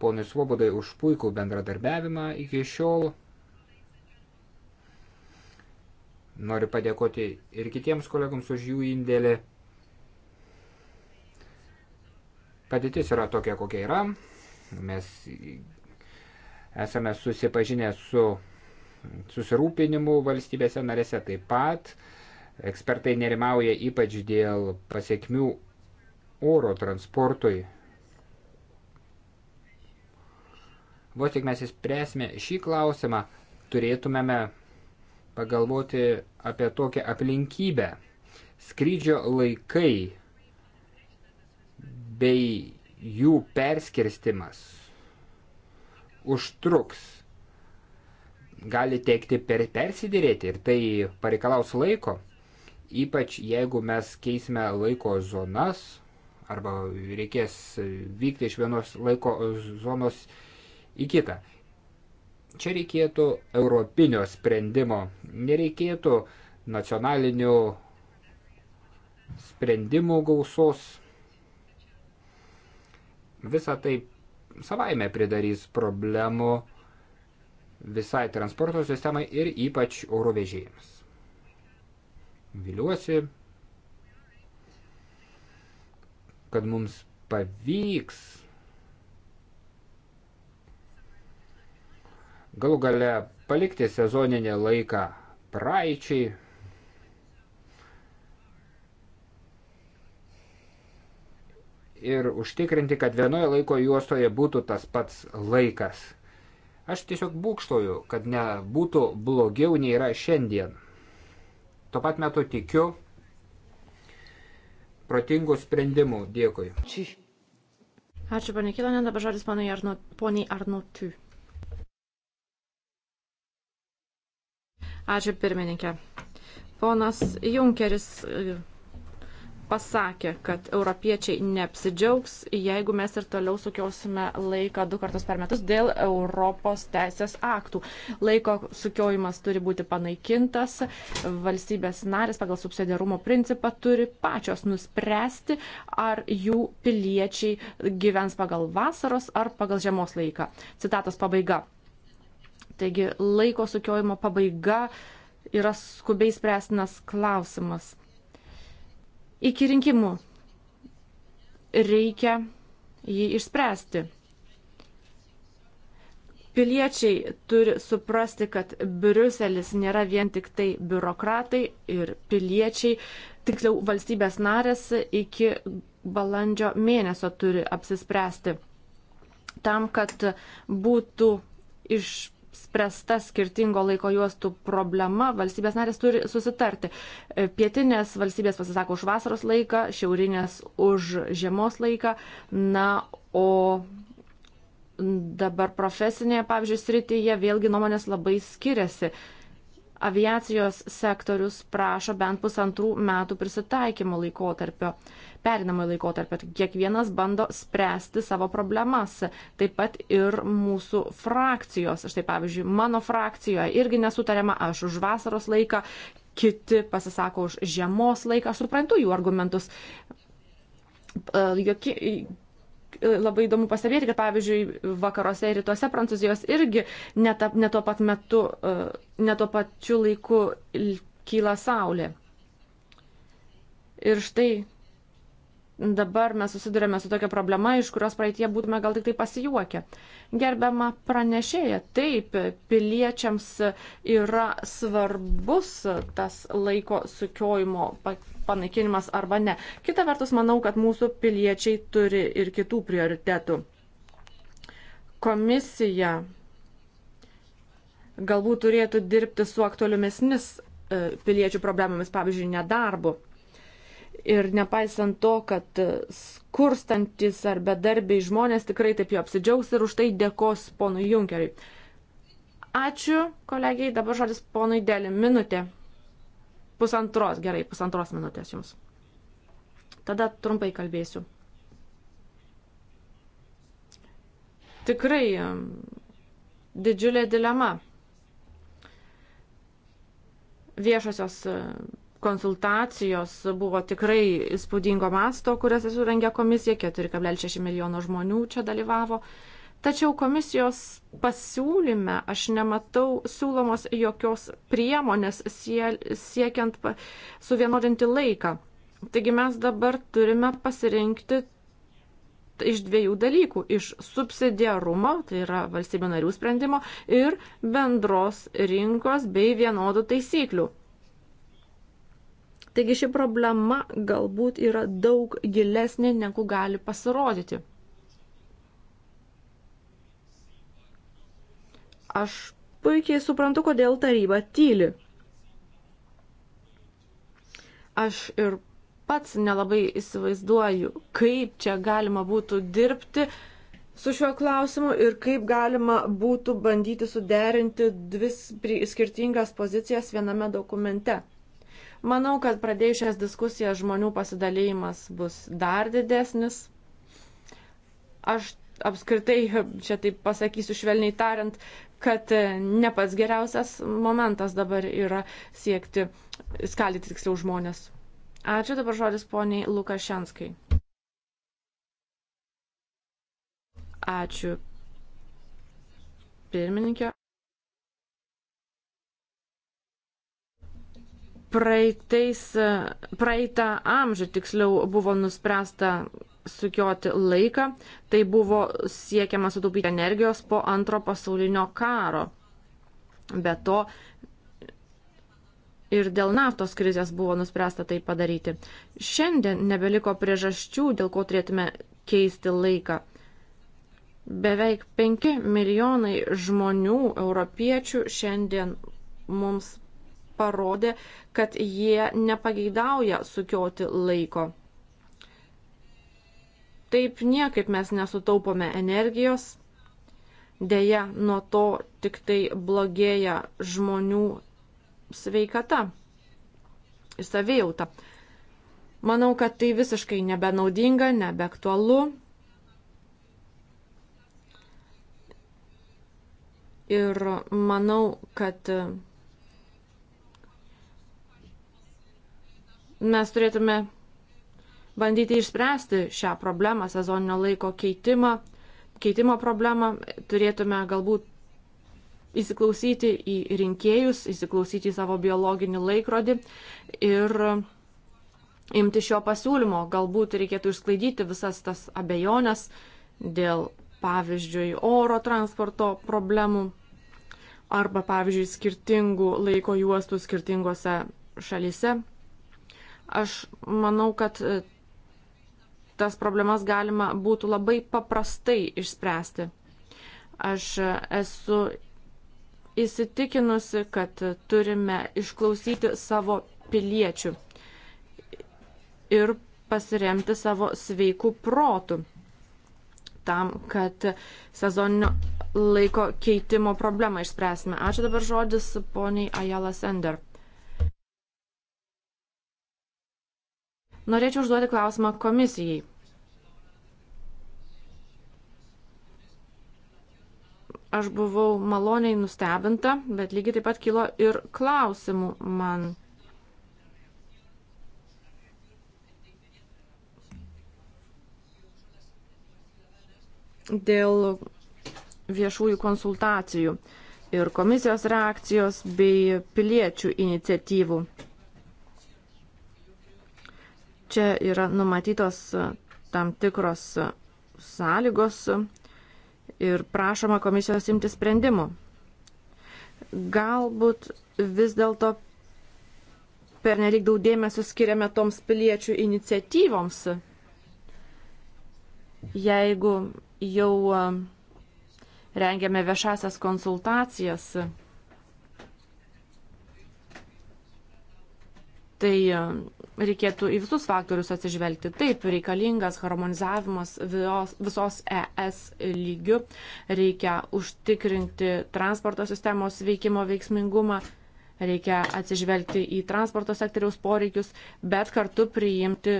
ponui Svobodai už puikų bendradarbiavimą iki šiol. Noriu padėkoti ir kitiems kolegams už jų indėlį. Padėtis yra tokia, kokia yra. Mes esame susipažinę su susirūpinimu valstybėse narėse taip pat. Ekspertai nerimauja ypač dėl pasiekmių oro transportui Vos tik mes įspręsime šį klausimą, turėtumėme pagalvoti apie tokią aplinkybę. Skrydžio laikai bei jų perskirstimas užtruks. Gali tekti per persidėrėti ir tai pareikalaus laiko, ypač jeigu mes keisime laiko zonas arba reikės vykti iš vienos laiko zonos į kitą. Čia reikėtų europinio sprendimo, nereikėtų nacionalinių sprendimų gausos. Visa tai savaime pridarys problemų visai transporto sistemai ir ypač oro vežėjams. Viliuosi, kad mums pavyks Galų gale palikti sezoninę laiką praeičiai. Ir užtikrinti, kad vienoje laiko juostoje būtų tas pats laikas. Aš tiesiog būkštoju, kad nebūtų blogiau nei yra šiandien. Tuo pat metu tikiu protingų sprendimų. Dėkui. Ačiū, panė Kilonė, dabar žodis poniai Arnotu. Ačiū pirmininkė. Ponas Junkeris e, pasakė, kad europiečiai neapsidžiaugs, jeigu mes ir toliau sukiosime laiką du kartus per metus dėl Europos teisės aktų. Laiko sukiojimas turi būti panaikintas, valstybės narės pagal subsidiarumo principą turi pačios nuspręsti, ar jų piliečiai gyvens pagal vasaros ar pagal žiemos laiką. Citatos pabaiga. Taigi laiko sukiojimo pabaiga yra skubiai spręstinas klausimas. Iki rinkimų reikia jį išspręsti. Piliečiai turi suprasti, kad Briuselis nėra vien tik tai biurokratai ir piliečiai, tiksliau valstybės narės iki balandžio mėnesio turi apsispręsti tam, kad būtų iš spręsta skirtingo laiko juostų problema, valstybės narės turi susitarti. Pietinės valstybės pasisako už vasaros laiką, šiaurinės už žiemos laiką, na, o dabar profesinėje, pavyzdžiui, srityje vėlgi nuomonės labai skiriasi. Uh, aviacijos sektorius prašo bent pusantrų metų prisitaikymo laikotarpio, perinamo laikotarpio. Kiekvienas bando spręsti savo problemas, taip pat ir mūsų frakcijos. Štai pavyzdžiui, mano frakcijoje irgi nesutariama, aš už vasaros laiką, kiti pasisako už žiemos laiką, aš suprantu jų argumentus. Jokie, E, labai įdomu pastebėti, kad pavyzdžiui vakaruose ir rytuose Prancūzijos irgi ne, ta, ne tuo pat metu, e, ne tuo pačiu laiku kyla saulė. Ir štai dabar mes susidurėme su tokia problema, iš kurios praeitie būtume gal tik tai pasijuokę. Gerbiama pranešėja, taip, piliečiams yra svarbus tas laiko sukiojimo panaikinimas arba ne. Kita vertus, manau, kad mūsų piliečiai turi ir kitų prioritetų. Komisija galbūt turėtų dirbti su aktualiomis e, piliečių problemomis, pavyzdžiui, nedarbu. Ir nepaisant to, kad skurstantis ar bedarbiai žmonės tikrai taip jau apsidžiaugs ir už tai dėkos ponui Junkeriui. Ačiū, kolegiai, dabar žodis ponui Dėlį. Minutė. Pusantros, gerai, pusantros minutės jums. Tada trumpai kalbėsiu. Tikrai um, didžiulė dilema. Viešosios um, konsultacijos buvo tikrai įspūdingo masto, kurias surengė komisija, 4,6 milijono žmonių čia dalyvavo. Tačiau komisijos pasiūlyme aš nematau siūlomos jokios priemonės sie, siekiant suvienodinti laiką. Taigi mes dabar turime pasirinkti iš dviejų dalykų - iš subsidiarumo, tai yra valstybių narių sprendimo, ir bendros rinkos bei vienodų taisyklių Taigi ši problema galbūt yra daug gilesnė, negu gali pasirodyti. Aš puikiai suprantu, kodėl taryba tyli. Aš ir pats nelabai įsivaizduoju, kaip čia galima būtų dirbti su šiuo klausimu ir kaip galima būtų bandyti suderinti dvi skirtingas pozicijas viename dokumente. Manau, kad pradėjus šias diskusijas žmonių pasidalėjimas bus dar didesnis. Aš apskritai, čia taip pasakysiu švelniai tariant, kad ne pats geriausias momentas dabar yra siekti, skaldyti tiksliau žmonės. Ačiū dabar žodis poniai Lukašenskai. Ačiū pirmininkė. praeitais, praeitą amžių tiksliau buvo nuspręsta sukioti laiką, tai buvo siekiama sutaupyti energijos po antro pasaulinio karo. Be to ir dėl naftos krizės buvo nuspręsta tai padaryti. Šiandien nebeliko priežasčių, dėl ko turėtume keisti laiką. Beveik 5 milijonai žmonių, europiečių, šiandien mums parodė, kad jie nepageidauja sukioti laiko. Taip niekaip mes nesutaupome energijos, dėja nuo to tik tai blogėja žmonių sveikata ir savijauta. Manau, kad tai visiškai nebenaudinga, nebeaktualu. Ir manau, kad Mes turėtume bandyti išspręsti šią problemą, sezoninio laiko keitimą, keitimo problemą. Turėtume galbūt įsiklausyti į rinkėjus, įsiklausyti į savo biologinį laikrodį ir imti šio pasiūlymo. Galbūt reikėtų išsklaidyti visas tas abejonės dėl, pavyzdžiui, oro transporto problemų arba, pavyzdžiui, skirtingų laiko juostų skirtingose šalyse Aš manau, kad e, tas problemas galima būtų labai paprastai išspręsti. Aš e, esu įsitikinusi, kad turime išklausyti savo piliečių ir pasiremti savo sveikų protų tam, kad sezoninio laiko keitimo problemą išspręsime. Ačiū dabar žodis poniai Ajala Sender. Norėčiau užduoti klausimą komisijai. Aš buvau maloniai nustebinta, bet lygiai taip pat kilo ir klausimų man. Dėl viešųjų konsultacijų ir komisijos reakcijos bei piliečių iniciatyvų. Čia yra numatytos e, tam tikros e, sąlygos e, ir prašoma komisijos imti sprendimų. Galbūt vis dėlto pernelyg daug dėmesio skiriame toms piliečių iniciatyvoms. Jeigu jau rengiame viešasias konsultacijas, tai reikėtų į visus faktorius atsižvelgti. Taip, reikalingas harmonizavimas visos ES lygių, reikia užtikrinti transporto sistemos veikimo veiksmingumą, reikia atsižvelgti į transporto sektoriaus poreikius, bet kartu priimti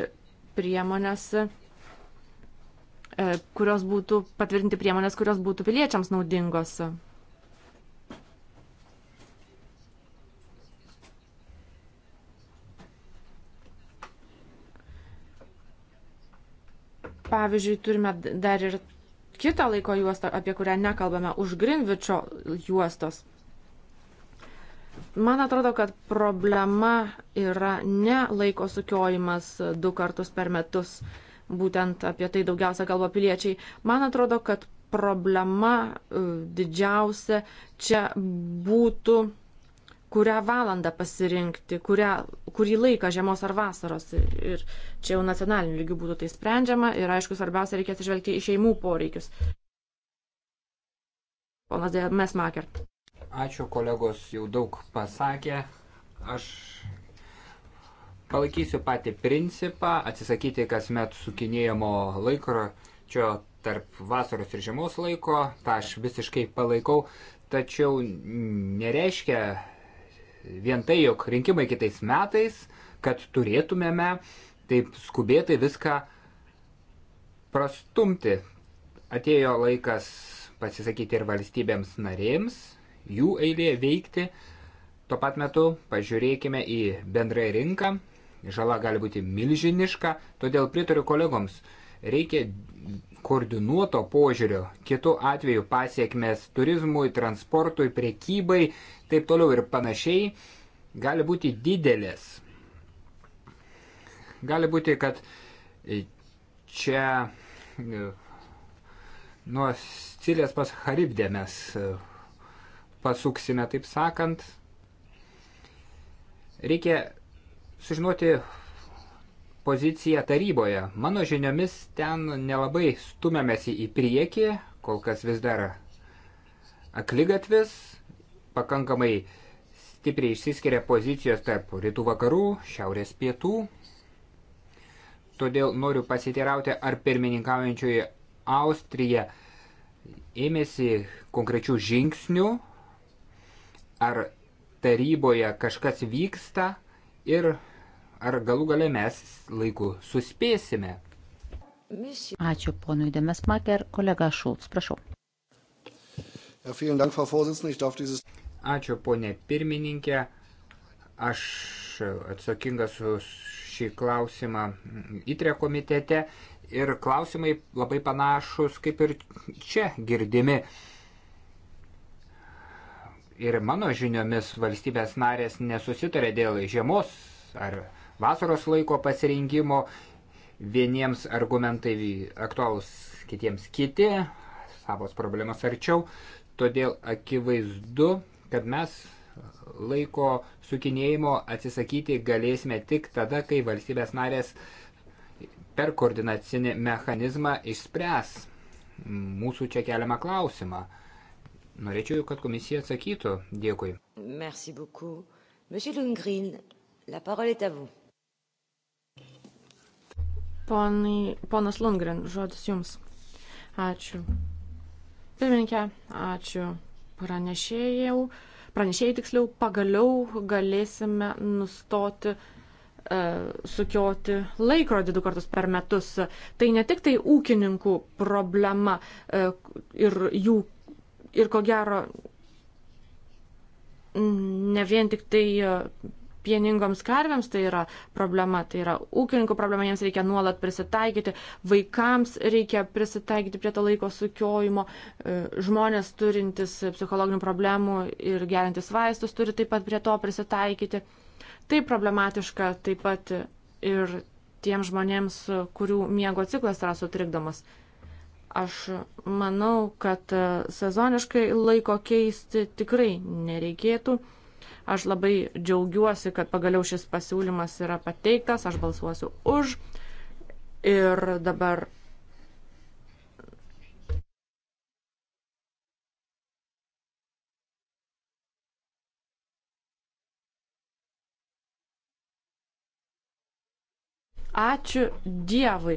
priemonės e, kurios būtų patvirtinti priemonės, kurios būtų piliečiams naudingos. Pavyzdžiui, turime dar ir kitą laiko juostą, apie kurią nekalbame, už Grinvičio juostos. Man atrodo, kad problema yra ne laiko sukiojimas du kartus per metus, būtent apie tai daugiausia kalba piliečiai. Man atrodo, kad problema e, didžiausia čia būtų kurią valandą pasirinkti, kurią, kurį laiką žiemos ar vasaros. Ir, ir čia jau nacionaliniu lygiu būtų tai sprendžiama. Ir aišku, svarbiausia, reikės išvelgti į šeimų poreikius. Ponas Dėmes Maker. Ačiū, kolegos jau daug pasakė. Aš palaikysiu patį principą atsisakyti kasmet sukinėjimo laikrodžio tarp vasaros ir žiemos laiko. Ta aš visiškai palaikau tačiau nereiškia vien tai, jog rinkimai kitais metais, kad turėtumėme taip skubėtai viską prastumti. Atėjo laikas pasisakyti ir valstybėms narėms, jų eilė veikti. Tuo pat metu pažiūrėkime į bendrąją rinką. Žala gali būti milžiniška, todėl pritariu kolegoms. Reikia koordinuoto požiūrio, kitų atveju pasiekmes turizmui, transportui, prekybai, taip toliau ir panašiai, gali būti didelės. Gali būti, kad čia e, nuo Scilės pas Haribdę mes e, pasuksime, taip sakant. Reikia sužinoti poziciją taryboje. Mano žiniomis ten nelabai stumiamėsi į priekį, kol kas vis dar akligatvis, pakankamai stipriai išsiskiria pozicijos tarp rytų vakarų, šiaurės pietų. Todėl noriu pasiteirauti, ar pirmininkaujančioji Austrija ėmėsi konkrečių žingsnių, ar taryboje kažkas vyksta ir ar galų gale mes laiku suspėsime. Ačiū ponui Demesmaker, kolega Šulc, prašau. Ačiū ponė pirmininkė, aš atsakingas už šį klausimą įtrė komitete ir klausimai labai panašus kaip ir čia girdimi. Ir mano žiniomis valstybės narės nesusitarė dėl žiemos ar vasaros laiko pasirinkimo. Vieniems argumentai aktualūs, kitiems kiti, savos problemas arčiau. Todėl akivaizdu, kad mes laiko sukinėjimo atsisakyti galėsime tik tada, kai valstybės narės per koordinacinį mechanizmą išspręs mūsų čia keliamą klausimą. Norėčiau, kad komisija atsakytų. Dėkui. Merci beaucoup. Monsieur Lundgren, la parole est à vous. Ponai, ponas Lundgren, žodis jums. Ačiū. Pirmininkė, ačiū pranešėjau. Pranešėjai tiksliau, pagaliau galėsime nustoti e, sukioti laikrodį du kartus per metus. Tai ne tik tai ūkininkų problema e, ir jų, ir ko gero, ne vien tik tai e, pieningoms karvėms tai yra problema, tai yra ūkininkų problema, jiems reikia nuolat prisitaikyti, vaikams reikia prisitaikyti prie to laiko sukiojimo, e, žmonės turintys psichologinių problemų ir gerintis vaistus turi taip pat prie to prisitaikyti. Tai problematiška taip pat ir tiem žmonėms, kurių miego ciklas yra sutrikdomas. Aš manau, kad e, sezoniškai laiko keisti tikrai nereikėtų. Aš labai džiaugiuosi, kad pagaliau šis pasiūlymas yra pateiktas, aš balsuosiu už. Ir dabar ačiū Dievui.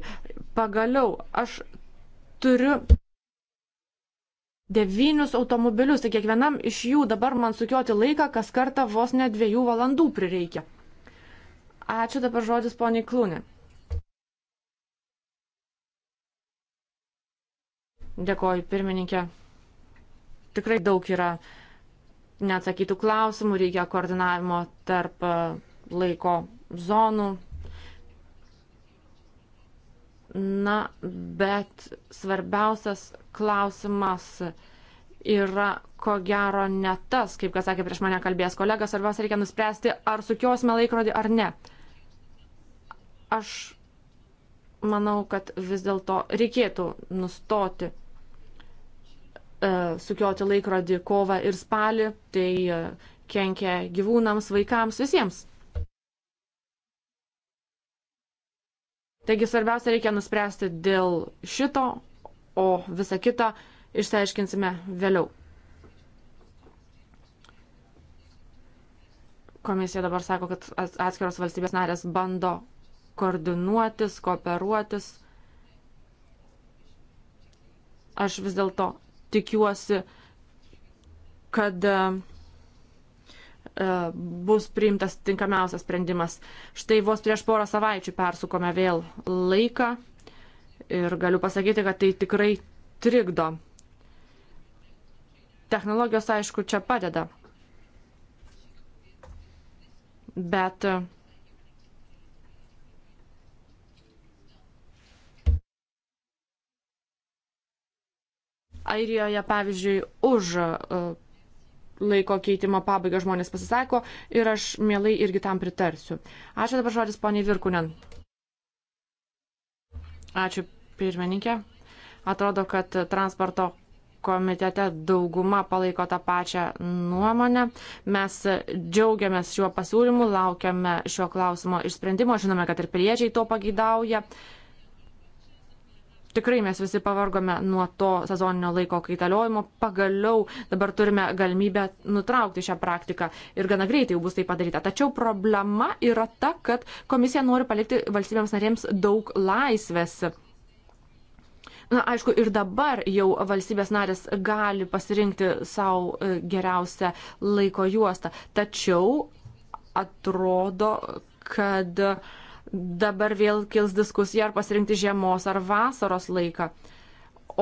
Pagaliau aš turiu devynius automobilius, tai kiekvienam iš jų dabar man sukioti laiką, kas kartą vos net dviejų valandų prireikia. Ačiū dabar žodis poniai Klūnė. Dėkoju, pirmininkė. Tikrai daug yra neatsakytų klausimų, reikia koordinavimo tarp e, laiko zonų, Na, bet svarbiausias klausimas yra ko gero ne tas, kaip kas sakė prieš mane kalbės kolega, svarbiausia reikia nuspręsti, ar sukiosime laikrodį ar ne. Aš manau, kad vis dėlto reikėtų nustoti e, sukioti laikrodį kovą ir spalį, tai e, kenkia gyvūnams, vaikams, visiems. Taigi svarbiausia reikia nuspręsti dėl šito, o visą kitą išsiaiškinsime vėliau. Komisija dabar sako, kad atskiros valstybės narės bando koordinuotis, kooperuotis. Aš vis dėlto tikiuosi, kad uh, E, bus priimtas tinkamiausias sprendimas. Štai vos prieš porą savaičių persukome vėl laiką ir galiu pasakyti, kad tai tikrai trikdo. Technologijos, aišku, čia padeda. Bet e, Airijoje, pavyzdžiui, už e, laiko keitimo pabaigą žmonės pasisako ir aš mielai irgi tam pritarsiu. Ačiū dabar žodis poniai Virkunen. Ačiū pirmininkė. Atrodo, kad transporto komitete dauguma palaiko tą pačią nuomonę. Mes džiaugiamės šiuo pasiūlymu, laukiame šio klausimo išsprendimo, žinome, kad ir piliečiai to pageidauja. Uh, Tikrai mes visi pavargome nuo to sezoninio laiko kaitaliojimo. Pagaliau dabar turime galimybę nutraukti šią praktiką ir gana greitai jau bus tai padaryta. Tačiau problema yra ta, kad komisija nori palikti valstybėms narėms daug laisvės. Na, aišku, ir dabar jau valstybės narės gali pasirinkti savo e, geriausią laiko juostą. Tačiau atrodo, kad uh, dabar vėl kils diskusija, ar pasirinkti žiemos ar vasaros laiką.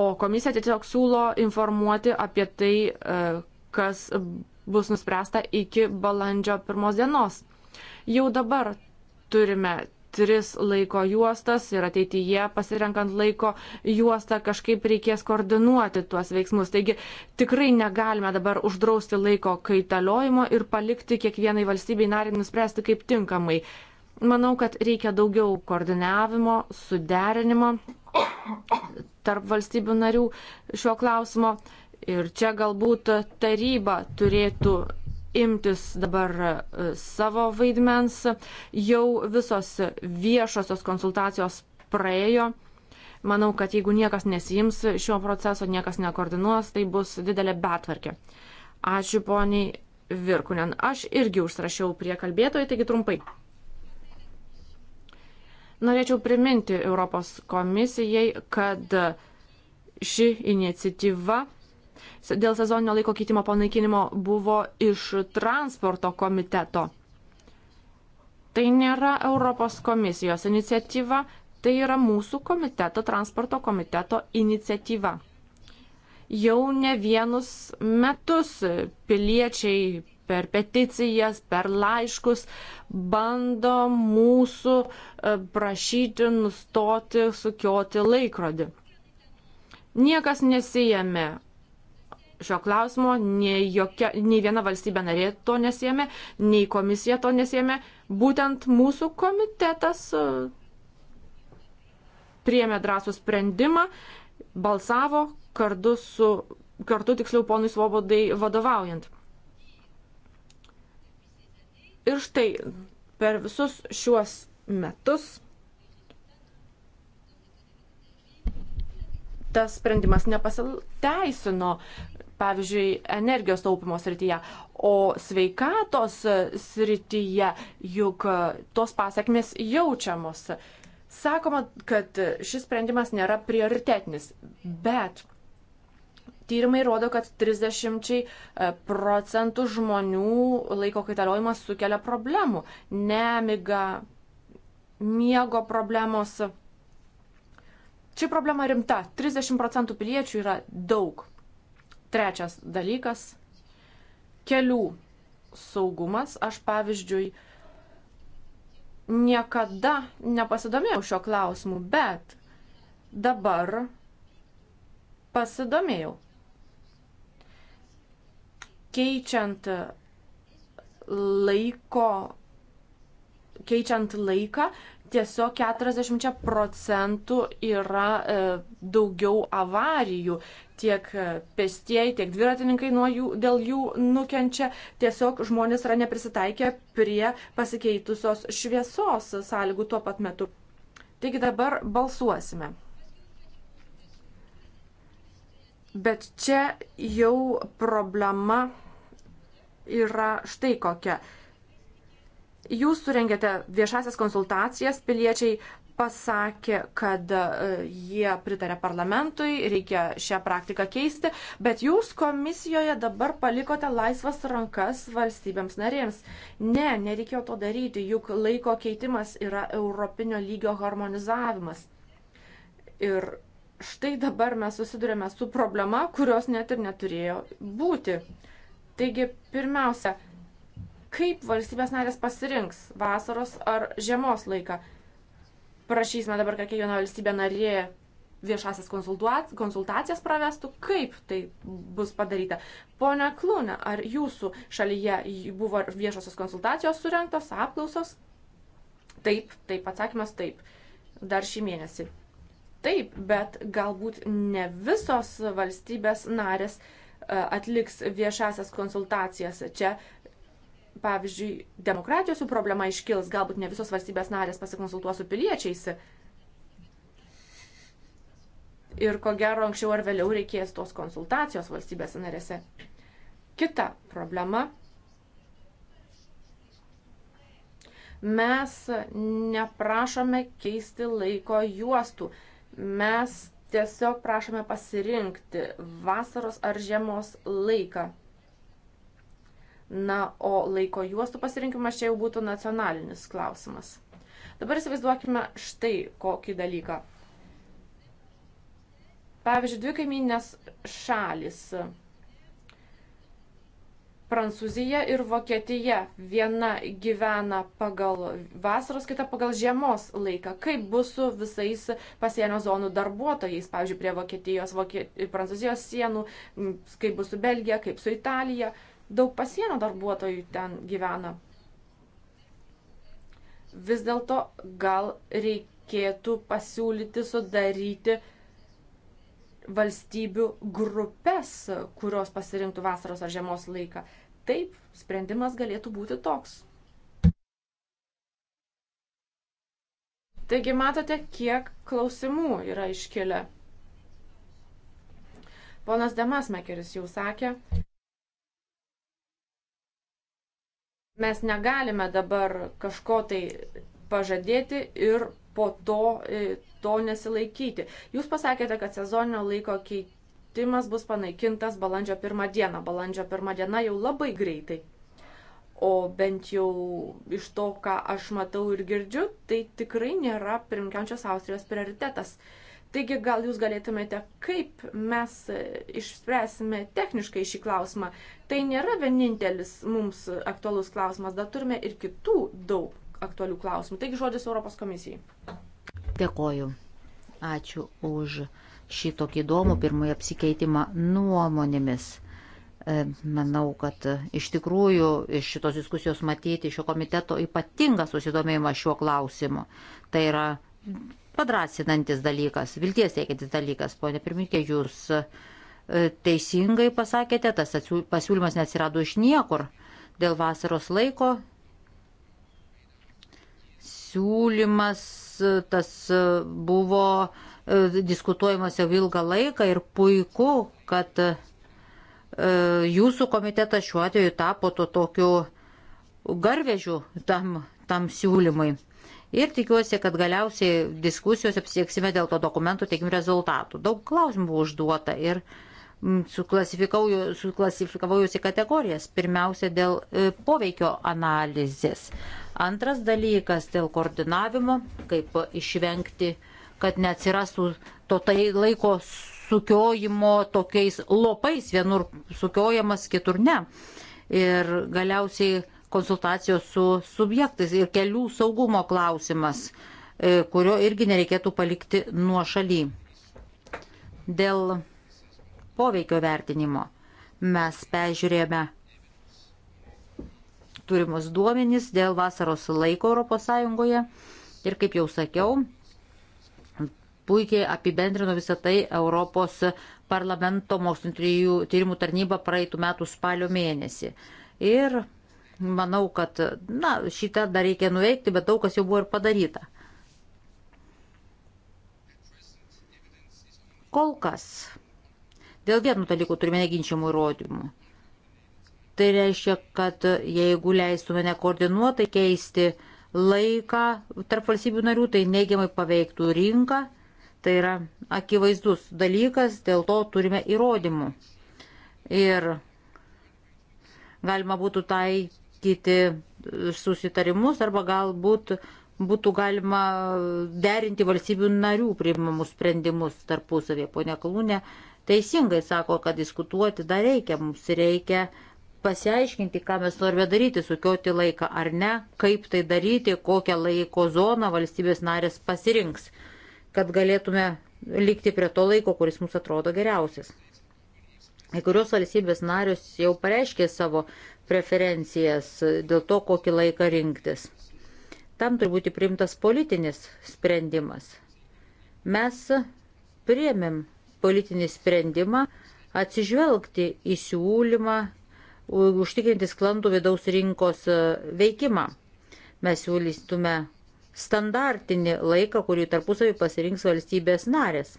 O komisija tiesiog siūlo informuoti apie tai, e, kas bus nuspręsta iki balandžio pirmos dienos. Jau dabar turime tris laiko juostas ir ateityje pasirenkant laiko juostą kažkaip reikės koordinuoti tuos veiksmus. Taigi tikrai negalime dabar uždrausti laiko kaitaliojimo ir palikti kiekvienai valstybei nariai nuspręsti kaip tinkamai Manau, kad reikia daugiau koordinavimo, suderinimo tarp valstybių narių šiuo klausimo. Ir čia galbūt taryba turėtų imtis dabar e, savo vaidmens. Jau visos viešosios konsultacijos praėjo. Manau, kad jeigu niekas nesijims šio proceso, niekas nekoordinuos, tai bus didelė betvarkė. Ačiū poniai Virkunen. Aš irgi užsrašiau prie kalbėtojų, taigi trumpai. Norėčiau priminti Europos komisijai, kad ši iniciatyva dėl sezoninio laiko keitimo panaikinimo buvo iš transporto komiteto. Tai nėra Europos komisijos iniciatyva, tai yra mūsų komiteto, transporto komiteto iniciatyva. Jau ne vienus metus piliečiai per peticijas, per laiškus bando mūsų e, prašyti nustoti sukioti laikrodį. Niekas nesijėmė šio klausimo, nei, jokia, nei viena valstybė narė to nesijėmė, nei komisija to nesijėmė. Būtent mūsų komitetas e, priėmė drąsų sprendimą, balsavo kartu su, kartu tiksliau ponui Svobodai vadovaujant. Ir štai per visus šiuos metus tas sprendimas nepasiteisino, pavyzdžiui, energijos taupimo srityje, o sveikatos srityje juk tos pasiekmes jaučiamos. Sakoma, kad šis sprendimas nėra prioritetinis, bet Tyrimai rodo, kad 30 e, procentų žmonių laiko kaitaliojimas sukelia problemų. Nemiga, miego problemos. Ši problema rimta. 30 procentų piliečių yra daug. Trečias dalykas - kelių saugumas. Aš pavyzdžiui niekada nepasidomėjau šio klausimu, bet dabar pasidomėjau keičiant laiko, keičiant laiką, tiesiog 40 procentų yra e, daugiau avarijų. Tiek e, pestieji, tiek dviratininkai nuo jų, dėl jų nukenčia. Tiesiog žmonės yra neprisitaikę prie pasikeitusios šviesos sąlygų tuo pat metu. Taigi dabar balsuosime. Bet čia jau problema yra štai kokia. Jūs surengėte viešasias konsultacijas, piliečiai pasakė, kad e, jie pritarė parlamentui, reikia šią praktiką keisti, bet jūs komisijoje dabar palikote laisvas rankas valstybėms narėms. Ne, nereikėjo to daryti, juk laiko keitimas yra europinio lygio harmonizavimas. Ir štai dabar mes susidurėme su problema, kurios net ir neturėjo būti. Taigi, pirmiausia, kaip valstybės narės pasirinks vasaros ar žiemos laiką? Prašysime dabar, kad kiekviena valstybė narė viešasias konsultacijas pravestų, kaip tai bus padaryta. Pone Klūne, ar jūsų šalyje buvo viešosios konsultacijos surinktos, apklausos? Taip, taip, atsakymas taip. Dar šį mėnesį. Taip, bet galbūt ne visos valstybės narės uh, E, atliks viešasias konsultacijas. Čia, pavyzdžiui, demokratijos problema iškils, galbūt ne visos valstybės narės pasikonsultuos su piliečiais. Ir ko gero anksčiau ar vėliau reikės tos konsultacijos valstybės narėse. Kita problema. Mes neprašome keisti laiko juostų. Mes Tiesiog prašome pasirinkti vasaros ar žiemos laiką. Na, o laiko juostų pasirinkimas čia jau būtų nacionalinis klausimas. Dabar įsivaizduokime štai kokį dalyką. Pavyzdžiui, dvi kaiminės šalis Prancūzija ir Vokietija. Viena gyvena pagal vasaros, kita pagal žiemos laiką. Kaip bus su visais pasienio zonų darbuotojais, pavyzdžiui, prie Vokietijos, Vokie... Prancūzijos sienų, kaip bus su Belgija, kaip su Italija. Daug pasienio darbuotojų ten gyvena. Vis dėlto gal reikėtų pasiūlyti sudaryti valstybių grupės, kurios pasirinktų vasaros ar žiemos laiką. Taip, sprendimas galėtų būti toks. Taigi matote, kiek klausimų yra iškilę. Ponas Demasmekeris jau sakė, mes negalime dabar kažko tai pažadėti ir po to e, to nesilaikyti. Jūs pasakėte, kad sezoninio laiko keitimas draudimas bus panaikintas balandžio pirmą dieną. Balandžio pirmą dieną jau labai greitai. O bent jau iš to, ką aš matau ir girdžiu, tai tikrai nėra pirmkiančios Austrijos prioritetas. Taigi gal jūs galėtumėte, kaip mes išspręsime techniškai šį klausimą. Tai nėra vienintelis mums aktualus klausimas, dar turime ir kitų daug aktualių klausimų. Taigi žodis Europos komisijai. Dėkoju. Ačiū už šitokį įdomų pirmąjį apsikeitimą nuomonėmis. E, manau, kad iš tikrųjų iš šitos diskusijos matyti šio komiteto ypatingą susidomėjimą šiuo klausimu. Tai yra padrasinantis dalykas, vilties teikiantis dalykas. Pone pirmininkė, jūs e, teisingai pasakėte, tas pasiūlymas neatsirado iš niekur. Dėl vasaros laiko siūlymas tas buvo uh, E, diskutuojamas jau ilgą laiką ir puiku, kad e, jūsų komitetas šiuo atveju tapo to tokiu garvežiu tam, tam siūlymui. Ir tikiuosi, kad galiausiai diskusijos apsieksime dėl to dokumento teikim rezultatų. Daug klausimų buvo užduota ir suklasifikavau jūs į kategorijas. Pirmiausia, dėl e, poveikio analizės. Antras dalykas - dėl koordinavimo, kaip išvengti uh, kad neatsirastų to tai laiko sukiojimo tokiais lopais, vienur sukiojamas, kitur ne. Ir galiausiai konsultacijos su subjektais ir kelių saugumo klausimas, e, kurio irgi nereikėtų palikti nuo šaly. Dėl poveikio vertinimo mes peržiūrėjome turimus duomenys dėl vasaros laiko ES ir kaip jau sakiau, puikiai apibendrino visą tai Europos parlamento mokslinio tyrimų tarnyba praeitų metų spalio mėnesį. Ir manau, kad na, šitą dar reikia nuveikti, bet daug kas jau buvo ir padaryta. Kol kas dėl vienų dalykų turime neginčiamų įrodymų. Tai reiškia, kad jeigu leistume nekoordinuotai keisti laiką tarp valstybių narių, tai neigiamai paveiktų rinką Tai yra akivaizdus dalykas, dėl to turime įrodymų. Ir galima būtų taikyti susitarimus arba galbūt būtų galima derinti valstybių narių priimamus sprendimus tarpusavėje. Pone Kalūnė teisingai sako, kad diskutuoti dar reikia, mums reikia pasiaiškinti, ką mes norime daryti, sukioti laiką ar ne, kaip tai daryti, kokią laiko zoną valstybės narės pasirinks kad galėtume likti prie to laiko, kuris mums atrodo geriausias. Kai kurios valstybės narius jau pareiškė savo preferencijas dėl to, kokį laiką rinktis. Tam turi būti priimtas politinis sprendimas. Mes priemėm politinį sprendimą atsižvelgti į siūlymą, užtikrinti sklandų vidaus rinkos veikimą. Mes siūlystume standartinį laiką, kurį tarpusavį pasirinks valstybės narės.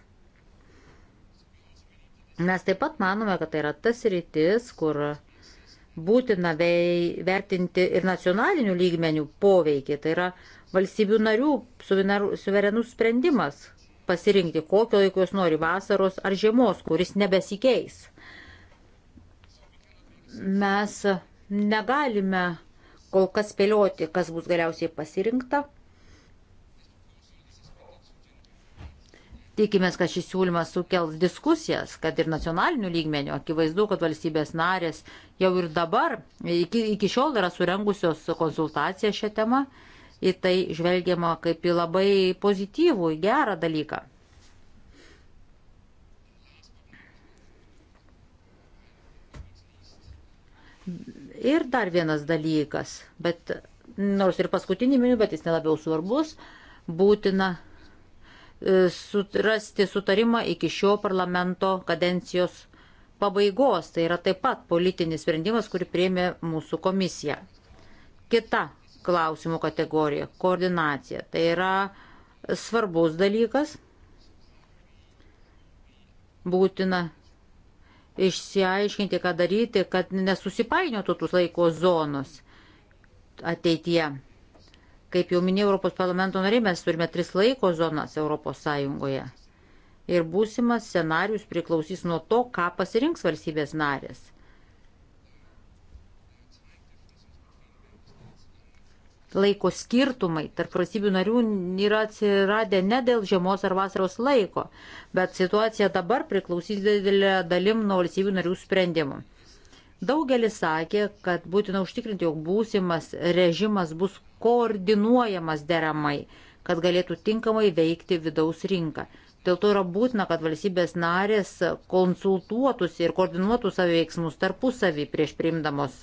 Mes taip pat manome, kad tai yra tas rytis, kur būtina vertinti ir nacionalinių lygmenių poveikį. Tai yra valstybių narių suverenus sprendimas pasirinkti, kokio laiko jos nori vasaros ar žiemos, kuris nebesikeis. Mes negalime kol kas spėlioti, kas bus galiausiai pasirinkta. Tikimės, kad šis siūlymas sukels diskusijas, kad ir nacionalinių lygmenių. Akivaizdu, kad valstybės narės jau ir dabar, iki, iki šiol yra surengusios konsultaciją šią temą. Į tai žvelgiama kaip į labai pozityvų, į gerą dalyką. Ir dar vienas dalykas, bet nors ir paskutinį miniu, bet jis nelabiau svarbus, būtina E, rasti sutarimą iki šio parlamento kadencijos pabaigos. Tai yra taip pat politinis sprendimas, kurį priemė mūsų komisija. Kita klausimų kategorija - koordinacija. Tai yra svarbus dalykas. Būtina išsiaiškinti, ką daryti, kad nesusipainiotų tų laiko zonos ateityje. Kaip jau minėjau, Europos parlamento nariai mes turime tris laiko zonas Europos Sąjungoje. Ir būsimas scenarius priklausys nuo to, ką pasirinks valstybės narės. Laiko skirtumai tarp valstybių narių yra atsiradę ne dėl žiemos ar vasaros laiko, bet situacija dabar priklausys didelė dalim nuo valstybių narių sprendimų. Daugelis sakė, kad būtina užtikrinti, jog būsimas režimas bus koordinuojamas deramai, kad galėtų tinkamai veikti vidaus rinką. Dėl to yra būtina, kad valstybės narės konsultuotųsi ir koordinuotų savo veiksmus tarpusavį prieš priimdamos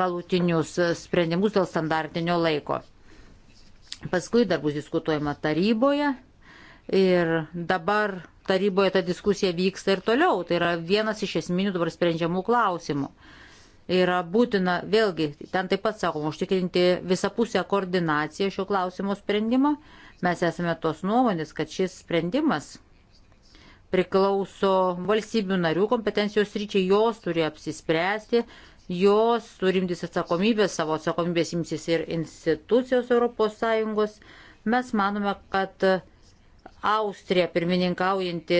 galutinius sprendimus dėl standartinio laiko. Paskui dar bus diskutuojama taryboje ir dabar taryboje ta diskusija vyksta ir toliau. Tai yra vienas iš esminių dabar sprendžiamų klausimų. Yra būtina, vėlgi, ten taip pat sakoma, užtikrinti visapusę koordinaciją šio klausimo sprendimo. Mes esame tos nuomonės, kad šis sprendimas priklauso valstybių narių kompetencijos ryčiai, jos turi apsispręsti, jos turimtis atsakomybės, savo atsakomybės imsis ir institucijos ES. Mes manome, kad Austrija pirmininkaujanti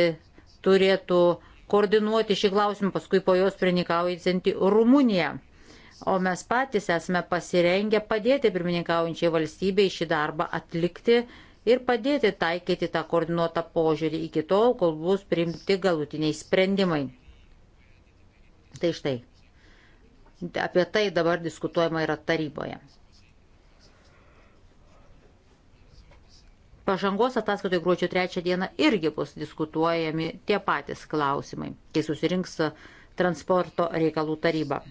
turėtų koordinuoti šį klausimą, paskui po jos pirmininkaujanti Rumunija. O mes patys esame pasirengę padėti pirmininkaujančiai valstybei šį darbą atlikti ir padėti taikyti tą koordinuotą požiūrį iki tol, kol bus priimti galutiniai sprendimai. Tai štai. Apie tai dabar diskutuojama yra taryboje. pažangos ataskaitoje gruodžio 3 dieną irgi bus diskutuojami tie patys klausimai, kai susirinks transporto reikalų taryba,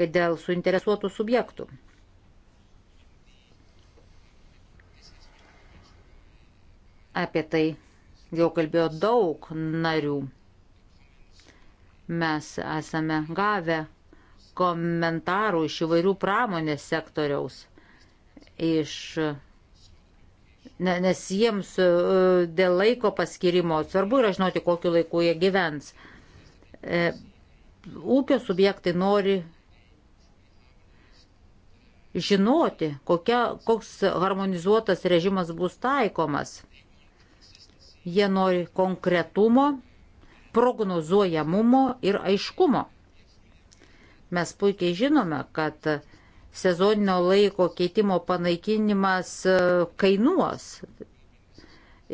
kad dėl suinteresuotų subjektų. Apie tai jau kalbėjo daug narių. Mes esame gavę komentarų iš įvairių pramonės sektoriaus, iš nes jiems e, dėl laiko paskirimo svarbu yra žinoti, kokiu laiku jie gyvens. E, ūkio subjektai nori žinoti, kokia, koks harmonizuotas režimas bus taikomas. Jie nori konkretumo, prognozuojamumo ir aiškumo. Mes puikiai žinome, kad sezoninio laiko keitimo panaikinimas e, kainuos.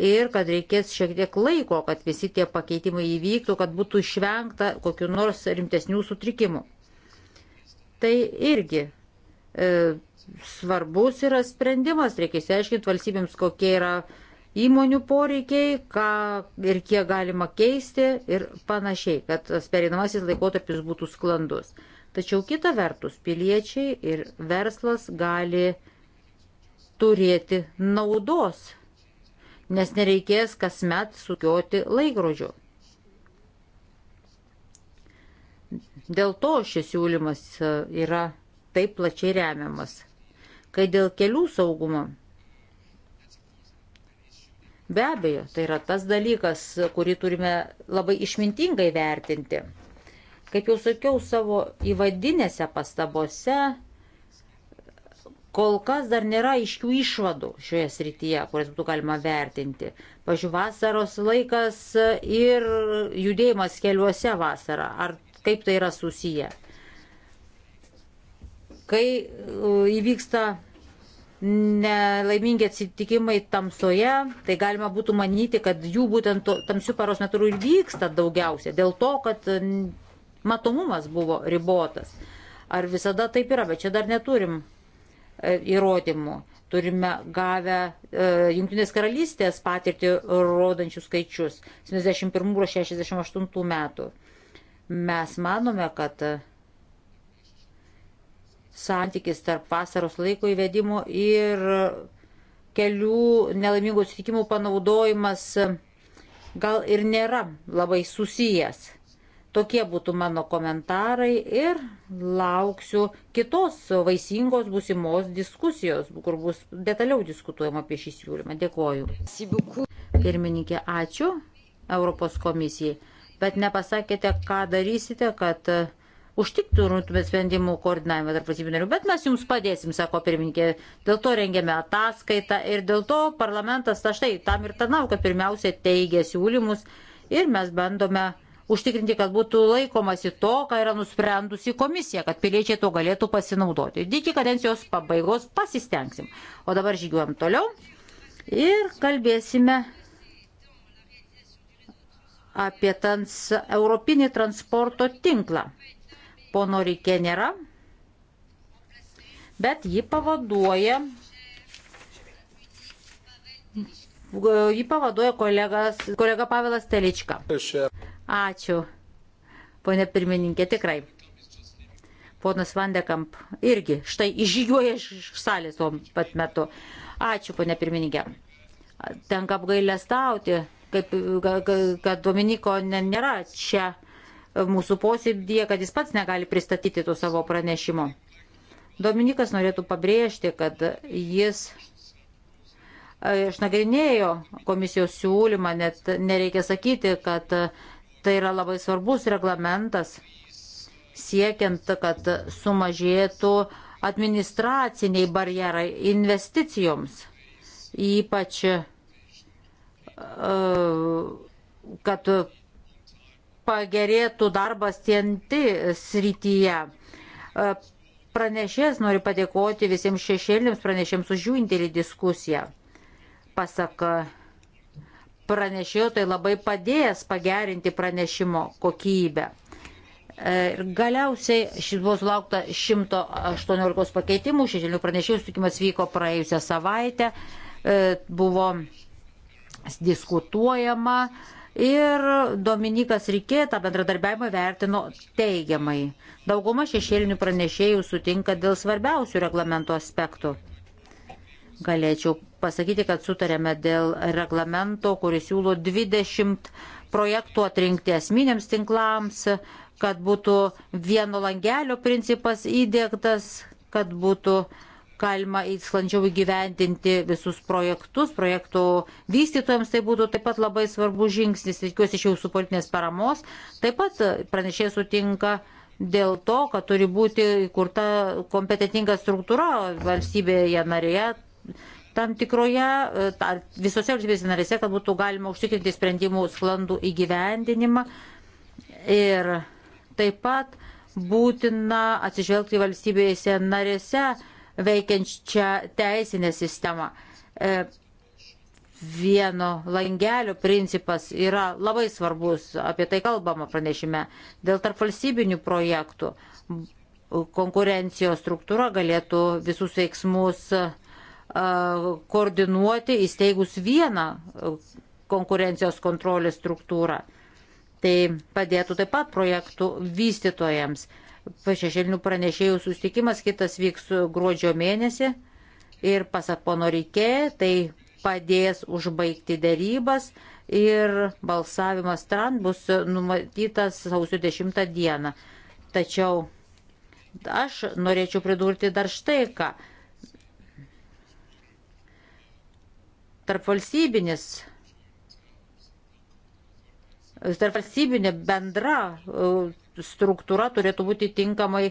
Ir kad reikės šiek tiek laiko, kad visi tie pakeitimai įvyktų, kad būtų išvengta kokiu nors rimtesnių sutrikimų. Tai irgi e, svarbus yra sprendimas, reikia išsiaiškinti valstybėms, kokie yra įmonių poreikiai, ką ir kiek galima keisti ir panašiai, kad tas perinamasis laikotarpis būtų sklandus. Tačiau kita vertus, piliečiai ir verslas gali turėti naudos, nes nereikės kasmet sukioti laikrodžio. Dėl to šis siūlymas e, yra taip plačiai remiamas. Kai dėl kelių saugumo, be abejo, tai yra tas dalykas, kurį turime labai išmintingai vertinti. Kaip jau sakiau savo įvadinėse pastabose, kol kas dar nėra iškių išvadų šioje srityje, kurias būtų galima vertinti. Pavyzdžiui, vasaros laikas ir judėjimas keliuose vasarą, ar kaip tai yra susiję. Kai e, įvyksta nelaimingi atsitikimai tamsoje, tai galima būtų manyti, kad jų būtent tamsių paros metų ir vyksta daugiausia, dėl to, kad matomumas buvo ribotas. Ar visada taip yra, bet čia dar neturim e, įrodymų. Turime gavę e, Junktinės karalystės patirtį rodančių skaičius 71-68 metų. Mes manome, kad e, santykis tarp vasaros laiko įvedimo ir kelių nelaimingų atsitikimų panaudojimas e, gal ir nėra labai susijęs. Tokie būtų mano komentarai ir lauksiu kitos vaisingos būsimos diskusijos, kur bus detaliau diskutuojama apie šį siūlymą. Dėkoju. Pirmininkė, ačiū Europos komisijai, bet nepasakėte, ką darysite, kad e, užtiktumėt sprendimų koordinavimą tarp valstybių narių, bet mes jums padėsim, sako pirmininkė. Dėl to rengėme ataskaitą ir dėl to parlamentas, ta štai, tam ir tarnau, kad pirmiausia teigia siūlymus ir mes bandome užtikrinti, kad būtų laikomasi to, ką yra nusprendusi komisija, kad piliečiai to galėtų pasinaudoti. Iki kadencijos pabaigos pasistengsim. O dabar žygiuojam toliau ir kalbėsime apie trans, europinį transporto tinklą. Pono Rikė nėra, bet jį pavaduoja jį pavaduoja kolegas, kolega Pavelas Telička. Ačiū, ponė pirmininkė, tikrai. Ponas Vandekamp irgi štai išžygiuoja iš salės tuo pat metu. Ačiū, ponė pirmininkė. Tenka apgailestauti, kaip, kad Dominiko nėra čia mūsų posėdėje, kad jis pats negali pristatyti to savo pranešimo. Dominikas norėtų pabrėžti, kad jis e, išnagrinėjo komisijos siūlymą, net nereikia sakyti, kad Tai yra labai svarbus reglamentas siekiant, kad sumažėtų administraciniai barjerai investicijoms, ypač e, kad pagerėtų darbas tienti srityje. E, Pranešės noriu padėkoti visiems šešėlėms pranešėms už jų indėlį diskusiją. Pasaka pranešėjo, tai labai padės pagerinti pranešimo kokybę. E, ir galiausiai buvo sulaukta 118 pakeitimų, šešėlinių pranešėjų sutikimas vyko praėjusią savaitę, e, buvo diskutuojama ir Dominikas Rikė tą bendradarbiavimą vertino teigiamai. Dauguma šešėlinių pranešėjų sutinka dėl svarbiausių reglamento aspektų. Galėčiau pasakyti, kad sutarėme dėl reglamento, kuris siūlo 20 projektų atrinkti esminiams tinklams, kad būtų vieno langelio principas įdėktas, kad būtų galima sklandžiau įgyvendinti visus projektus, projektų vystytojams tai būtų taip pat labai svarbus žingsnis, tikiuosi iš jūsų politinės paramos. Taip pat pranešė sutinka dėl to, kad turi būti kurta kompetitinga struktūra valstybėje narėje tam tikroje, e, ta, visose valstybėse narėse, kad būtų galima užtikrinti sprendimų sklandų įgyvendinimą. Ir taip pat būtina atsižvelgti valstybėse narėse veikiančią teisinę sistemą. E, vieno langelio principas yra labai svarbus, apie tai kalbama pranešime, dėl tarp valstybinių projektų konkurencijos struktūra galėtų visus veiksmus uh, koordinuoti įsteigus vieną konkurencijos kontrolės struktūrą. Tai padėtų taip pat projektų vystytojams. Šešėlinių pranešėjų sustikimas kitas vyks gruodžio mėnesį ir pasak pono Rikė, tai padės užbaigti dėrybas ir balsavimas ten bus numatytas sausio 10 dieną. Tačiau aš norėčiau pridurti dar štai ką. tarpvalstybinis tarpvalstybinė bendra e, struktūra turėtų būti tinkamai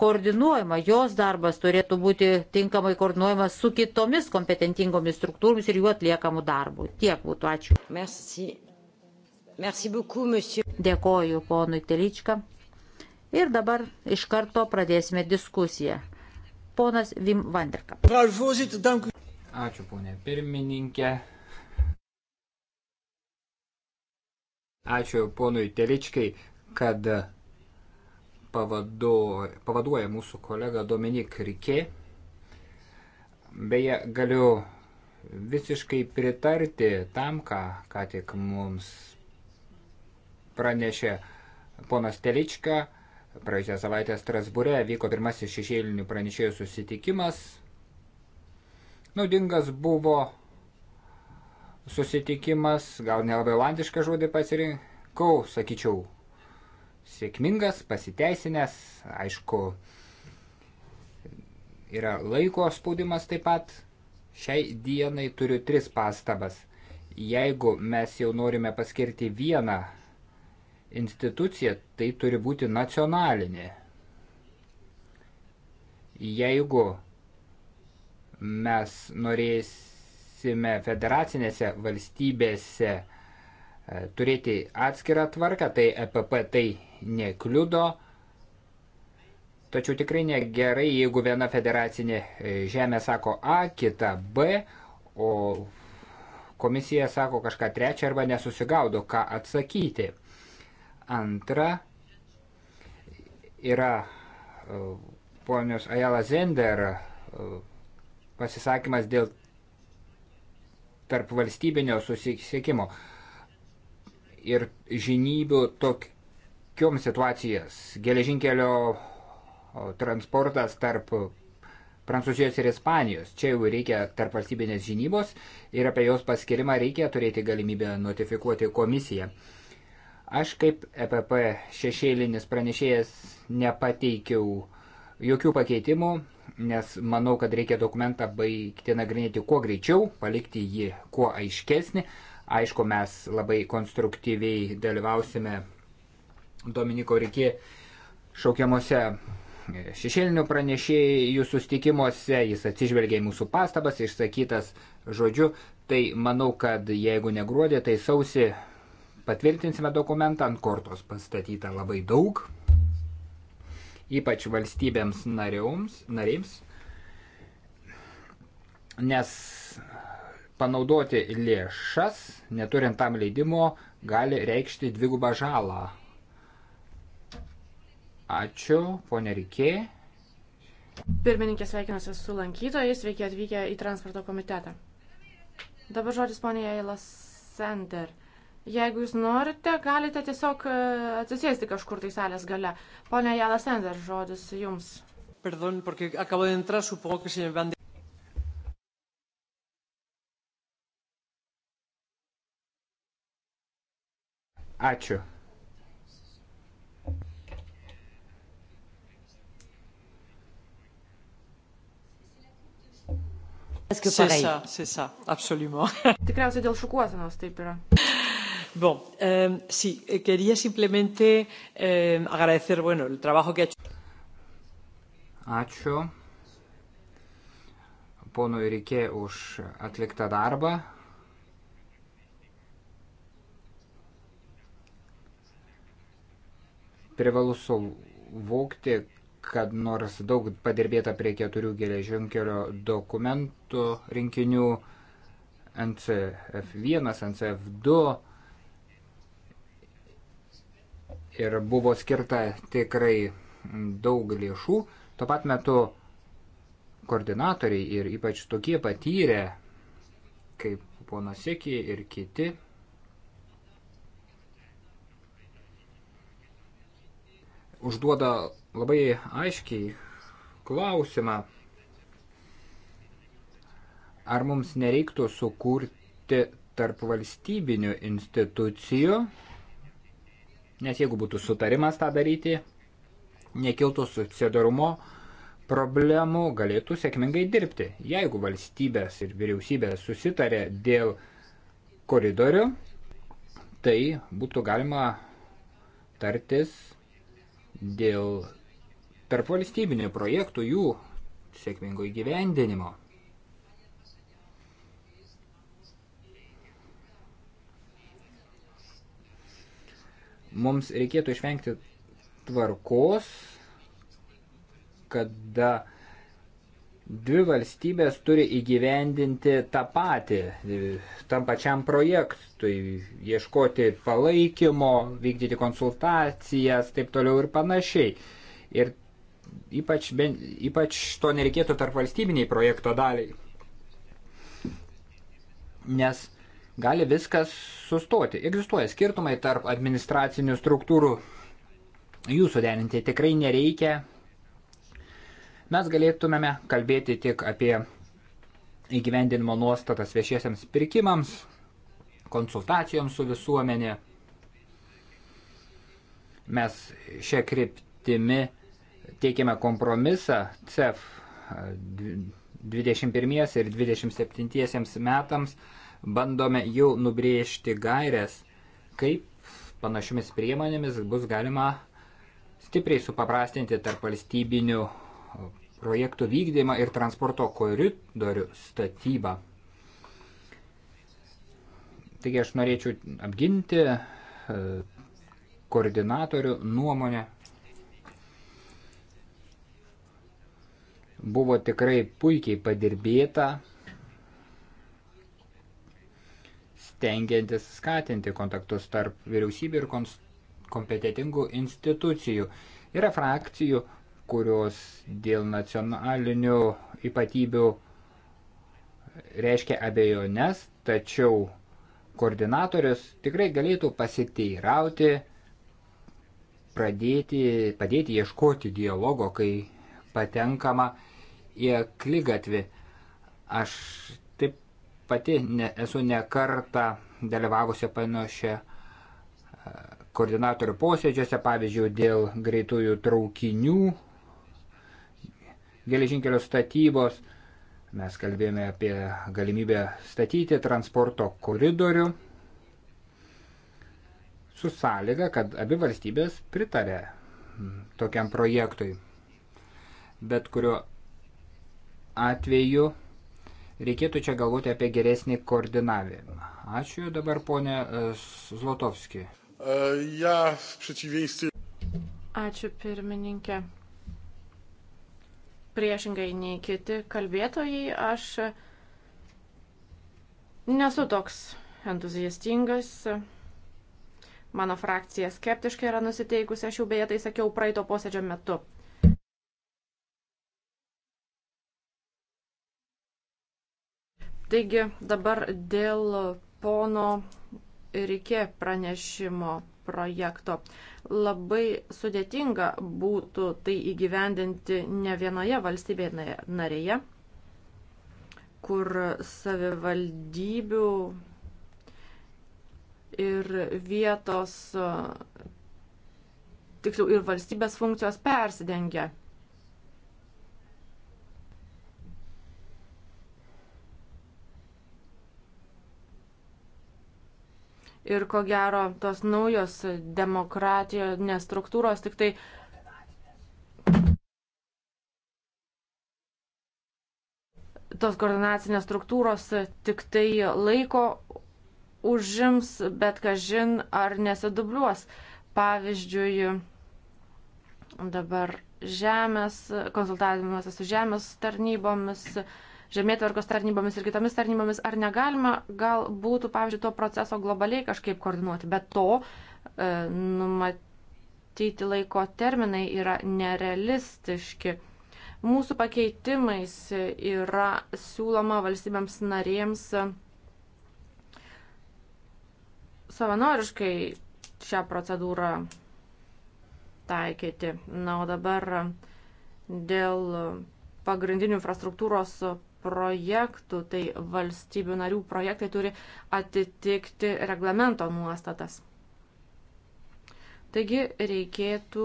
koordinuojama, jos darbas turėtų būti tinkamai koordinuojamas su kitomis kompetentingomis struktūromis ir jų atliekamų darbų. Tiek būtų, ačiū. Merci. Merci beaucoup, monsieur. Dėkoju ponui Teličką. Ir dabar iš karto pradėsime diskusiją. Ponas Vim Vanderka. Ačiū, ponė pirmininkė. Ačiū ponui Teličkai, kad pavaduoja, pavaduoja mūsų kolega Dominik Rikė. Beje, galiu visiškai pritarti tam, ką, ką tik mums pranešė ponas Telička. Praėjusią savaitę Strasbūre vyko pirmasis šešėlinių pranešėjų susitikimas Naudingas buvo susitikimas, gal nelabai landišką žodį pasirinkau, sakyčiau, sėkmingas, pasiteisinęs, aišku, yra laiko spaudimas taip pat. Šiai dienai turiu tris pastabas. Jeigu mes jau norime paskirti vieną instituciją, tai turi būti nacionalinė. Jeigu mes norėsime federacinėse valstybėse e, turėti atskirą tvarką, tai EPP tai nekliudo, tačiau tikrai negerai, jeigu viena federacinė e, žemė sako A, kita B, o komisija sako kažką trečią arba nesusigaudo, ką atsakyti. Antra yra e, ponios Ajala Zender pasisakymas dėl tarp valstybinio susisiekimo ir žinybių tokiom situacijas. Geležinkelio transportas tarp Prancūzijos ir Ispanijos. Čia jau reikia tarp valstybinės žinybos ir apie jos paskirimą reikia turėti galimybę notifikuoti komisiją. Aš kaip EPP šešėlinis pranešėjas nepateikiau jokių pakeitimų, nes manau, kad reikia dokumentą baigti nagrinėti kuo greičiau, palikti jį kuo aiškesnį. Aišku, mes labai konstruktyviai dalyvausime Dominiko Rikė šaukiamuose šešėlinių pranešėjų sustikimuose, jis atsižvelgia į mūsų pastabas, išsakytas žodžiu, tai manau, kad jeigu negruodė, tai sausi patvirtinsime dokumentą, ant kortos pastatyta labai daug, ypač valstybėms narėms, narėms, nes panaudoti lėšas, neturint tam leidimo, gali reikšti dvigubą žalą. Ačiū, ponė Rikė. Pirmininkė sveikinasi su lankytojais, sveiki atvykę į transporto komitetą. Dabar žodis ponė Eilas Sender. Jeigu jūs norite, galite tiesiog e, atsisėsti kažkur tai salės gale. Pone Jalas Ender, žodis jums. Perdón, porque acabo de entrar, supongo que se me van de... Ačiū. Tikriausiai dėl šukuosenos taip yra. [LAUGHS] Bon, eh, sí, eh, quería simplemente eh, agradecer, bueno, el trabajo que ha hecho. Ačiū ponui Rikė už atliktą darbą. Privalu suvokti, kad nors daug padirbėta prie keturių geležinkelio dokumentų rinkinių NCF1, NCF2, ir buvo skirta tikrai daug lėšų. Tuo pat metu koordinatoriai ir ypač tokie patyrę, kaip pono Sekė ir kiti, užduoda labai aiškiai klausimą, ar mums nereiktų sukurti tarp valstybinių institucijų, nes jeigu būtų sutarimas tą daryti, nekiltų subsidarumo problemų, galėtų sėkmingai dirbti. Jeigu valstybės ir vyriausybės susitarė dėl koridorių, tai būtų galima tartis dėl tarpvalstybinių projektų jų sėkmingo įgyvendinimo. Mums reikėtų išvengti tvarkos, kada dvi valstybės turi įgyvendinti tą patį, tam pačiam projektui, ieškoti palaikymo, vykdyti konsultacijas, taip toliau ir panašiai. Ir ypač, ben, ypač to nereikėtų tarp valstybiniai projekto daliai. Nes gali viskas sustoti. Egzistuoja skirtumai tarp administracinių struktūrų, jų suderinti tikrai nereikia. Mes galėtumėme kalbėti tik apie įgyvendinimo nuostatas viešiesiams pirkimams, konsultacijoms su visuomenė. Mes šią kryptimį teikiame kompromisą CEF 21 ir 27 metams bandome jau nubriežti gairias, kaip panašiomis priemonėmis bus galima stipriai supaprastinti tarp valstybinių projektų vykdymą ir transporto koridorių statybą. Taigi aš norėčiau apginti e, koordinatorių nuomonę. Buvo tikrai puikiai padirbėta tengiantis skatinti kontaktus tarp vyriausybių ir kompetitingų institucijų. Yra frakcijų, kurios dėl nacionalinių ypatybių reiškia abejones, tačiau koordinatorius tikrai galėtų pasiteirauti, pradėti, padėti ieškoti dialogo, kai patenkama į kligatvį. Aš Pati ne, esu ne kartą dalyvavusi panašia e, koordinatorių posėdžiuose, pavyzdžiui, dėl greitųjų traukinių, geležinkelio statybos. Mes kalbėjome apie galimybę statyti transporto koridorių su sąlyga, kad abi valstybės pritarė tokiam projektui. Bet kuriuo atveju Reikėtų čia galvoti apie geresnį koordinavimą. Ačiū dabar ponė e, Zlotovski. E, ja, przeciwieństwie. Ačiū pirmininkė. Priešingai nei kiti kalbėtojai, aš nesu toks entuziastingas. Mano frakcija skeptiškai yra nusiteikusi, aš jau beje tai sakiau praeito posėdžio metu. Taigi dabar dėl pono Rikė pranešimo projekto. Labai sudėtinga būtų tai įgyvendinti ne vienoje valstybėje narėje, kur savivaldybių ir vietos, tiksliau, ir valstybės funkcijos persidengia. ir ko gero tos naujos demokratijos nestruktūros tik tai tos koordinacinės struktūros tik tai laiko užims, bet kažin ar nesidubliuos. Pavyzdžiui, dabar žemės, konsultavimas su žemės tarnybomis, uh, žemėtvarkos tarnybomis ir kitomis tarnybomis, ar negalima gal būtų, pavyzdžiui, to proceso globaliai kažkaip koordinuoti, bet to e, numatyti laiko terminai yra nerealistiški. Mūsų pakeitimais yra siūloma valstybėms narėms savanoriškai šią procedūrą taikyti. Na, o dabar dėl pagrindinių infrastruktūros projektų, tai valstybių narių projektai turi atitikti reglamento nuostatas. Taigi reikėtų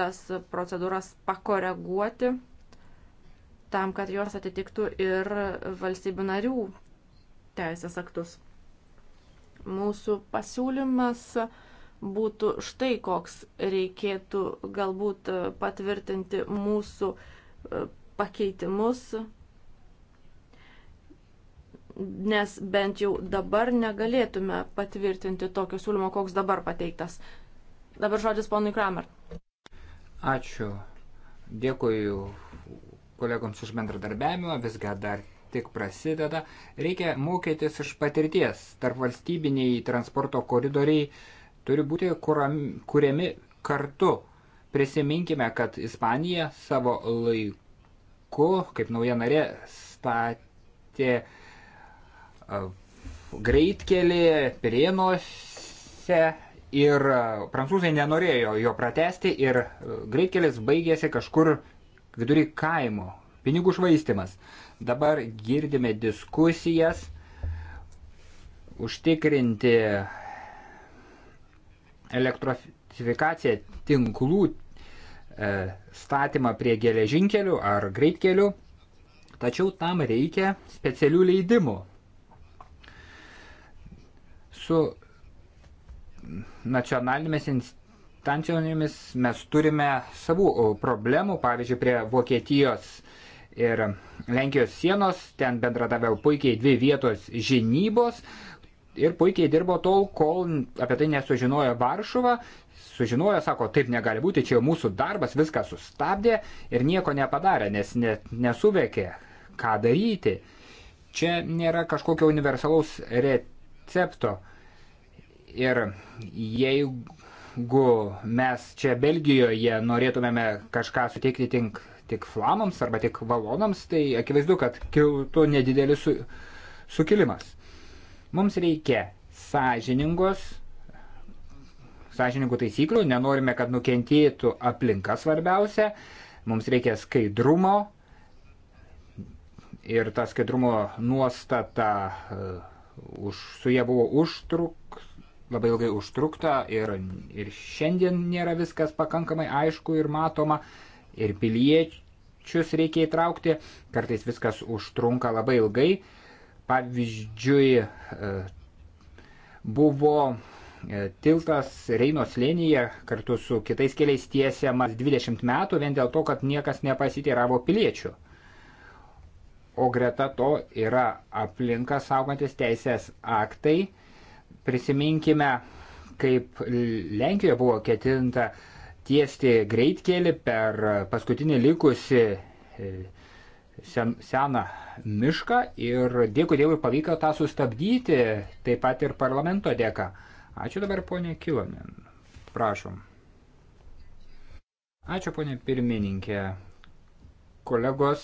tas procedūras pakoreguoti tam, kad jos atitiktų ir valstybių narių teisės aktus. Mūsų pasiūlymas būtų štai koks reikėtų galbūt patvirtinti mūsų pakeitimus, nes bent jau dabar negalėtume patvirtinti tokio siūlymo, koks dabar pateiktas. Dabar žodis ponui Kramer. Ačiū. Dėkuoju kolegoms už bendradarbiavimą, visgi dar tik prasideda. Reikia mokytis iš patirties. Tarp valstybiniai transporto koridoriai turi būti kuriami kartu. Prisiminkime, kad Ispanija savo laiku laiku, kaip nauja narė, statė greitkelį Pirėnuose ir prancūzai nenorėjo jo pratesti ir greitkelis baigėsi kažkur vidury kaimo. Pinigų švaistimas. Dabar girdime diskusijas užtikrinti elektrofikaciją tinklų E, statymą prie geležinkelių ar greitkelių, tačiau tam reikia specialių leidimų. Su nacionalinėmis instancijomis mes turime savų problemų, pavyzdžiui, prie Vokietijos ir Lenkijos sienos, ten bendradaviau puikiai dvi vietos žinybos, ir puikiai dirbo tol, kol apie tai nesužinojo Varšuva sužinojo, sako, taip negali būti, čia jau mūsų darbas viską sustabdė ir nieko nepadarė, nes net nesuvekė, ką daryti. Čia nėra kažkokio universalaus recepto. Ir jeigu mes čia Belgijoje norėtumėme kažką suteikti tink, tik flamams arba tik valonams, tai akivaizdu, kad kiltų nedidelis su, sukilimas. Mums reikia sąžiningos sąžiningų taisyklių, nenorime, kad nukentėtų aplinka svarbiausia, mums reikia skaidrumo ir ta skaidrumo nuostata, e, už, su jie buvo užtruk, labai ilgai užtrukta ir, ir šiandien nėra viskas pakankamai aišku ir matoma ir piliečius reikia įtraukti, kartais viskas užtrunka labai ilgai. Pavyzdžiui, e, buvo E, tiltas Reino slėnyje kartu su kitais keliais tiesiamas 20 metų vien dėl to, kad niekas nepasitėravo piliečių. O greta to yra aplinka saugantis teisės aktai. Prisiminkime, kaip Lenkijoje buvo ketinta tiesti greitkelį per paskutinį likusi e, sen, seną mišką ir dėkui Dievui pavyko tą sustabdyti, taip pat ir parlamento dėka. Ačiū dabar ponė Kilomen. Prašom. Ačiū ponė pirmininkė. Kolegos.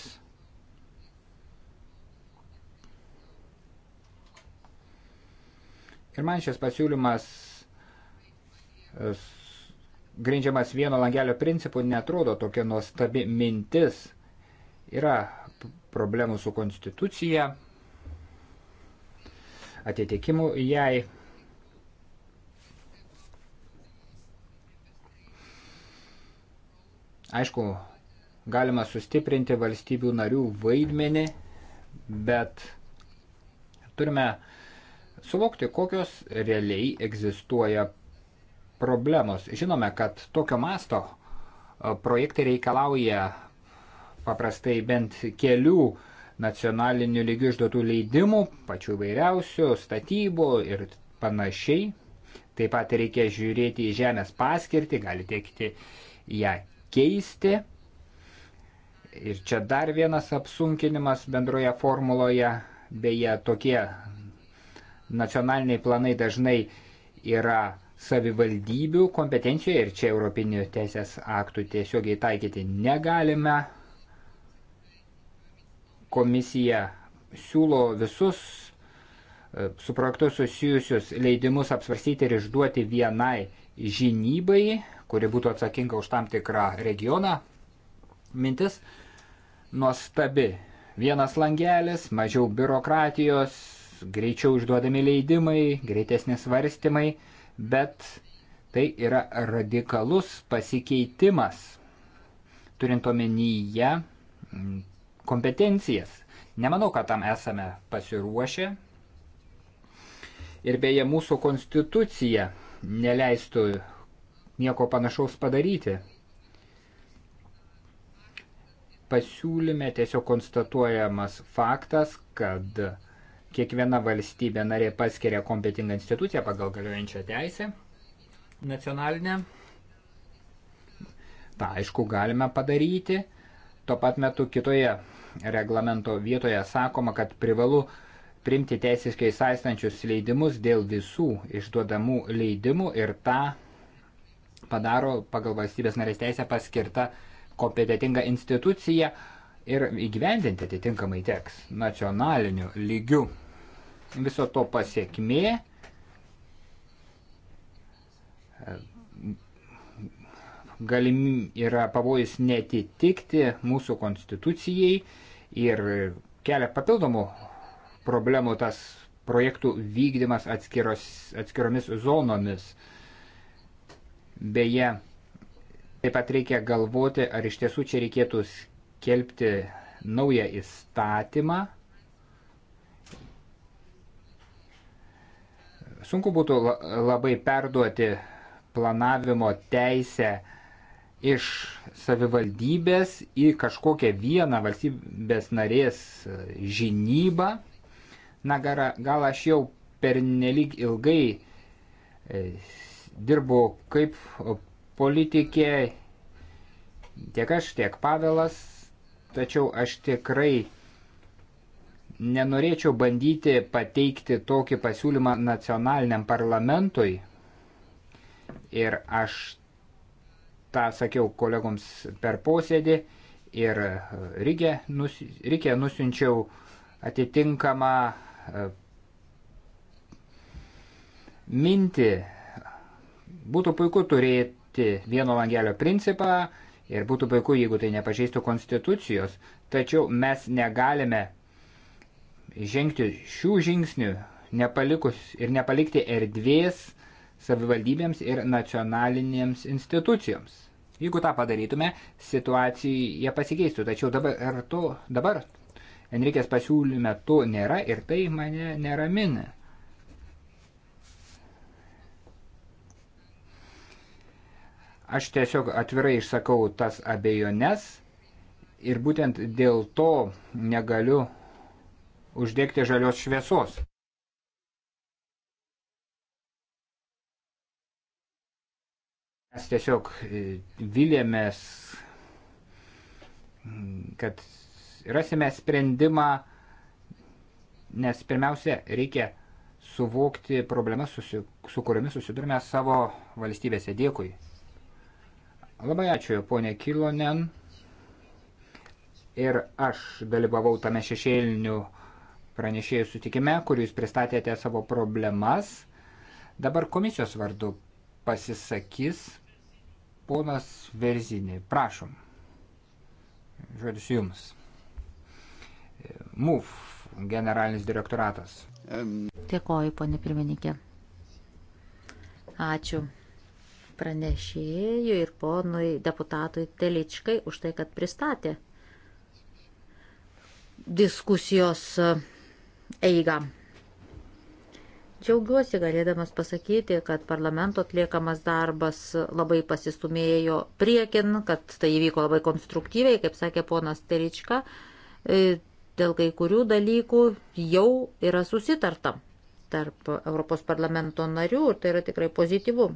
Ir man šis pasiūlymas e, grindžiamas vieno langelio principu netrodo tokia nuostabi mintis. Yra problemų su konstitucija, atitikimu jai Aišku, galima sustiprinti valstybių narių vaidmenį, bet turime suvokti, kokios realiai egzistuoja problemos. Žinome, kad tokio masto e, projektai reikalauja paprastai bent kelių nacionalinių lygių išduotų leidimų, pačių vairiausių, statybų ir panašiai. Taip pat reikia žiūrėti į žemės paskirtį, gali tekti ją keisti. Ir čia dar vienas apsunkinimas bendroje formuloje, beje, tokie nacionaliniai planai dažnai yra savivaldybių kompetencijoje ir čia Europinių teisės aktų tiesiogiai taikyti negalime. Komisija siūlo visus e, su projektu susijusius leidimus apsvarstyti ir išduoti vienai žinybai, kuri būtų atsakinga už tam tikrą regioną. Mintis nuostabi. Vienas langelis, mažiau biurokratijos, greičiau išduodami leidimai, greitesni svarstymai, bet tai yra radikalus pasikeitimas, turint omenyje mm, kompetencijas. Nemanau, kad tam esame pasiruošę. Ir beje, mūsų konstitucija neleistų nieko panašaus padaryti. Pasiūlyme tiesiog konstatuojamas faktas, kad kiekviena valstybė narė paskiria kompetingą instituciją pagal galiojančią teisę nacionalinę. Ta aišku galime padaryti. Tuo pat metu kitoje reglamento vietoje sakoma, kad privalu priimti teisiškai saistančius leidimus dėl visų išduodamų leidimų ir tą padaro pagal valstybės narės teisę paskirta kompetitinga institucija ir įgyvendinti atitinkamai teks nacionaliniu lygiu. Viso to pasiekmė e, galim yra pavojus netitikti mūsų konstitucijai ir kelia papildomų problemų tas projektų vykdymas atskiros, atskiromis zonomis. Beje, taip pat reikia galvoti, ar iš tiesų čia reikėtų skelbti naują įstatymą. Sunku būtų labai perduoti planavimo teisę iš savivaldybės į kažkokią vieną valstybės narės žinybą. Na, gal aš jau pernelyg ilgai e, dirbu kaip politikė, tiek aš, tiek Pavelas, tačiau aš tikrai nenorėčiau bandyti pateikti tokį pasiūlymą nacionaliniam parlamentui. Ir aš tą sakiau kolegoms per posėdį ir Rikė, nus, Rikė nusinčiau atitinkamą e, mintį Būtų puiku turėti vieno langelio principą ir būtų puiku, jeigu tai nepažeistų konstitucijos, tačiau mes negalime žengti šių žingsnių nepalikus ir nepalikti erdvės savivaldybėms ir nacionalinėms institucijoms. Jeigu tą padarytume, situacija pasikeistų, tačiau dabar, to, dabar Enrikės pasiūlyme to nėra ir tai mane neramina. Aš tiesiog atvirai išsakau tas abejones ir būtent dėl to negaliu uždegti žalios šviesos. Mes tiesiog e, vilėmės, kad rasime sprendimą, nes pirmiausia reikia suvokti problemas, su kuriomis susidurime savo valstybėse. Dėkui. Labai ačiū, ponė Kilonen. Ir aš dalyvavau tame šešėlinių pranešėjų sutikime, kur jūs pristatėte savo problemas. Dabar komisijos vardu pasisakys ponas Verzinį. Prašom. Žodis jums. MUF generalinis direktoratas. Dėkoju, ponė pirmininkė. Ačiū pranešėjui ir ponui deputatui Teličkai už tai, kad pristatė diskusijos e, eigą. Džiaugiuosi galėdamas pasakyti, kad parlamento atliekamas darbas labai pasistumėjo priekin, kad tai įvyko labai konstruktyviai, kaip sakė ponas Terička, e, dėl kai kurių dalykų jau yra susitarta tarp Europos parlamento narių ir tai yra tikrai pozityvu.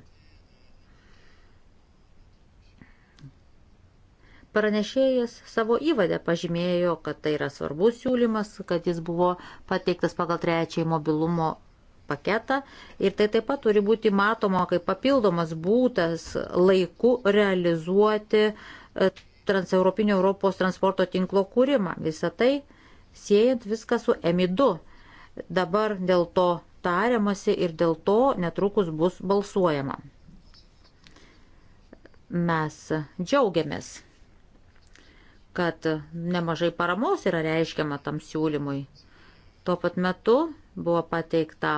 Pranešėjas savo įvadę pažymėjo, kad tai yra svarbus siūlymas, kad jis buvo pateiktas pagal trečiąjį mobilumo paketą ir tai taip pat turi būti matoma kaip papildomas būtas laiku realizuoti e, transeuropinio Europos transporto tinklo kūrimą. Visą tai siejant viską su EMI2. Dabar dėl to tariamasi ir dėl to netrukus bus balsuojama. Mes džiaugiamės kad nemažai paramos yra reiškiama tam siūlymui. Tuo pat metu buvo pateikta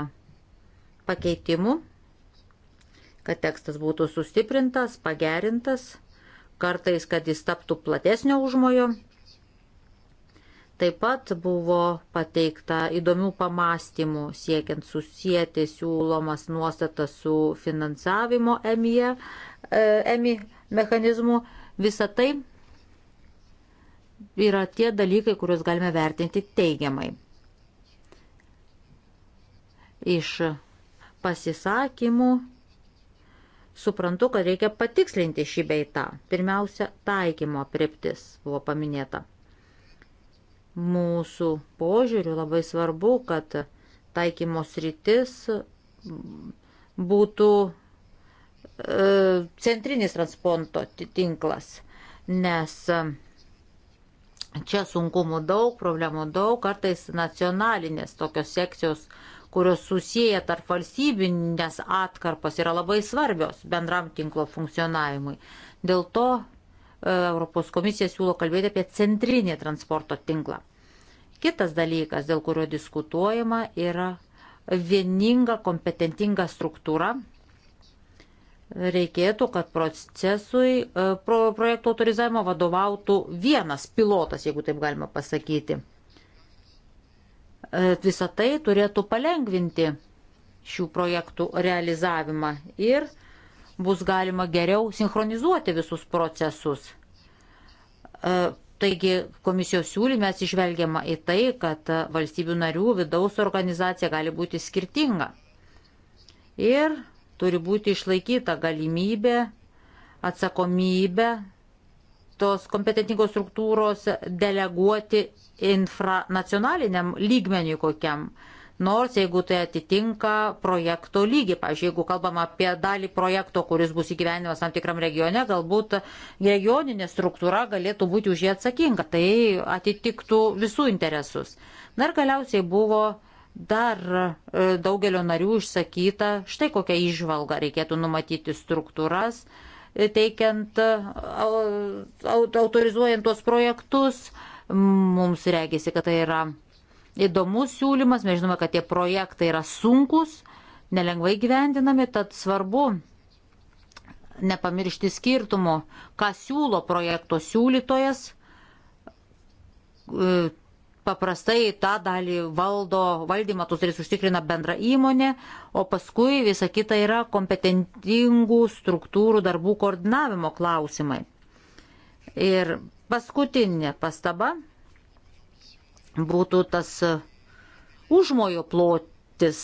pakeitimų, kad tekstas būtų sustiprintas, pagerintas, kartais, kad jis taptų platesnio užmojo. Taip pat buvo pateikta įdomių pamastymų siekiant susijęti siūlomas nuostatas su finansavimo EMI, EMI e mechanizmu. Visą tai yra tie dalykai, kuriuos galime vertinti teigiamai. Iš pasisakymų suprantu, kad reikia patikslinti šį beitą. Pirmiausia, taikymo priptis buvo paminėta. Mūsų požiūriu labai svarbu, kad taikymo sritis būtų e, centrinis transporto tinklas, nes e, Čia sunkumų daug, problemų daug, kartais nacionalinės tokios sekcijos, kurios susiję tarp valstybinės atkarpas, yra labai svarbios bendram tinklo funkcionavimui. Dėl to e, Europos komisija siūlo kalbėti apie centrinį transporto tinklą. Kitas dalykas, dėl kurio diskutuojama, yra vieninga kompetentinga struktūra reikėtų, kad procesui e, pro projektų autorizavimo vadovautų vienas pilotas, jeigu taip galima pasakyti. E, Visą tai turėtų palengvinti šių projektų realizavimą ir bus galima geriau sinchronizuoti visus procesus. E, taigi komisijos siūlyme atsižvelgiama į tai, kad valstybių narių vidaus organizacija gali būti skirtinga. Ir Turi būti išlaikyta galimybė, atsakomybė tos kompetentingos struktūros deleguoti infranacionaliniam lygmeniui kokiam. Nors jeigu tai atitinka projekto lygį, pavyzdžiui, jeigu kalbam apie dalį projekto, kuris bus įgyvenimas tam tikram regione, galbūt regioninė struktūra galėtų būti už jį atsakinga, tai atitiktų visų interesus. Na ir galiausiai buvo dar e, daugelio narių išsakyta, štai kokią išvalgą reikėtų numatyti struktūras, e, teikiant, e, autorizuojant tuos projektus. Mums regisi, kad tai yra įdomus siūlymas, mes žinome, kad tie projektai yra sunkus, nelengvai gyvendinami, tad svarbu nepamiršti skirtumo, ką siūlo projekto siūlytojas paprastai tą dalį valdo, valdymą tos dalis užtikrina bendra įmonė, o paskui visa kita yra kompetentingų struktūrų darbų koordinavimo klausimai. Ir paskutinė pastaba būtų tas užmojo plotis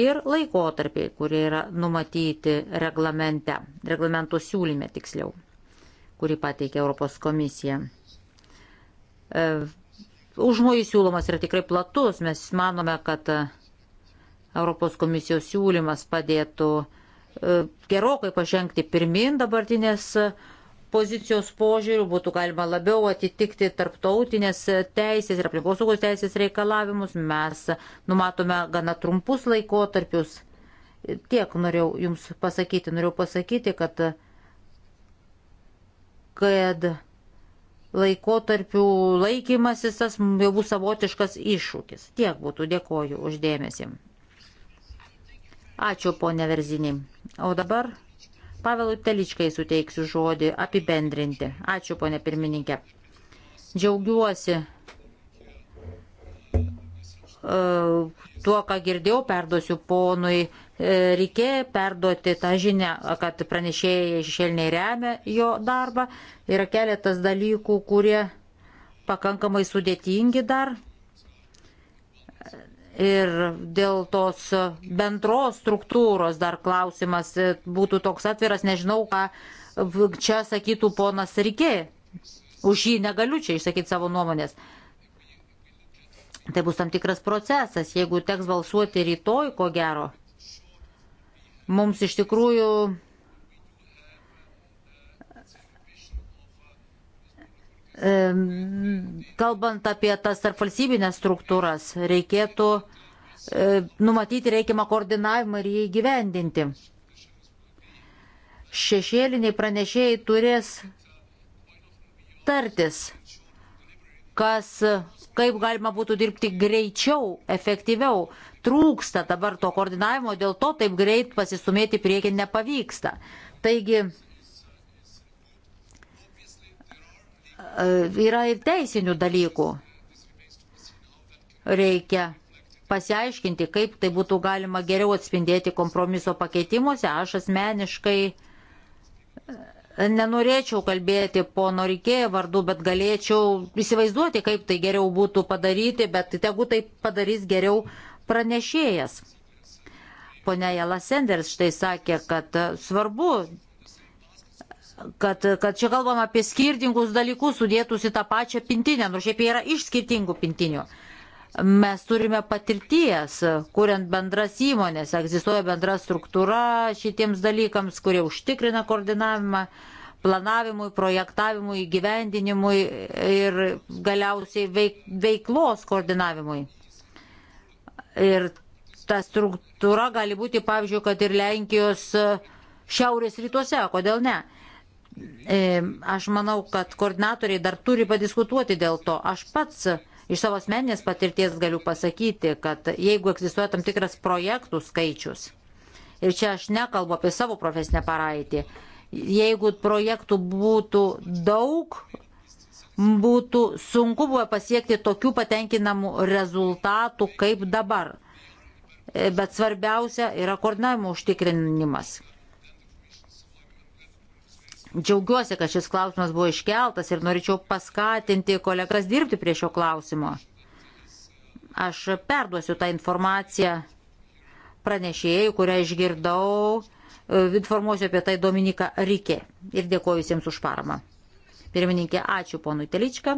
ir laikotarpiai, kurie yra numatyti reglamente, reglamento siūlyme tiksliau, kurį pateikė Europos komisija. E, Užmojai siūlomas yra tikrai platus. Mes manome, kad e, Europos komisijos siūlymas padėtų e, gerokai pažengti pirmin dabartinės pozicijos požiūrių, būtų galima labiau atitikti tarptautinės teisės ir aplinkosaugos teisės reikalavimus. Mes numatome gana trumpus laikotarpius. Tiek norėjau Jums pasakyti, norėjau pasakyti, kad, kad laikotarpių laikymasis tas jau bus savotiškas iššūkis. Tiek būtų, dėkoju uždėmesi. Ačiū, ponė Verzinį. O dabar Pavelui Teličkai suteiksiu žodį apibendrinti. Ačiū, ponė pirmininkė. Džiaugiuosi e, tuo, ką girdėjau, perduosiu ponui E, reikėjo perduoti tą žinią, kad pranešėjai šešėliniai remia jo darbą. Yra keletas dalykų, kurie pakankamai sudėtingi dar. Ir dėl tos bendros struktūros dar klausimas e, būtų toks atviras, nežinau, ką čia sakytų ponas Rikė. Už jį negaliu čia išsakyti savo nuomonės. Tai bus tam tikras procesas, jeigu teks balsuoti rytoj, ko gero, Mums iš tikrųjų kalbant apie tas tarpvalstybinės struktūras, reikėtų e, numatyti reikiamą koordinavimą ir jį įgyvendinti. Šešėliniai pranešėjai turės tartis, kas, kaip galima būtų dirbti greičiau, efektyviau trūksta dabar to koordinavimo, dėl to taip greit pasistumėti priekį nepavyksta. Taigi e, yra ir teisinių dalykų. Reikia pasiaiškinti, kaip tai būtų galima geriau atspindėti kompromiso pakeitimuose. Aš asmeniškai e, nenorėčiau kalbėti pono Rikėjo vardu, bet galėčiau įsivaizduoti, kaip tai geriau būtų padaryti, bet tegu tai padarys geriau pranešėjas. Pone Jela Senders štai sakė, kad e, svarbu, kad, kad čia kalbam apie skirtingus dalykus sudėtus į tą pačią pintinę, nors šiaip jie yra iš skirtingų pintinių mes turime patirties, kuriant bendras įmonės, egzistuoja bendra struktūra šitiems dalykams, kurie užtikrina koordinavimą planavimui, projektavimui, gyvendinimui ir galiausiai veik, veiklos koordinavimui. Ir ta struktūra gali būti, pavyzdžiui, kad ir Lenkijos e, šiaurės rytuose, kodėl ne? E, aš manau, kad koordinatoriai dar turi padiskutuoti dėl to. Aš pats iš savo asmeninės patirties galiu pasakyti, kad jeigu egzistuoja tam tikras projektų skaičius, ir čia aš nekalbu apie savo profesinę paraitį, jeigu projektų būtų daug, būtų sunku buvo pasiekti tokių patenkinamų rezultatų kaip dabar. E, bet svarbiausia yra koordinavimo užtikrinimas. Džiaugiuosi, kad šis klausimas buvo iškeltas ir norėčiau paskatinti kolegas dirbti prie šio klausimo. Aš perduosiu tą informaciją pranešėjai, kurią išgirdau, e, informuosiu apie tai Dominiką Rikė ir dėkoju visiems už paramą. Pirmininkė, ačiū ponui Teličką.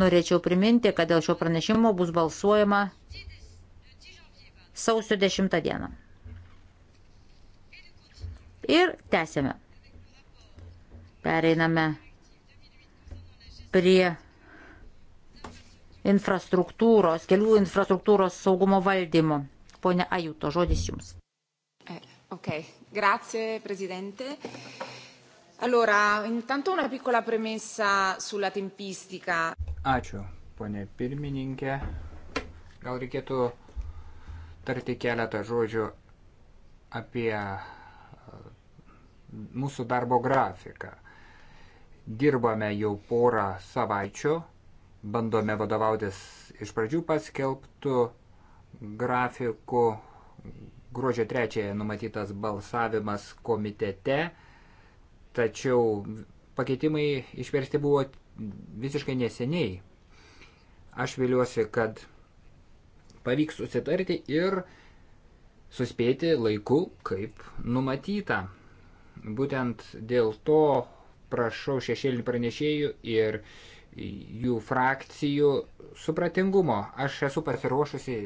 Norėčiau priminti, kad dėl šio pranešimo bus balsuojama sausio 10 dieną. Ir tęsėme. Pereiname prie infrastruktūros, kelių infrastruktūros saugumo valdymo. Pone Ajuto, žodis jums. Eh, ok, grazie, prezidente. Allora, intanto una piccola premessa sulla tempistica. Ačiū, ponė pirmininkė. Gal reikėtų tarti keletą žodžių apie e, mūsų darbo grafiką. Dirbame jau porą savaičių, bandome vadovautis iš pradžių paskelbtų grafikų. Gruodžio 3 numatytas balsavimas komitete tačiau pakeitimai išversti buvo visiškai neseniai. Aš viliuosi, kad pavyks susitarti ir suspėti laiku, kaip numatyta. Būtent dėl to prašau šešėlinių pranešėjų ir jų frakcijų supratingumo. Aš esu pasiruošusi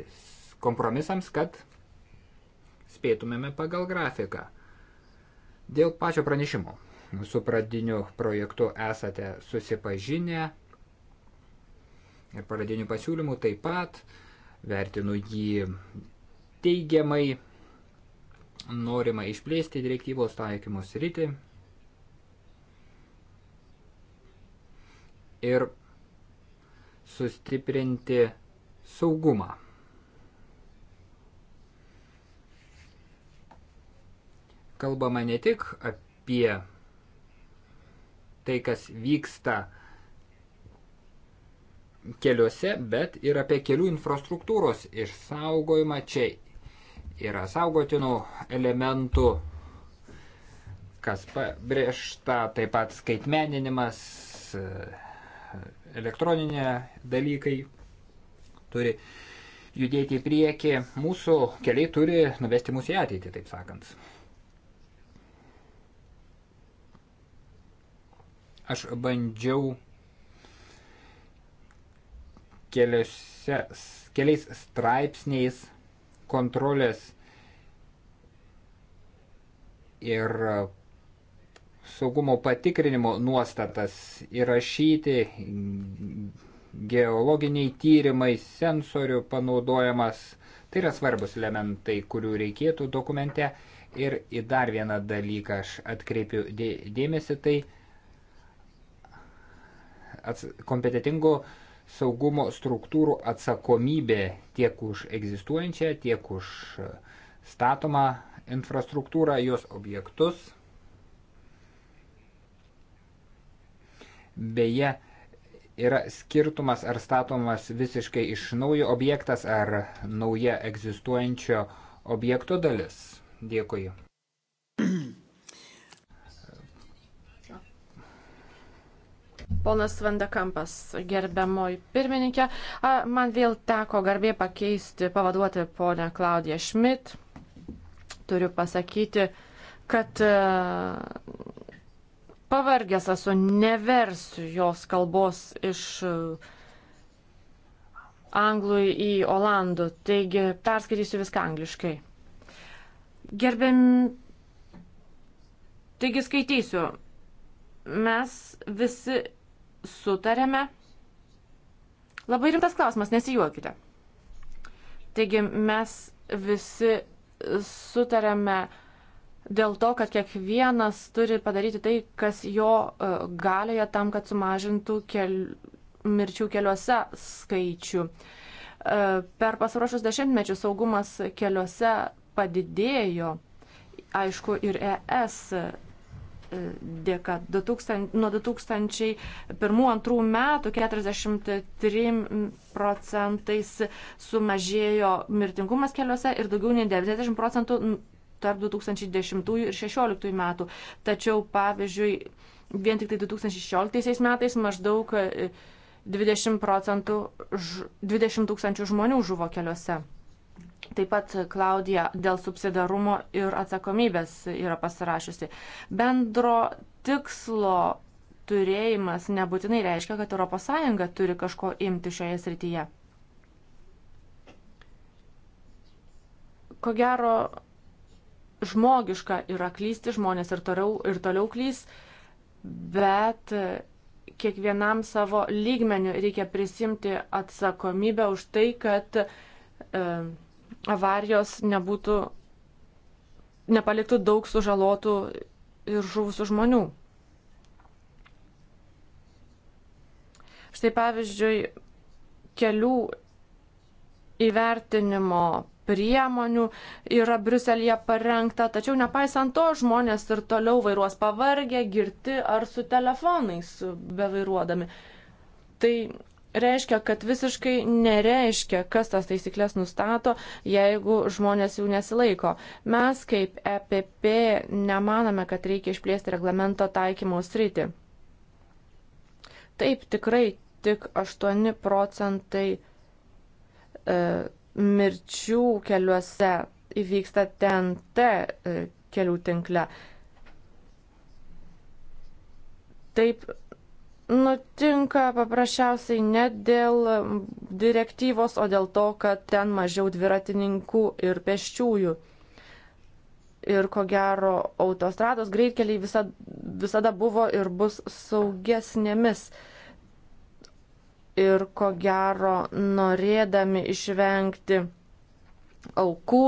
kompromisams, kad spėtumėme pagal grafiką. Dėl pačio pranešimo su pradiniu projektu esate susipažinę ir pradinių pasiūlymų taip pat. Vertinu jį teigiamai. Norima išplėsti direktyvos taikymus rytį. Ir sustiprinti saugumą. Kalbama ne tik apie tai, kas vyksta keliuose, bet ir apie kelių infrastruktūros išsaugojimą. Čia yra saugotinų elementų, kas pabrėžta, taip pat skaitmeninimas, elektroninė dalykai turi judėti į priekį. Mūsų keliai turi nuvesti mūsų į ateitį, taip sakant. Aš bandžiau keliose, keliais straipsniais kontrolės ir saugumo patikrinimo nuostatas įrašyti geologiniai tyrimai, sensorių panaudojimas. Tai yra svarbus elementai, kurių reikėtų dokumente. Ir į dar vieną dalyką aš atkreipiu dėmesį, tai kompetitingų saugumo struktūrų atsakomybė tiek už egzistuojančią, tiek už e, statomą infrastruktūrą, jos objektus. Beje, yra skirtumas, ar statomas visiškai iš naujo objektas, ar nauja egzistuojančio objekto dalis. Dėkui. Ponas Vandekampas, gerbiamoji pirmininkė, a, man vėl teko garbė pakeisti, pavaduoti ponę Klaudiją Šmit. Turiu pasakyti, kad a, e, pavargęs esu, neversiu jos kalbos iš a, e, anglų į olandų, taigi perskaitysiu viską angliškai. Gerbiam. Taigi skaitysiu. Mes visi sutarėme. Labai rimtas klausimas, nesijuokite. Taigi mes visi sutarėme dėl to, kad kiekvienas turi padaryti tai, kas jo e, galioje tam, kad sumažintų kel... mirčių keliuose skaičių. E, per pasarošius dešimtmečius saugumas keliuose padidėjo, aišku, ir ES dėka. 2000, nuo 2001-2002 metų 43 procentais sumažėjo mirtingumas keliuose ir daugiau nei 90 procentų tarp 2010 ir 2016 metų. Tačiau, pavyzdžiui, vien tik tai 2016 metais maždaug 20 e, procentų, 20 tūkstančių žmonių žuvo keliuose. Taip pat Klaudija dėl subsidarumo ir atsakomybės yra pasirašiusi. Bendro tikslo turėjimas nebūtinai reiškia, kad ES turi kažko imti šioje srityje. Ko gero, žmogiška yra klysti, žmonės ir toliau, ir toliau klys, bet kiekvienam savo lygmeniu reikia prisimti atsakomybę už tai, kad e, avarijos nebūtų, nepaliktų daug sužalotų ir žuvusių žmonių. Štai pavyzdžiui, kelių įvertinimo priemonių yra Bruselėje parengta, tačiau nepaisant to žmonės ir toliau vairuos pavargę, girti ar su telefonais bevairuodami. Tai reiškia, kad visiškai nereiškia, kas tas taisyklės nustato, jeigu žmonės jų nesilaiko. Mes kaip EPP nemaname, kad reikia išplėsti reglamento taikymo sritį. Taip, tikrai tik 8 procentai e, mirčių keliuose įvyksta TNT e, kelių tinkle. Taip, nutinka paprasčiausiai ne dėl direktyvos, o dėl to, kad ten mažiau dviratininkų ir pėsčiųjų. Ir ko gero, autostrados greitkeliai visa, visada buvo ir bus saugesnėmis. Ir ko gero, norėdami išvengti aukų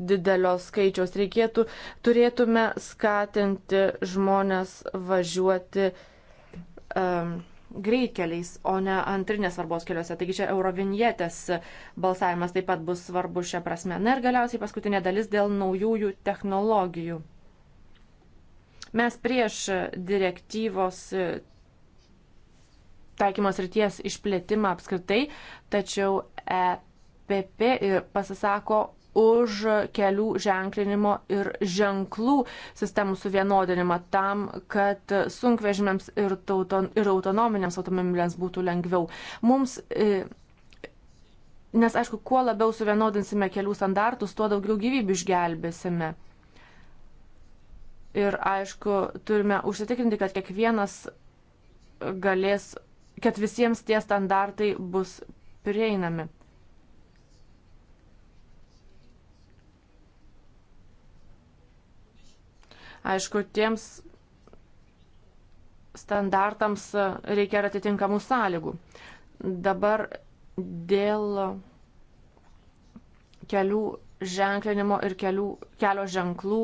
didelio skaičiaus reikėtų, turėtume skatinti žmonės važiuoti uh, um, greitkeliais, o ne antrinės svarbos keliuose. Taigi čia eurovinietės balsavimas taip pat bus svarbu šią prasme. Na ir galiausiai paskutinė dalis dėl naujųjų technologijų. Mes prieš direktyvos taikymos ryties išplėtimą apskritai, tačiau EPP pasisako už kelių ženklinimo ir ženklų sistemų suvienodinimą tam, kad sunkvežimiams ir, tauton, ir autonominiams automobiliams būtų lengviau. Mums, e, nes aišku, kuo labiau suvienodinsime kelių standartus, tuo daugiau gyvybių išgelbėsime. Ir aišku, turime užsitikrinti, kad kiekvienas galės, kad visiems tie standartai bus prieinami. Aišku, tiems standartams reikia ir atitinkamų sąlygų. Dabar dėl kelių ženklinimo ir kelių, kelio ženklų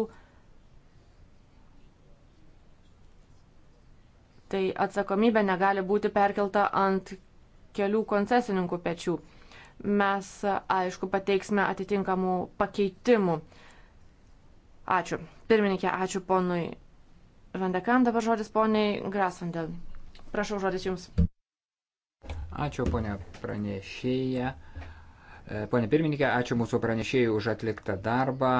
tai atsakomybė negali būti perkelta ant kelių koncesininkų pečių. Mes, aišku, pateiksime atitinkamų pakeitimų. Ačiū. Pirmininkė, ačiū ponui Vandekam, dabar žodis poniai Grasvandel. Prašau žodis jums. Ačiū ponia pranešėja. E, Pone pirmininkė, ačiū mūsų pranešėjai už atliktą darbą.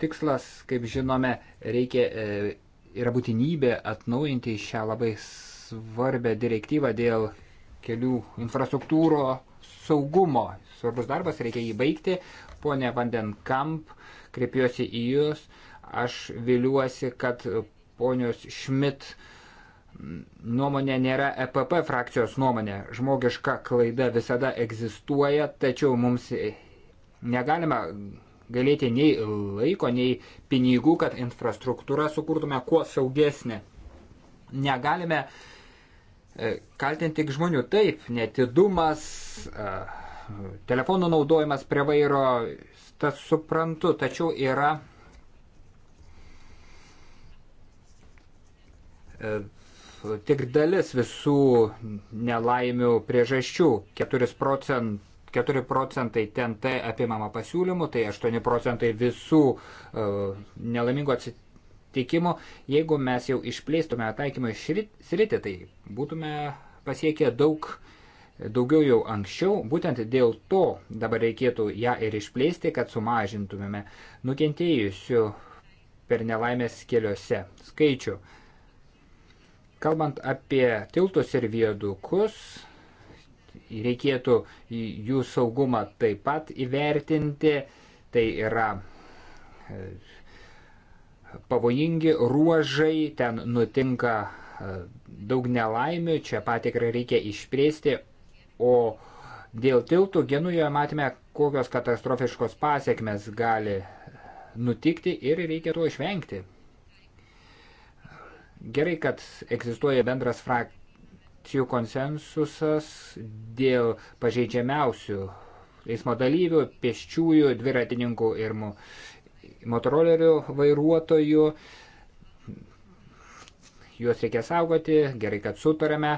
Tikslas, kaip žinome, reikia e, yra būtinybė atnaujinti šią labai svarbę direktyvą dėl kelių infrastruktūro saugumo. Svarbus darbas, reikia jį baigti. Pone Vandenkamp, kreipiuosi į Jūs. Aš viliuosi, kad ponios Šmit nuomonė nėra EPP frakcijos nuomonė. Žmogiška klaida visada egzistuoja, tačiau mums negalima galėti nei laiko, nei pinigų, kad infrastruktūrą sukurtume kuo saugesnė. Negalime e, kaltinti tik žmonių taip, netidumas, e, telefonų naudojimas prie vairo, tas suprantu, tačiau yra E, tik dalis visų nelaimių priežasčių. 4 procentai 4 procentai TNT apimama pasiūlymų, tai 8 procentai visų uh, e, nelaimingų atsitikimų. Jeigu mes jau išplėstume taikymą sritį, tai būtume pasiekę daug, daugiau jau anksčiau. Būtent dėl to dabar reikėtų ją ir išplėsti, kad sumažintumėme nukentėjusių per nelaimės keliuose skaičių. Uh, Kalbant apie tiltus ir viedukus, reikėtų jų saugumą taip pat įvertinti. Tai yra e, pavojingi ruožai, ten nutinka e, daug nelaimių, čia patikrą reikia išplėsti, o dėl tiltų Genujoje matėme, kokios katastrofiškos pasiekmes gali nutikti ir reikia to išvengti. Gerai, kad egzistuoja bendras frakcijų konsensusas dėl pažeidžiamiausių eismo dalyvių, pėsčiųjų, dviratininkų ir motorolerių vairuotojų. Juos reikia saugoti, gerai, kad sutarėme.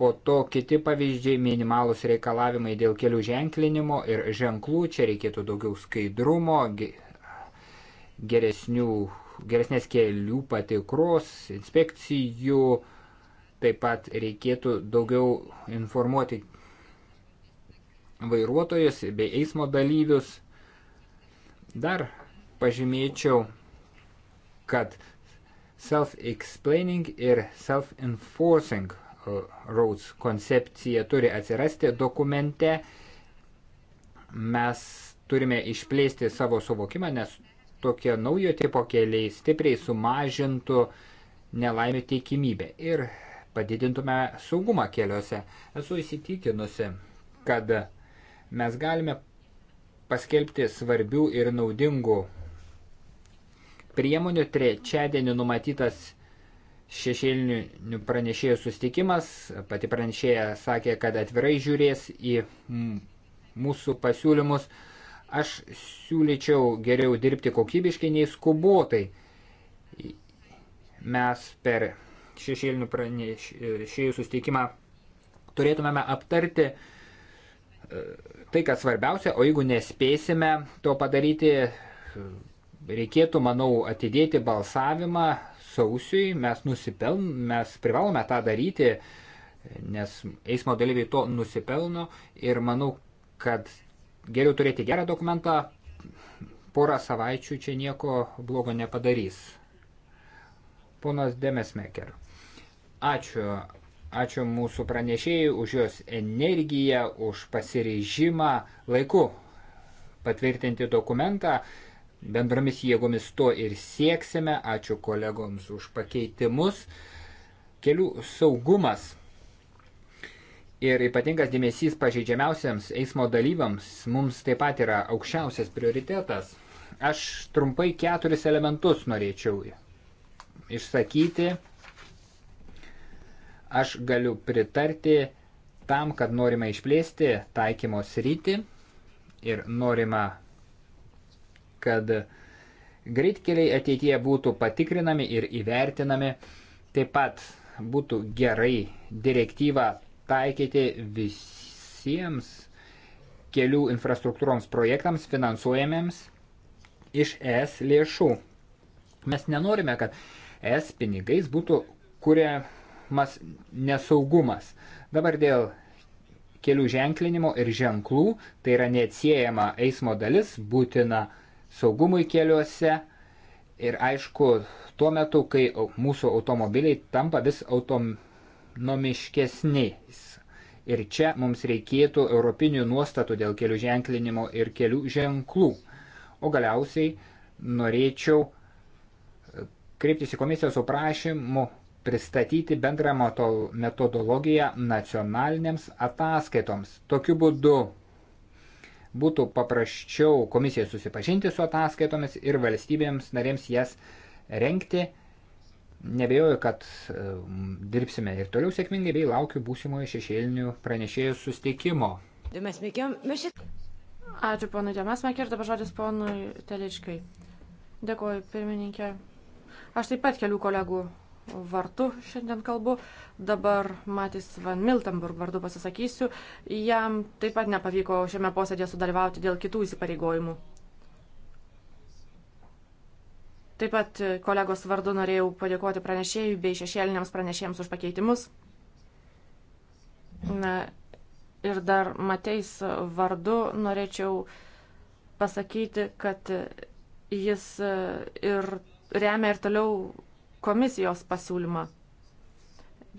Po to kiti pavyzdžiai - minimalus reikalavimai dėl kelių ženklinimo ir ženklų, čia reikėtų daugiau skaidrumo, geresnių geresnės kelių patikros, inspekcijų, taip pat reikėtų daugiau informuoti vairuotojus bei eismo dalyvius. Dar pažymėčiau, kad self-explaining ir self-enforcing uh, roads koncepcija turi atsirasti dokumente. Mes turime išplėsti savo suvokimą, nes tokie naujo tipo keliai stipriai sumažintų nelaimė tikimybę ir padidintume saugumą keliuose. Esu įsitikinusi, kad mes galime paskelbti svarbių ir naudingų priemonių. Trečiadienį numatytas šešėlinių pranešėjų sustikimas. Pati pranešėja sakė, kad atvirai žiūrės į mūsų pasiūlymus. Aš siūlyčiau geriau dirbti kokybiškai nei skubotai. Mes per šešėlinių pranešėjų susitikimą turėtumėme aptarti e, tai, kas svarbiausia, o jeigu nespėsime to padaryti, reikėtų, manau, atidėti balsavimą sausiui, mes nusipeln, mes privalome tą daryti, nes eismo dalyviai to nusipelno ir manau, kad geriau turėti gerą dokumentą, porą savaičių čia nieko blogo nepadarys. Ponas Demesmeker, ačiū, ačiū mūsų pranešėjai už jos energiją, už pasirežimą laiku patvirtinti dokumentą. Bendromis jėgomis to ir sieksime. Ačiū kolegoms už pakeitimus. Kelių saugumas ir ypatingas dėmesys pažeidžiamiausiams eismo dalyviams mums taip pat yra aukščiausias prioritetas. Aš trumpai keturis elementus norėčiau išsakyti. Aš galiu pritarti tam, kad norime išplėsti taikymo sritį ir norima, kad greitkeliai ateityje būtų patikrinami ir įvertinami. Taip pat būtų gerai direktyvą taikyti visiems kelių infrastruktūroms projektams finansuojamiems iš ES lėšų. Mes nenorime, kad ES pinigais būtų kuriamas nesaugumas. Dabar dėl kelių ženklinimo ir ženklų, tai yra neatsiejama eismo dalis, būtina saugumui keliuose ir aišku, tuo metu, kai mūsų automobiliai tampa vis automobiliai, ekonomiškesniais. Ir čia mums reikėtų europinių nuostatų dėl kelių ženklinimo ir kelių ženklų. O galiausiai norėčiau e, kreiptis į komisiją su prašymu pristatyti bendrą metodologiją nacionalinėms ataskaitoms. Tokiu būdu būtų paprasčiau komisijai susipažinti su ataskaitomis ir valstybėms narėms jas renkti Nebejoju, kad e, dirbsime ir toliau sėkmingai, bei laukiu būsimojo šešėlinių pranešėjų sustikimo. Ačiū ponui Dėmesmekė ir dabar žodis ponui Teliškai. Dėkuoju, pirmininkė. Aš taip pat kelių kolegų vartu šiandien kalbu. Dabar Matis Van Miltenburg vardu pasisakysiu. Jam taip pat nepavyko šiame posėdėje sudalyvauti dėl kitų įsipareigojimų. Taip pat e, kolegos vardu norėjau padėkoti pranešėjui bei šešėliniams pranešėjams už pakeitimus. Na, ir dar Mateis vardu norėčiau pasakyti, kad jis e, ir remia ir toliau komisijos pasiūlymą.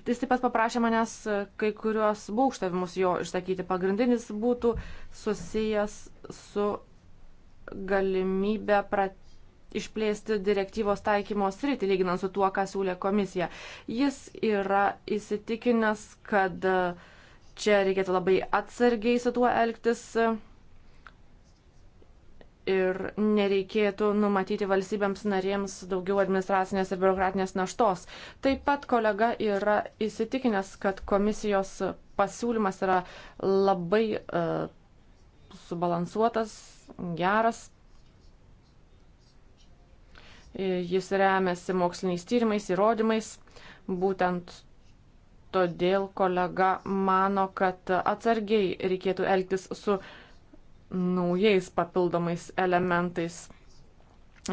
Jis taip pat paprašė manęs e, kai kuriuos būkštavimus jo išsakyti. Pagrindinis būtų susijęs su galimybę pratyti išplėsti direktyvos taikymo sritį, lyginant su tuo, ką siūlė komisija. Jis yra įsitikinęs, kad e, čia reikėtų labai atsargiai su tuo elgtis e, ir nereikėtų numatyti valstybėms narėms daugiau administracinės ir biurokratinės naštos. Taip pat kolega yra įsitikinęs, kad komisijos pasiūlymas yra labai uh, subalansuotas, geras Jis remiasi moksliniais tyrimais, įrodymais. Būtent todėl kolega mano, kad atsargiai reikėtų elgtis su naujais papildomais elementais.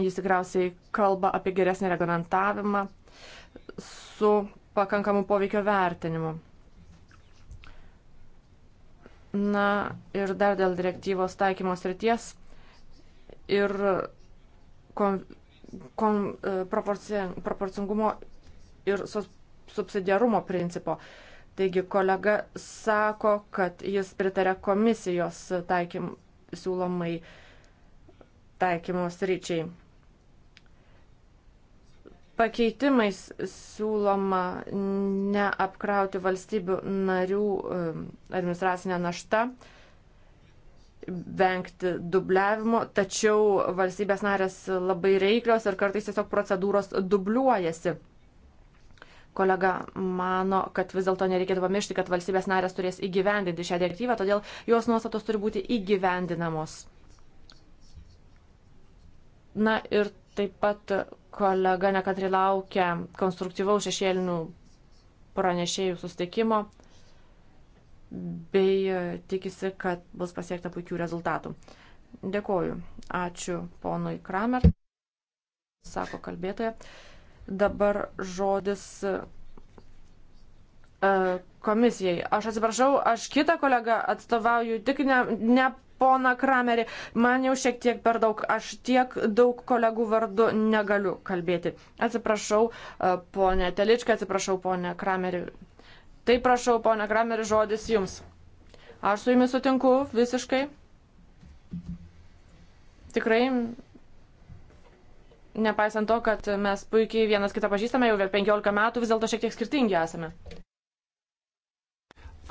Jis tikriausiai kalba apie geresnį reglamentavimą su pakankamu poveikio vertinimu. Na ir dar dėl direktyvos taikymos ryties ir kon kon, e, proporcingumo ir subsidiarumo principo. Taigi kolega sako, kad jis pritarė komisijos taikym, siūlomai taikymos ryčiai. Pakeitimais siūloma neapkrauti valstybių narių e, administracinę naštą, vengti dubliavimo, tačiau valstybės narės labai reiklios ir kartais tiesiog procedūros dubliuojasi. Kolega mano, kad vis dėlto nereikėtų pamiršti, kad valstybės narės turės įgyvendinti šią direktyvą, todėl jos nuostatos turi būti įgyvendinamos. Na ir taip pat kolega nekantri laukia konstruktyvaus šešėlinių pranešėjų sustikimo bei e, tikisi, kad bus pasiekta puikių rezultatų. Dėkoju. Ačiū ponui Kramer, sako kalbėtoja. Dabar žodis e, komisijai. Aš atsiprašau, aš kitą kolegą atstovauju, tik ne, ne poną Kramerį. Man jau šiek tiek per daug, aš tiek daug kolegų vardu negaliu kalbėti. Atsiprašau, e, ponė Teličką, atsiprašau, ponė Kramerį, Tai prašau, ponia Grameri, žodis jums. Aš su jumis sutinku visiškai. Tikrai, nepaisant to, kad mes puikiai vienas kitą pažįstame jau 15 metų, vis dėlto šiek tiek skirtingi esame.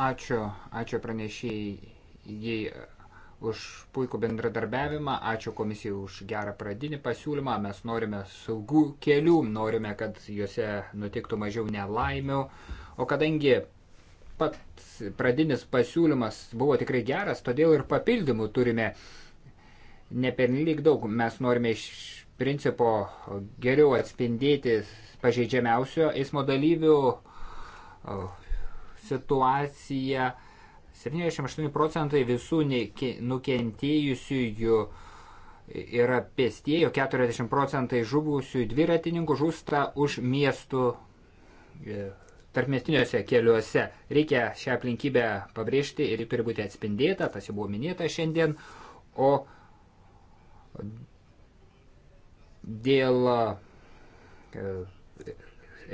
Ačiū, ačiū pranešėjai už puikų bendradarbiavimą, ačiū komisijai už gerą pradinį pasiūlymą, mes norime saugų kelių, norime, kad juose nutiktų mažiau nelaimių O kadangi pats pradinis pasiūlymas buvo tikrai geras, todėl ir papildymų turime nepernelyg daug. Mes norime iš principo geriau atspindėti pažeidžiamiausio eismo dalyvių situaciją. 78 procentai visų nukentėjusiųjų yra pėstieji, 40 procentai žuvusių dviratininkų žūsta už miestų e, tarpmestiniuose keliuose. Reikia šią aplinkybę pabrėžti ir ji turi būti atspindėta, tas jau buvo minėta šiandien. O dėl e,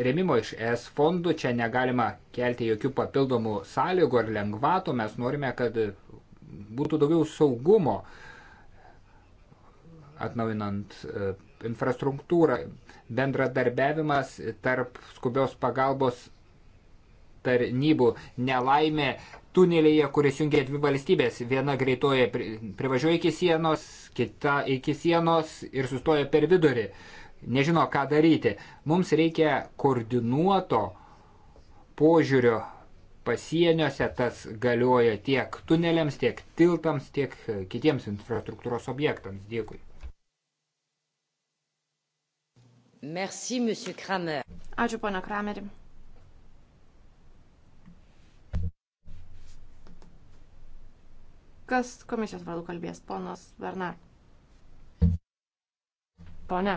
remimo iš ES fondų čia negalima kelti jokių papildomų sąlygų ar lengvatų, mes norime, kad būtų daugiau saugumo atnaujinant e, infrastruktūrą, bendradarbiavimas tarp skubios pagalbos tarnybų nelaimė tunelėje, kuris jungia dvi valstybės. Viena greitoje pri, privažiuoja iki sienos, kita iki sienos ir sustoja per vidurį. Nežino, ką daryti. Mums reikia koordinuoto požiūrio pasieniuose, tas galioja tiek tuneliams, tiek tiltams, tiek kitiems infrastruktūros objektams. Dėkui. Merci, Ačiū, ponia Kramerį. Kas komisijos vardu kalbės? Ponas Bernar. Pone.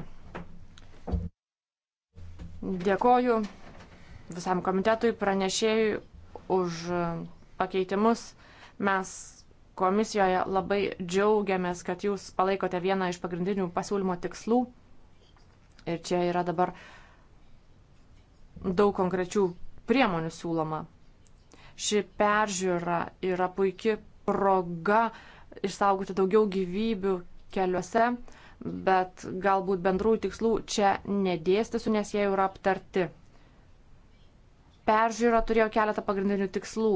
Dėkoju visam komitetui pranešėjui už pakeitimus. Mes komisijoje labai džiaugiamės, kad jūs palaikote vieną iš pagrindinių pasiūlymo tikslų. Ir čia yra dabar daug konkrečių priemonių siūloma. Ši peržiūra yra puikia proga išsaugoti daugiau gyvybių keliuose, bet galbūt bendrų tikslų čia nedėstysiu, nes jie jau yra aptarti. Peržiūra turėjo keletą pagrindinių tikslų.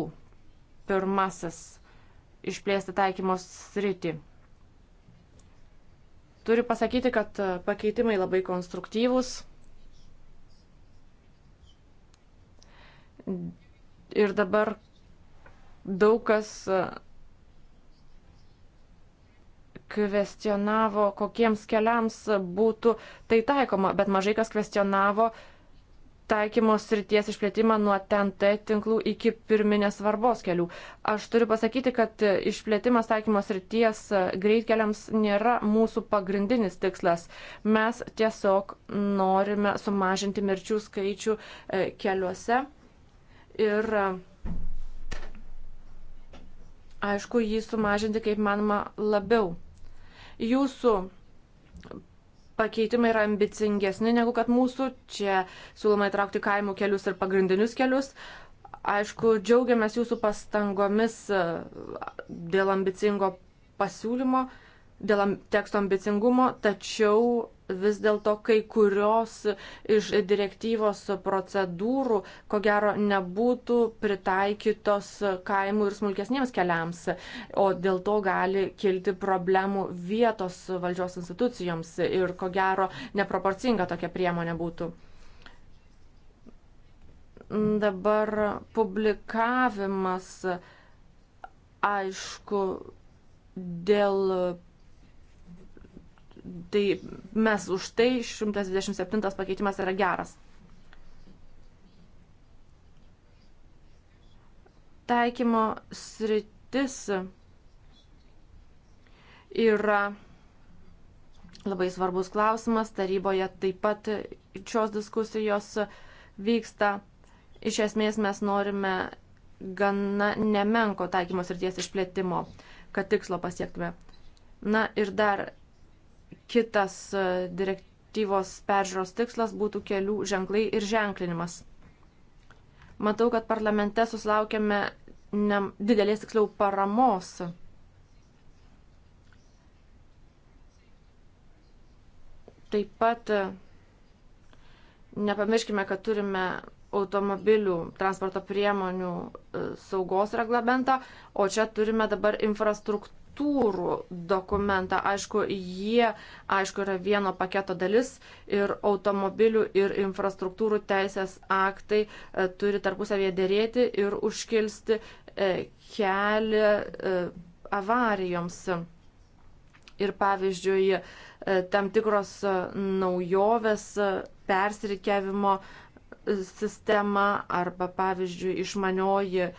Pirmasis - išplėsti taikymos sritį. Turiu pasakyti, kad pakeitimai labai konstruktyvūs. Ir dabar daug kas kvestionavo, kokiems keliams būtų tai taikoma, bet mažai kas kvestionavo taikymos srities išplėtimą nuo TNT tinklų iki pirminės svarbos kelių. Aš turiu pasakyti, kad išplėtimas taikymos srities greitkeliams nėra mūsų pagrindinis tikslas. Mes tiesiog norime sumažinti mirčių skaičių e, keliuose ir e, aišku jį sumažinti kaip manoma labiau. Jūsų pakeitimai yra ambicingesni negu kad mūsų. Čia siūloma įtraukti kaimų kelius ir pagrindinius kelius. Aišku, džiaugiamės jūsų pastangomis e, dėl ambicingo pasiūlymo, dėl teksto ambicingumo, tačiau vis dėlto kai kurios iš direktyvos procedūrų, ko gero, nebūtų pritaikytos kaimų ir smulkesniems keliams, o dėl to gali kilti problemų vietos valdžios institucijoms ir ko gero neproporcinga tokia priemonė būtų. Dabar publikavimas, aišku, dėl Tai mes už tai 127 pakeitimas yra geras. Taikymo sritis yra labai svarbus klausimas. Taryboje taip pat šios diskusijos vyksta. Iš esmės mes norime gana nemenko taikymos ir ties išplėtimo, kad tikslo pasiektume. Na ir dar Kitas e, direktyvos peržiūros tikslas būtų kelių ženklai ir ženklinimas. Matau, kad parlamente susilaukėme ne, didelės tiksliau paramos. Taip pat e, nepamirškime, kad turime automobilių transporto priemonių e, saugos reglamentą, o čia turime dabar infrastruktūrą agentūrų dokumentą. Aišku, jie, aišku, yra vieno paketo dalis ir automobilių ir infrastruktūrų teisės aktai e, turi tarpusavėje dėrėti ir užkilsti e, kelią e, avarijoms. Ir pavyzdžiui, e, tam tikros e, naujovės e, persirikiavimo e, sistema arba, pavyzdžiui, išmanioji e,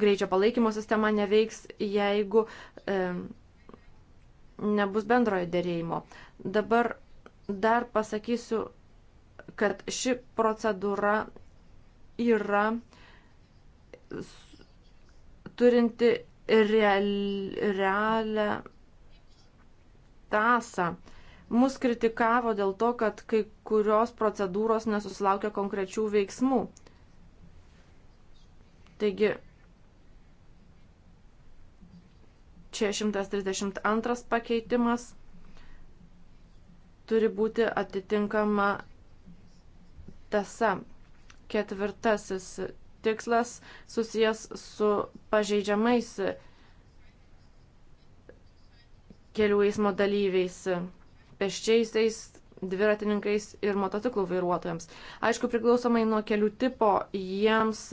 greičio palaikymo sistema neveiks, jeigu e, nebus bendrojo dėrėjimo. Dabar dar pasakysiu, kad ši procedūra yra turinti real, realią tasą. Mus kritikavo dėl to, kad kai kurios procedūros nesusilaukia konkrečių veiksmų. Taigi Čia 132 pakeitimas turi būti atitinkama tasa. Ketvirtasis tikslas susijęs su pažeidžiamais kelių eismo dalyviais, peščiaisiais, dviratininkais ir motociklų vairuotojams. Aišku, priklausomai nuo kelių tipo, jiems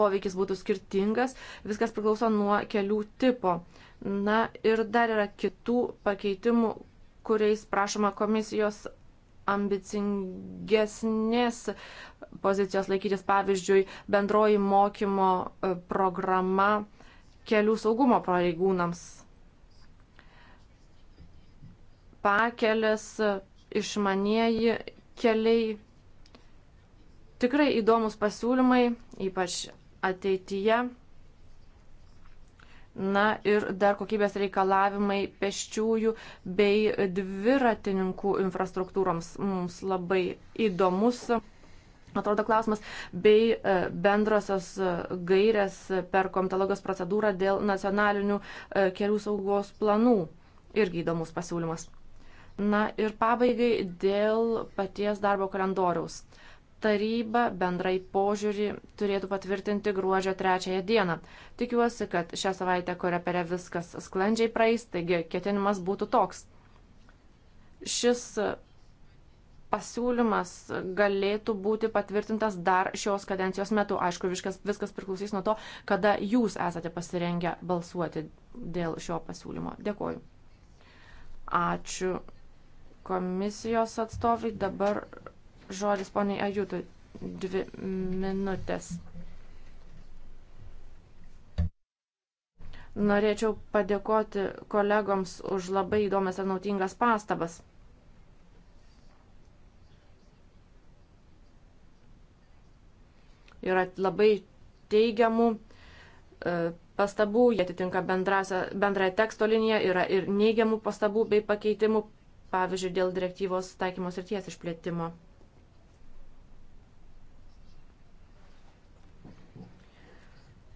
poveikis būtų skirtingas, viskas priklauso nuo kelių tipo. Na ir dar yra kitų pakeitimų, kuriais prašoma komisijos ambicingesnės pozicijos laikytis, pavyzdžiui, bendroji mokymo e, programa kelių saugumo pareigūnams. Pakelis, e, išmanieji keliai. Tikrai įdomus pasiūlymai, ypač ateityje. Na ir dar kokybės reikalavimai pėsčiųjų bei dviratininkų infrastruktūroms mums labai įdomus. Atrodo klausimas, bei e, bendrosios e, gairės per komitologijos procedūrą dėl nacionalinių e, kelių saugos planų. Irgi įdomus pasiūlymas. Na ir pabaigai dėl paties darbo kalendoriaus taryba bendrai požiūrį turėtų patvirtinti gruodžio trečiąją dieną. Tikiuosi, kad šią savaitę korepere viskas sklandžiai praeis, taigi ketinimas būtų toks. Šis pasiūlymas galėtų būti patvirtintas dar šios kadencijos metu. Aišku, viskas, viskas priklausys nuo to, kada jūs esate pasirengę balsuoti dėl šio pasiūlymo. Dėkoju. Ačiū komisijos atstovai. Dabar Žodis poniai Ajutų dvi minutės. Norėčiau padėkoti kolegoms už labai įdomias ir nautingas pastabas. Yra labai teigiamų e, pastabų, jie atitinka bendrąją teksto liniją, yra ir neigiamų pastabų bei pakeitimų, pavyzdžiui, dėl direktyvos taikymos ir ties išplėtimo.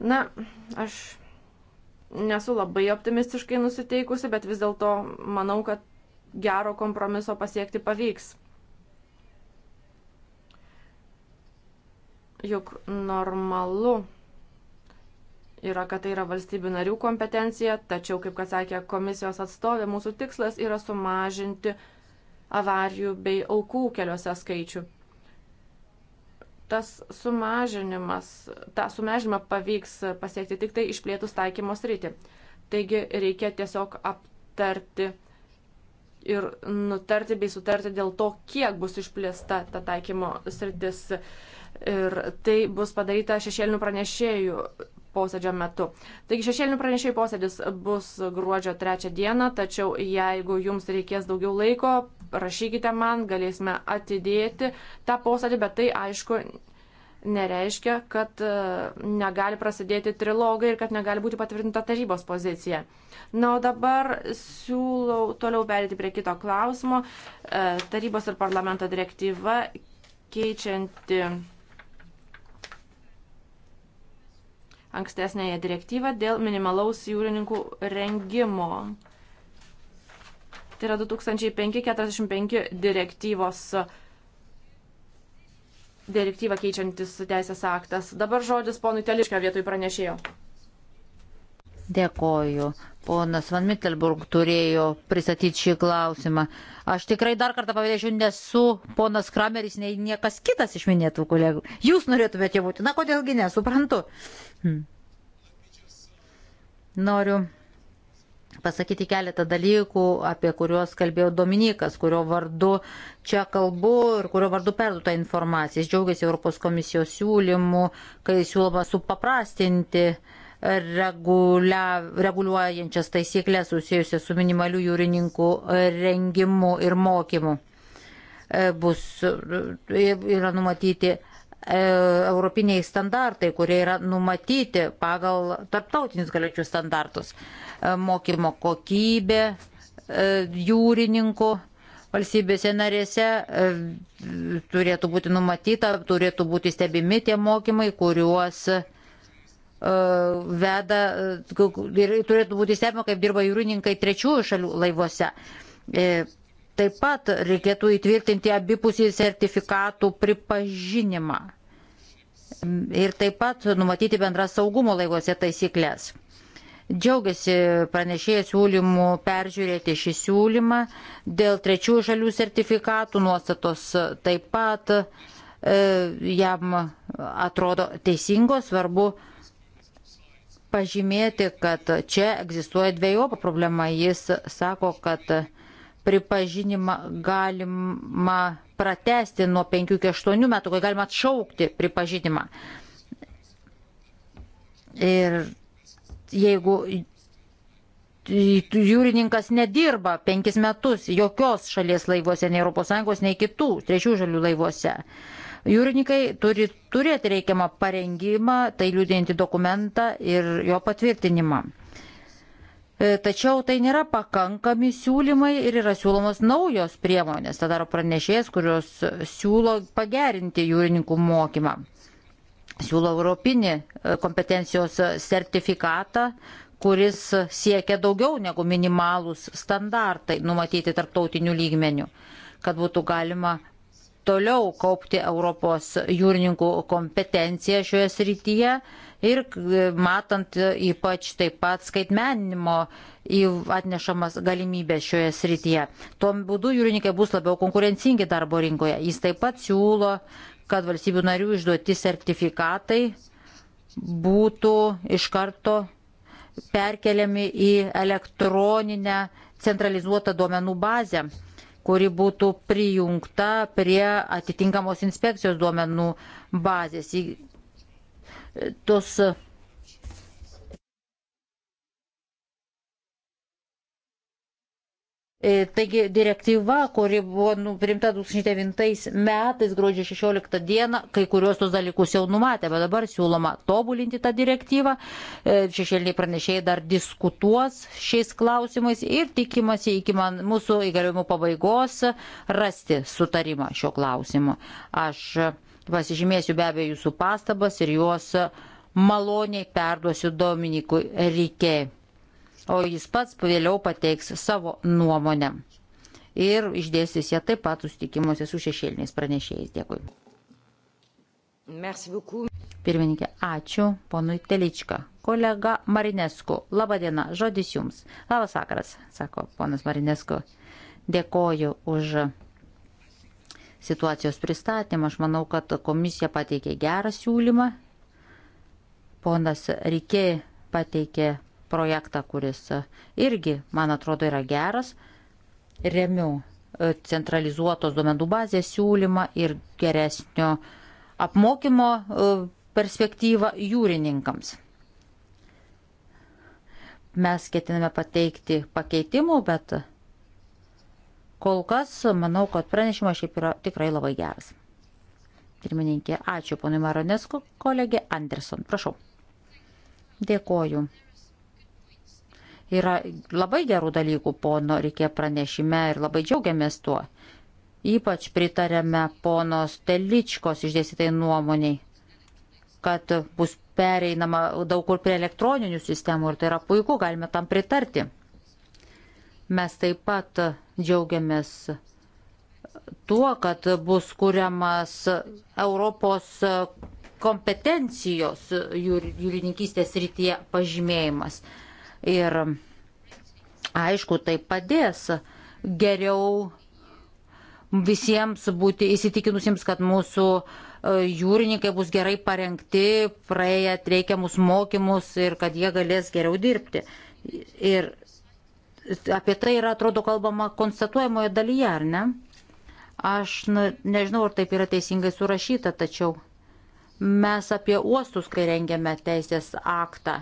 Na, aš nesu labai optimistiškai nusiteikusi, bet vis dėlto manau, kad gero kompromiso pasiekti pavyks. Juk normalu yra, kad tai yra valstybių narių kompetencija, tačiau, kaip kad sakė komisijos atstovė, mūsų tikslas yra sumažinti avarijų bei aukų keliuose skaičių tas sumažinimas, tą sumažinimą pavyks pasiekti tik tai išplėtus taikymos rytį. Taigi reikia tiesiog aptarti ir nutarti bei sutarti dėl to, kiek bus išplėsta ta taikymo sritis. Ir tai bus padaryta šešėlinių pranešėjų posėdžio metu. Taigi šešėlinių pranešėjų posėdis bus gruodžio trečią dieną, tačiau jeigu jums reikės daugiau laiko, rašykite man, galėsime atidėti tą posėdį, bet tai aišku nereiškia, kad e, negali prasidėti trilogai ir kad negali būti patvirtinta tarybos pozicija. Na, o dabar siūlau toliau perėti prie kito klausimo. E, tarybos ir parlamento direktyva keičianti ankstesnėje direktyvą dėl minimalaus jūrininkų rengimo. Tai yra 2005-45 direktyvos direktyvą keičiantis teisės aktas. Dabar žodis ponui Teliškio vietoj pranešėjo. Dėkoju. Ponas Van Mittelburg turėjo pristatyti šį klausimą. Aš tikrai dar kartą pavėdėčiau, nesu ponas Krameris, nei niekas kitas iš minėtų kolegų. Jūs norėtumėte būti. Na, kodėlgi nesuprantu. Hmm. Noriu pasakyti keletą dalykų, apie kuriuos kalbėjo Dominikas, kurio vardu čia kalbu ir kurio vardu perduota informacija. Jis džiaugiasi Europos komisijos siūlymu, kai siūloma supaprastinti regulia, reguliuojančias taisyklės susijusias su minimalių jūrininkų rengimu ir mokymu. E, bus, e, yra numatyti e, europiniai standartai, kurie yra numatyti pagal tarptautinius galiočius standartus. E, mokymo kokybė e, jūrininkų valstybėse narėse e, turėtų būti numatyta, turėtų būti stebimi tie mokymai, kuriuos veda ir turėtų būti stebima, kaip dirba jūrininkai trečiųjų šalių laivuose. Taip pat reikėtų įtvirtinti abipusį sertifikatų pripažinimą ir taip pat numatyti bendras saugumo laivuose taisyklės džiaugiasi pranešėjai siūlymu peržiūrėti šį siūlymą. Dėl trečiųjų šalių sertifikatų nuostatos taip pat e, jam atrodo teisingos, svarbu pažymėti, kad čia egzistuoja dviejopa problema. Jis sako, kad pripažinimą galima pratesti nuo 5 iki 8 metų, kai galima atšaukti pripažinimą. Ir jeigu jūrininkas nedirba penkis metus jokios šalies laivuose, nei ES, nei kitų trečių šalių laivuose. Jūrininkai turi turėti reikiamą parengimą, tai liūdinti dokumentą ir jo patvirtinimą. E, tačiau tai nėra pakankami siūlymai ir yra siūlomos naujos priemonės, tada daro pranešėjas, kurios siūlo pagerinti jūrininkų mokymą siūlo europinį e, kompetencijos e, sertifikatą, kuris siekia daugiau negu minimalūs standartai numatyti tarptautinių lygmenių, kad būtų galima toliau kaupti Europos jūrininkų kompetenciją šioje srityje ir e, matant ypač taip pat skaitmeninimo atnešamas galimybės šioje srityje. Tuo būdu jūrininkai bus labiau konkurencingi darbo rinkoje. Jis taip pat siūlo, kad valstybių narių išduoti sertifikatai būtų iš karto perkeliami į elektroninę centralizuotą duomenų bazę, kuri būtų prijungta prie atitinkamos inspekcijos duomenų bazės. Tos E, taigi direktyva, kuri buvo nu, primta 2009 metais, gruodžio 16 dieną, kai kuriuos tos dalykus jau numatė, bet dabar siūloma tobulinti tą direktyvą. E, šešėliniai pranešėjai dar diskutuos šiais klausimais ir tikimasi iki man, mūsų įgaliojimų pabaigos rasti sutarimą šio klausimu. Aš pasižymėsiu be abejo jūsų pastabas ir juos maloniai perduosiu Dominikui Rikėjai o jis pats vėliau pateiks savo nuomonę. Ir išdėstys ją taip pat sustikimuose su šešėliniais pranešėjais. Dėkui. Pirmininkė, ačiū ponui Teličką. Kolega Marinesku, laba diena, žodis jums. Labas vakaras, sako ponas Marinesku. Dėkoju už situacijos pristatymą. Aš manau, kad komisija pateikė gerą siūlymą. Ponas Rikė pateikė projektą, kuris e, irgi, man atrodo, yra geras. Remiu e, centralizuotos duomenų bazės siūlymą ir geresnio apmokymo e, perspektyvą jūrininkams. Mes ketiname pateikti pakeitimų, bet kol kas manau, kad pranešimas šiaip yra tikrai labai geras. Pirmininkė, ačiū ponui Maronesko, kolegė Anderson, prašau. Dėkoju, Yra labai gerų dalykų pono reikėjo pranešime ir labai džiaugiamės tuo. Ypač pritarėme ponos Teličkos išdėstytai nuomoniai, kad bus pereinama daug kur prie elektroninių sistemų ir tai yra puiku, galime tam pritarti. Mes taip pat džiaugiamės tuo, kad bus kuriamas Europos kompetencijos jūrininkystės rytyje pažymėjimas. Ir aišku, tai padės geriau visiems būti įsitikinusiems, kad mūsų e, jūrininkai bus gerai parengti, praėję reikiamus mokymus ir kad jie galės geriau dirbti. Ir apie tai yra, atrodo, kalbama konstatuojamoje dalyje, ar ne? Aš nu, nežinau, ar taip yra teisingai surašyta, tačiau mes apie uostus, kai rengiame teisės aktą,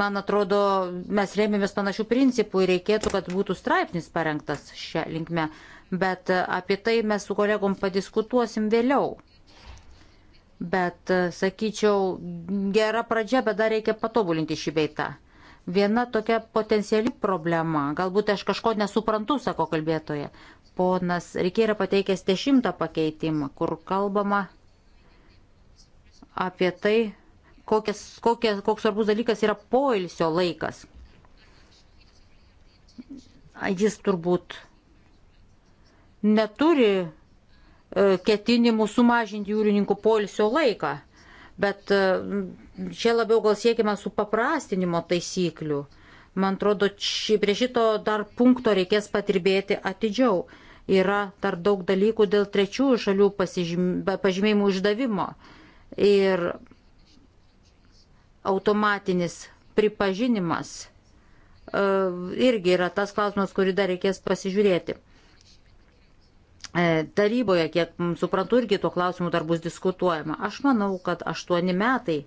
Man atrodo, mes rėmėmės panašių principų ir reikėtų, kad būtų straipsnis parengtas šią linkmę, bet e, apie tai mes su kolegom padiskutuosim vėliau. Bet, e, sakyčiau, gera pradžia, bet dar reikia patobulinti šį beitą. Viena tokia potenciali problema, galbūt aš kažko nesuprantu, sako kalbėtoje. Ponas Rikė yra pateikęs dešimtą pakeitimą, kur kalbama apie tai, kokias, kokias, koks svarbus dalykas yra poilsio laikas. Jis turbūt neturi e, ketinimų sumažinti jūrininkų poilsio laiką, bet e, čia labiau gal siekime su paprastinimo taisyklių. Man atrodo, ši, prie šito dar punkto reikės patirbėti atidžiau. Yra dar daug dalykų dėl trečiųjų šalių pasižym, pažymėjimų išdavimo. Ir automatinis pripažinimas e, irgi yra tas klausimas, kurį dar reikės pasižiūrėti. E, taryboje, kiek suprantu, irgi tuo klausimu dar bus diskutuojama. Aš manau, kad aštuoni metai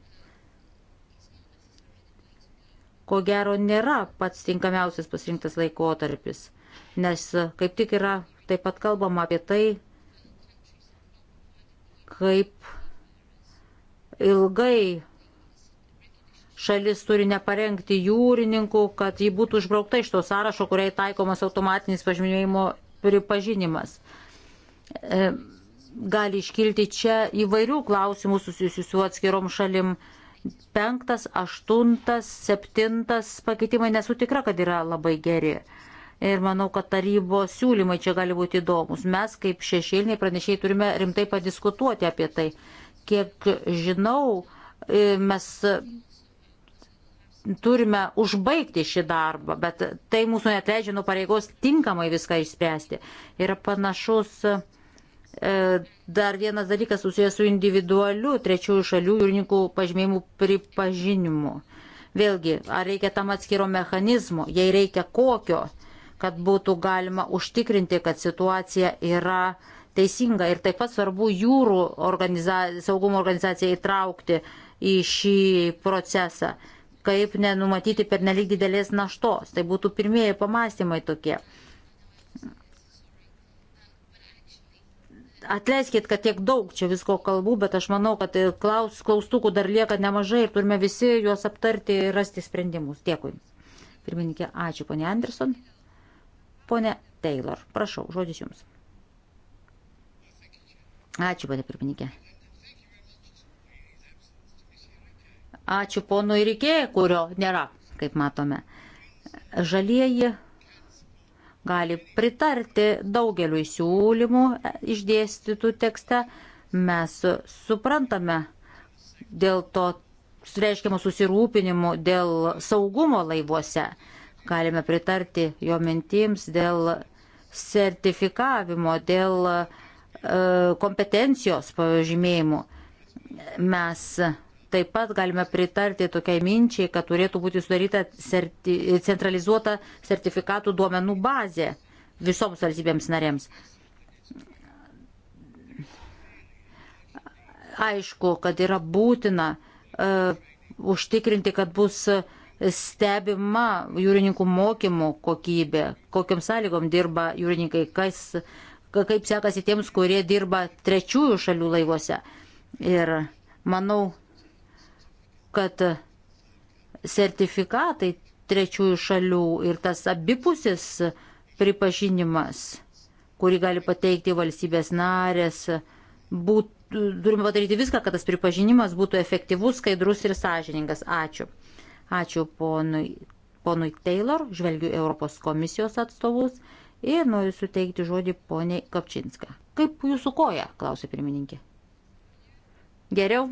ko gero nėra pats tinkamiausias pasirinktas laikotarpis, nes kaip tik yra taip pat kalbama apie tai, kaip ilgai šalis turi neparengti jūrininkų, kad ji būtų išbraukta iš to sąrašo, kuriai taikomas automatinis pažymėjimo pripažinimas. E, gali iškilti čia įvairių klausimų susijusių su atskirom šalim. Penktas, aštuntas, septintas pakeitimai nesu tikra, kad yra labai geri. Ir manau, kad tarybos siūlymai čia gali būti įdomus. Mes kaip šešėliniai pranešiai turime rimtai padiskutuoti apie tai. Kiek žinau, e, mes turime užbaigti šį darbą, bet tai mūsų netleidžia nuo pareigos tinkamai viską išspręsti. Yra panašus e, dar vienas dalykas susijęs su individualiu trečiųjų šalių jūrininkų pažymėjimų pripažinimu. Vėlgi, ar reikia tam atskiro mechanizmo, jei reikia kokio, kad būtų galima užtikrinti, kad situacija yra teisinga ir taip pat svarbu jūrų organiza... saugumo organizaciją įtraukti į šį procesą kaip nenumatyti per nelik didelės naštos. Tai būtų pirmieji pamastymai tokie. Atleiskit, kad tiek daug čia visko kalbų, bet aš manau, kad klaus, klaustukų dar lieka nemažai ir turime visi juos aptarti ir rasti sprendimus. Dėkui. Pirmininkė, ačiū, ponė Anderson. Pone Taylor, prašau, žodis jums. Ačiū, ponė pirmininkė. Ačiū ponui Rikė, kurio nėra, kaip matome. Žalieji gali pritarti daugeliu siūlymų išdėstytų tekste. Mes suprantame dėl to reiškiamo susirūpinimo dėl saugumo laivuose. Galime pritarti jo mintims dėl sertifikavimo, dėl e, kompetencijos pažymėjimų. Mes Taip pat galime pritarti tokiai minčiai, kad turėtų būti sudaryta serti, centralizuota sertifikatų duomenų bazė visoms valstybėms narėms. Aišku, kad yra būtina uh, užtikrinti, kad bus stebima jūrininkų mokymų kokybė, kokiam sąlygom dirba jūrininkai, kas, kaip sekasi tiems, kurie dirba trečiųjų šalių laivuose. Ir manau, kad sertifikatai trečiųjų šalių ir tas abipusis pripažinimas, kurį gali pateikti valstybės narės, būt, turime padaryti viską, kad tas pripažinimas būtų efektyvus, skaidrus ir sąžiningas. Ačiū. Ačiū ponui, ponui Taylor, žvelgiu Europos komisijos atstovus ir noriu suteikti žodį poniai Kapčinska. Kaip jūsų koja, klausė pirmininkė. Geriau?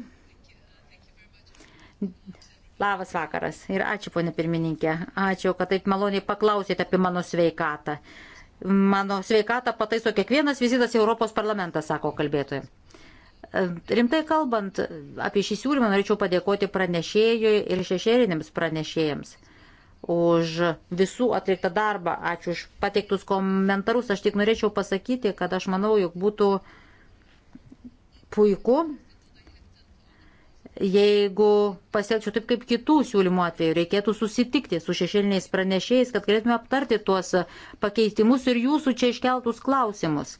Labas vakaras ir ačiū, ponė pirmininkė. Ačiū, kad taip maloniai paklausėte apie mano sveikatą. Mano sveikatą pataiso kiekvienas vizitas į Europos parlamentą, sako kalbėtojai. Rimtai kalbant apie šį siūlymą, norėčiau padėkoti pranešėjui ir šešėlinėms pranešėjams už visų atliktą darbą. Ačiū už pateiktus komentarus. Aš tik norėčiau pasakyti, kad aš manau, jog būtų puiku, jeigu pasielgčiau taip kaip kitų siūlymų atveju, reikėtų susitikti su šešėliniais pranešėjais, kad galėtume aptarti tuos pakeitimus ir jūsų čia iškeltus klausimus.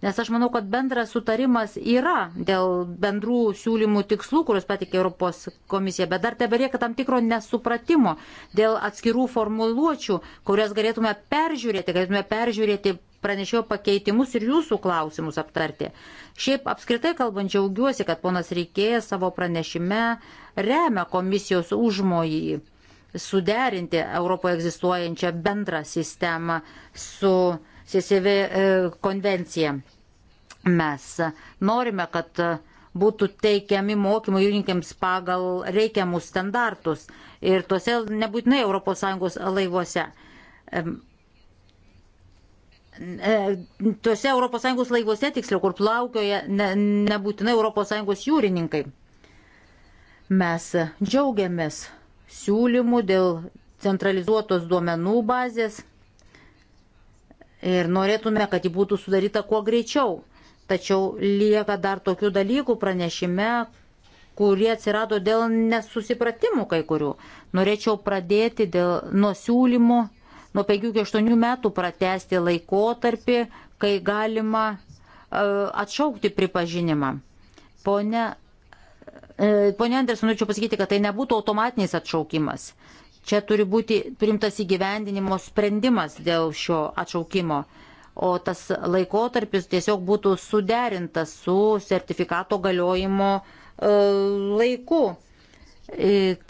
Nes aš manau, kad bendras sutarimas yra dėl bendrų siūlymų tikslų, kuriuos patikė Europos komisija, bet dar tebelieka tam tikro nesupratimo dėl atskirų formuluočių, kurias galėtume peržiūrėti, galėtume peržiūrėti pranešėjo pakeitimus ir jūsų klausimus aptarti. Šiaip apskritai kalbant, džiaugiuosi, kad ponas Reikėjas savo pranešime remia komisijos užmojį suderinti Europoje egzistuojančią bendrą sistemą su CCV e, konvencija. Mes norime, kad būtų teikiami mokymai jūrininkėms pagal reikiamus standartus ir tuose nebūtinai ES laivuose. E, tuose ES laivuose, tiksliau, kur plaukioja ne, nebūtinai ES jūrininkai. Mes džiaugiamės siūlymų dėl centralizuotos duomenų bazės ir norėtume, kad ji būtų sudaryta kuo greičiau. Tačiau lieka dar tokių dalykų pranešime, kurie atsirado dėl nesusipratimų kai kurių. Norėčiau pradėti dėl nusiūlymų nuo 5 iki 8 metų pratesti laikotarpį, kai galima e, atšaukti pripažinimą. Pone, e, pone Andres, norėčiau pasakyti, kad tai nebūtų automatinis atšaukimas. Čia turi būti primtas įgyvendinimo sprendimas dėl šio atšaukimo, o tas laikotarpis tiesiog būtų suderintas su sertifikato galiojimo e, laiku,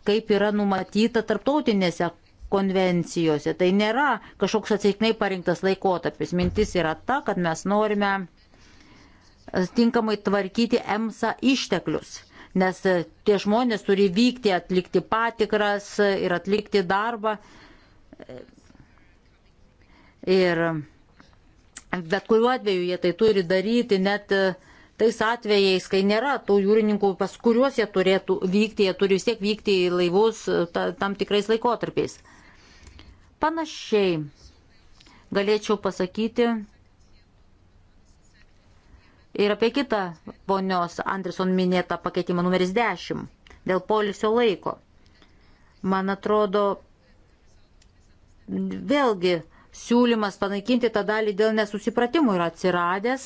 kaip yra numatyta tarptautinėse konvencijose. Tai nėra kažkoks atsiknai parinktas laikotarpis. Mintis yra ta, kad mes norime e, tinkamai tvarkyti EMSA išteklius nes e, tie žmonės turi vykti, atlikti patikras e, ir atlikti darbą. Ir bet kuriuo atveju jie tai turi daryti net tais atvejais, kai nėra tų jūrininkų, pas kuriuos jie turėtų vykti, jie turi vis tiek vykti į laivus tam tikrais laikotarpiais. Panašiai galėčiau pasakyti ir apie kitą ponios Anderson minėtą pakeitimą numeris 10 dėl polisio laiko. Man atrodo, vėlgi siūlymas panaikinti tą dalį dėl nesusipratimų yra atsiradęs.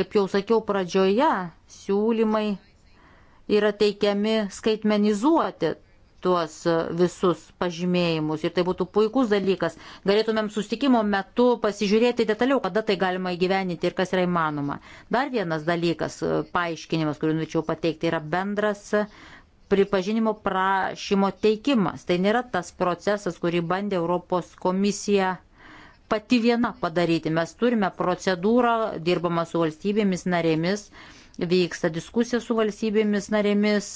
Kaip jau sakiau pradžioje, siūlymai yra teikiami skaitmenizuoti tuos e, visus pažymėjimus ir tai būtų puikus dalykas. Galėtumėm sustikimo metu pasižiūrėti detaliau, kada tai galima įgyveninti ir kas yra įmanoma. Dar vienas dalykas, e, paaiškinimas, kurį norėčiau pateikti, yra bendras e, pripažinimo prašymo teikimas. Tai nėra tas procesas, kurį bandė Europos komisija pati viena padaryti. Mes turime procedūrą, dirbama su valstybėmis narėmis vyksta diskusija su valstybėmis narėmis,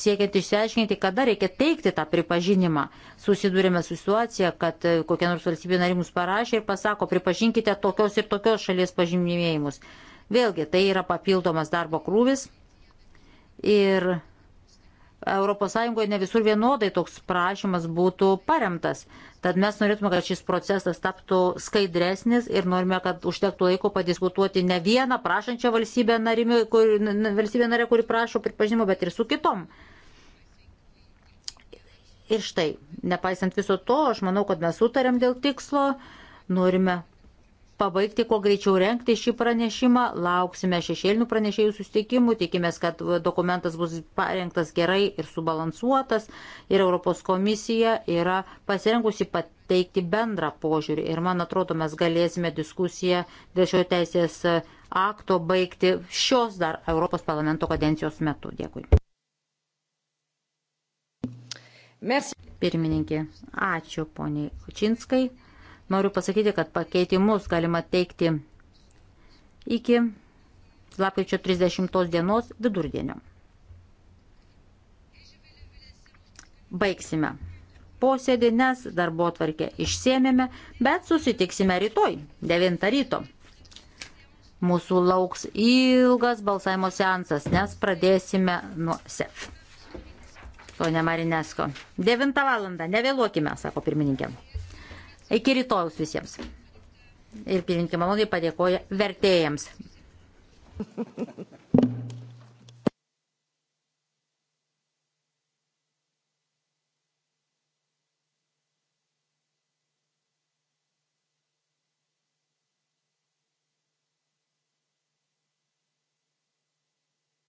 siekiant išsiaiškinti, kada reikia teikti tą pripažinimą. Susidūrėme su situacija, kad kokia nors valstybė narė mums parašė ir pasako, pripažinkite tokios ir tokios šalies pažymėjimus. Vėlgi, tai yra papildomas darbo krūvis ir ES ne visur vienodai toks prašymas būtų paremtas. Tad mes norėtume, kad šis procesas taptų skaidresnis ir norime, kad užtektų laiko padiskutuoti ne vieną prašančią valstybę, narimi, kur, valstybę narę, kuri prašo pripažinimo, bet ir su kitom. Ir štai, nepaisant viso to, aš manau, kad mes sutarėm dėl tikslo, norime pabaigti, kuo greičiau renkti šį pranešimą. Lauksime šešėlinių pranešėjų sustikimų, tikimės, kad dokumentas bus parengtas gerai ir subalansuotas. Ir Europos komisija yra pasirengusi pateikti bendrą požiūrį. Ir man atrodo, mes galėsime diskusiją dėl šio teisės akto baigti šios dar Europos parlamento kadencijos metu. Dėkui. Merci. Pirmininkė, ačiū poniai Kučinskai. Noriu pasakyti, kad pakeitimus galima teikti iki lapkričio 30 dienos vidurdienio. Baigsime posėdį, nes darbo tvarkę išsėmėme, bet susitiksime rytoj, 9 ryto. Mūsų lauks ilgas balsavimo seansas, nes pradėsime nuo SEF. Pone Marinesko, 9 val. nevėluokime, sako pirmininkė. Iki rytojus visiems. Ir pirmininkė maloniai padėkoja vertėjams. [LAUGHS]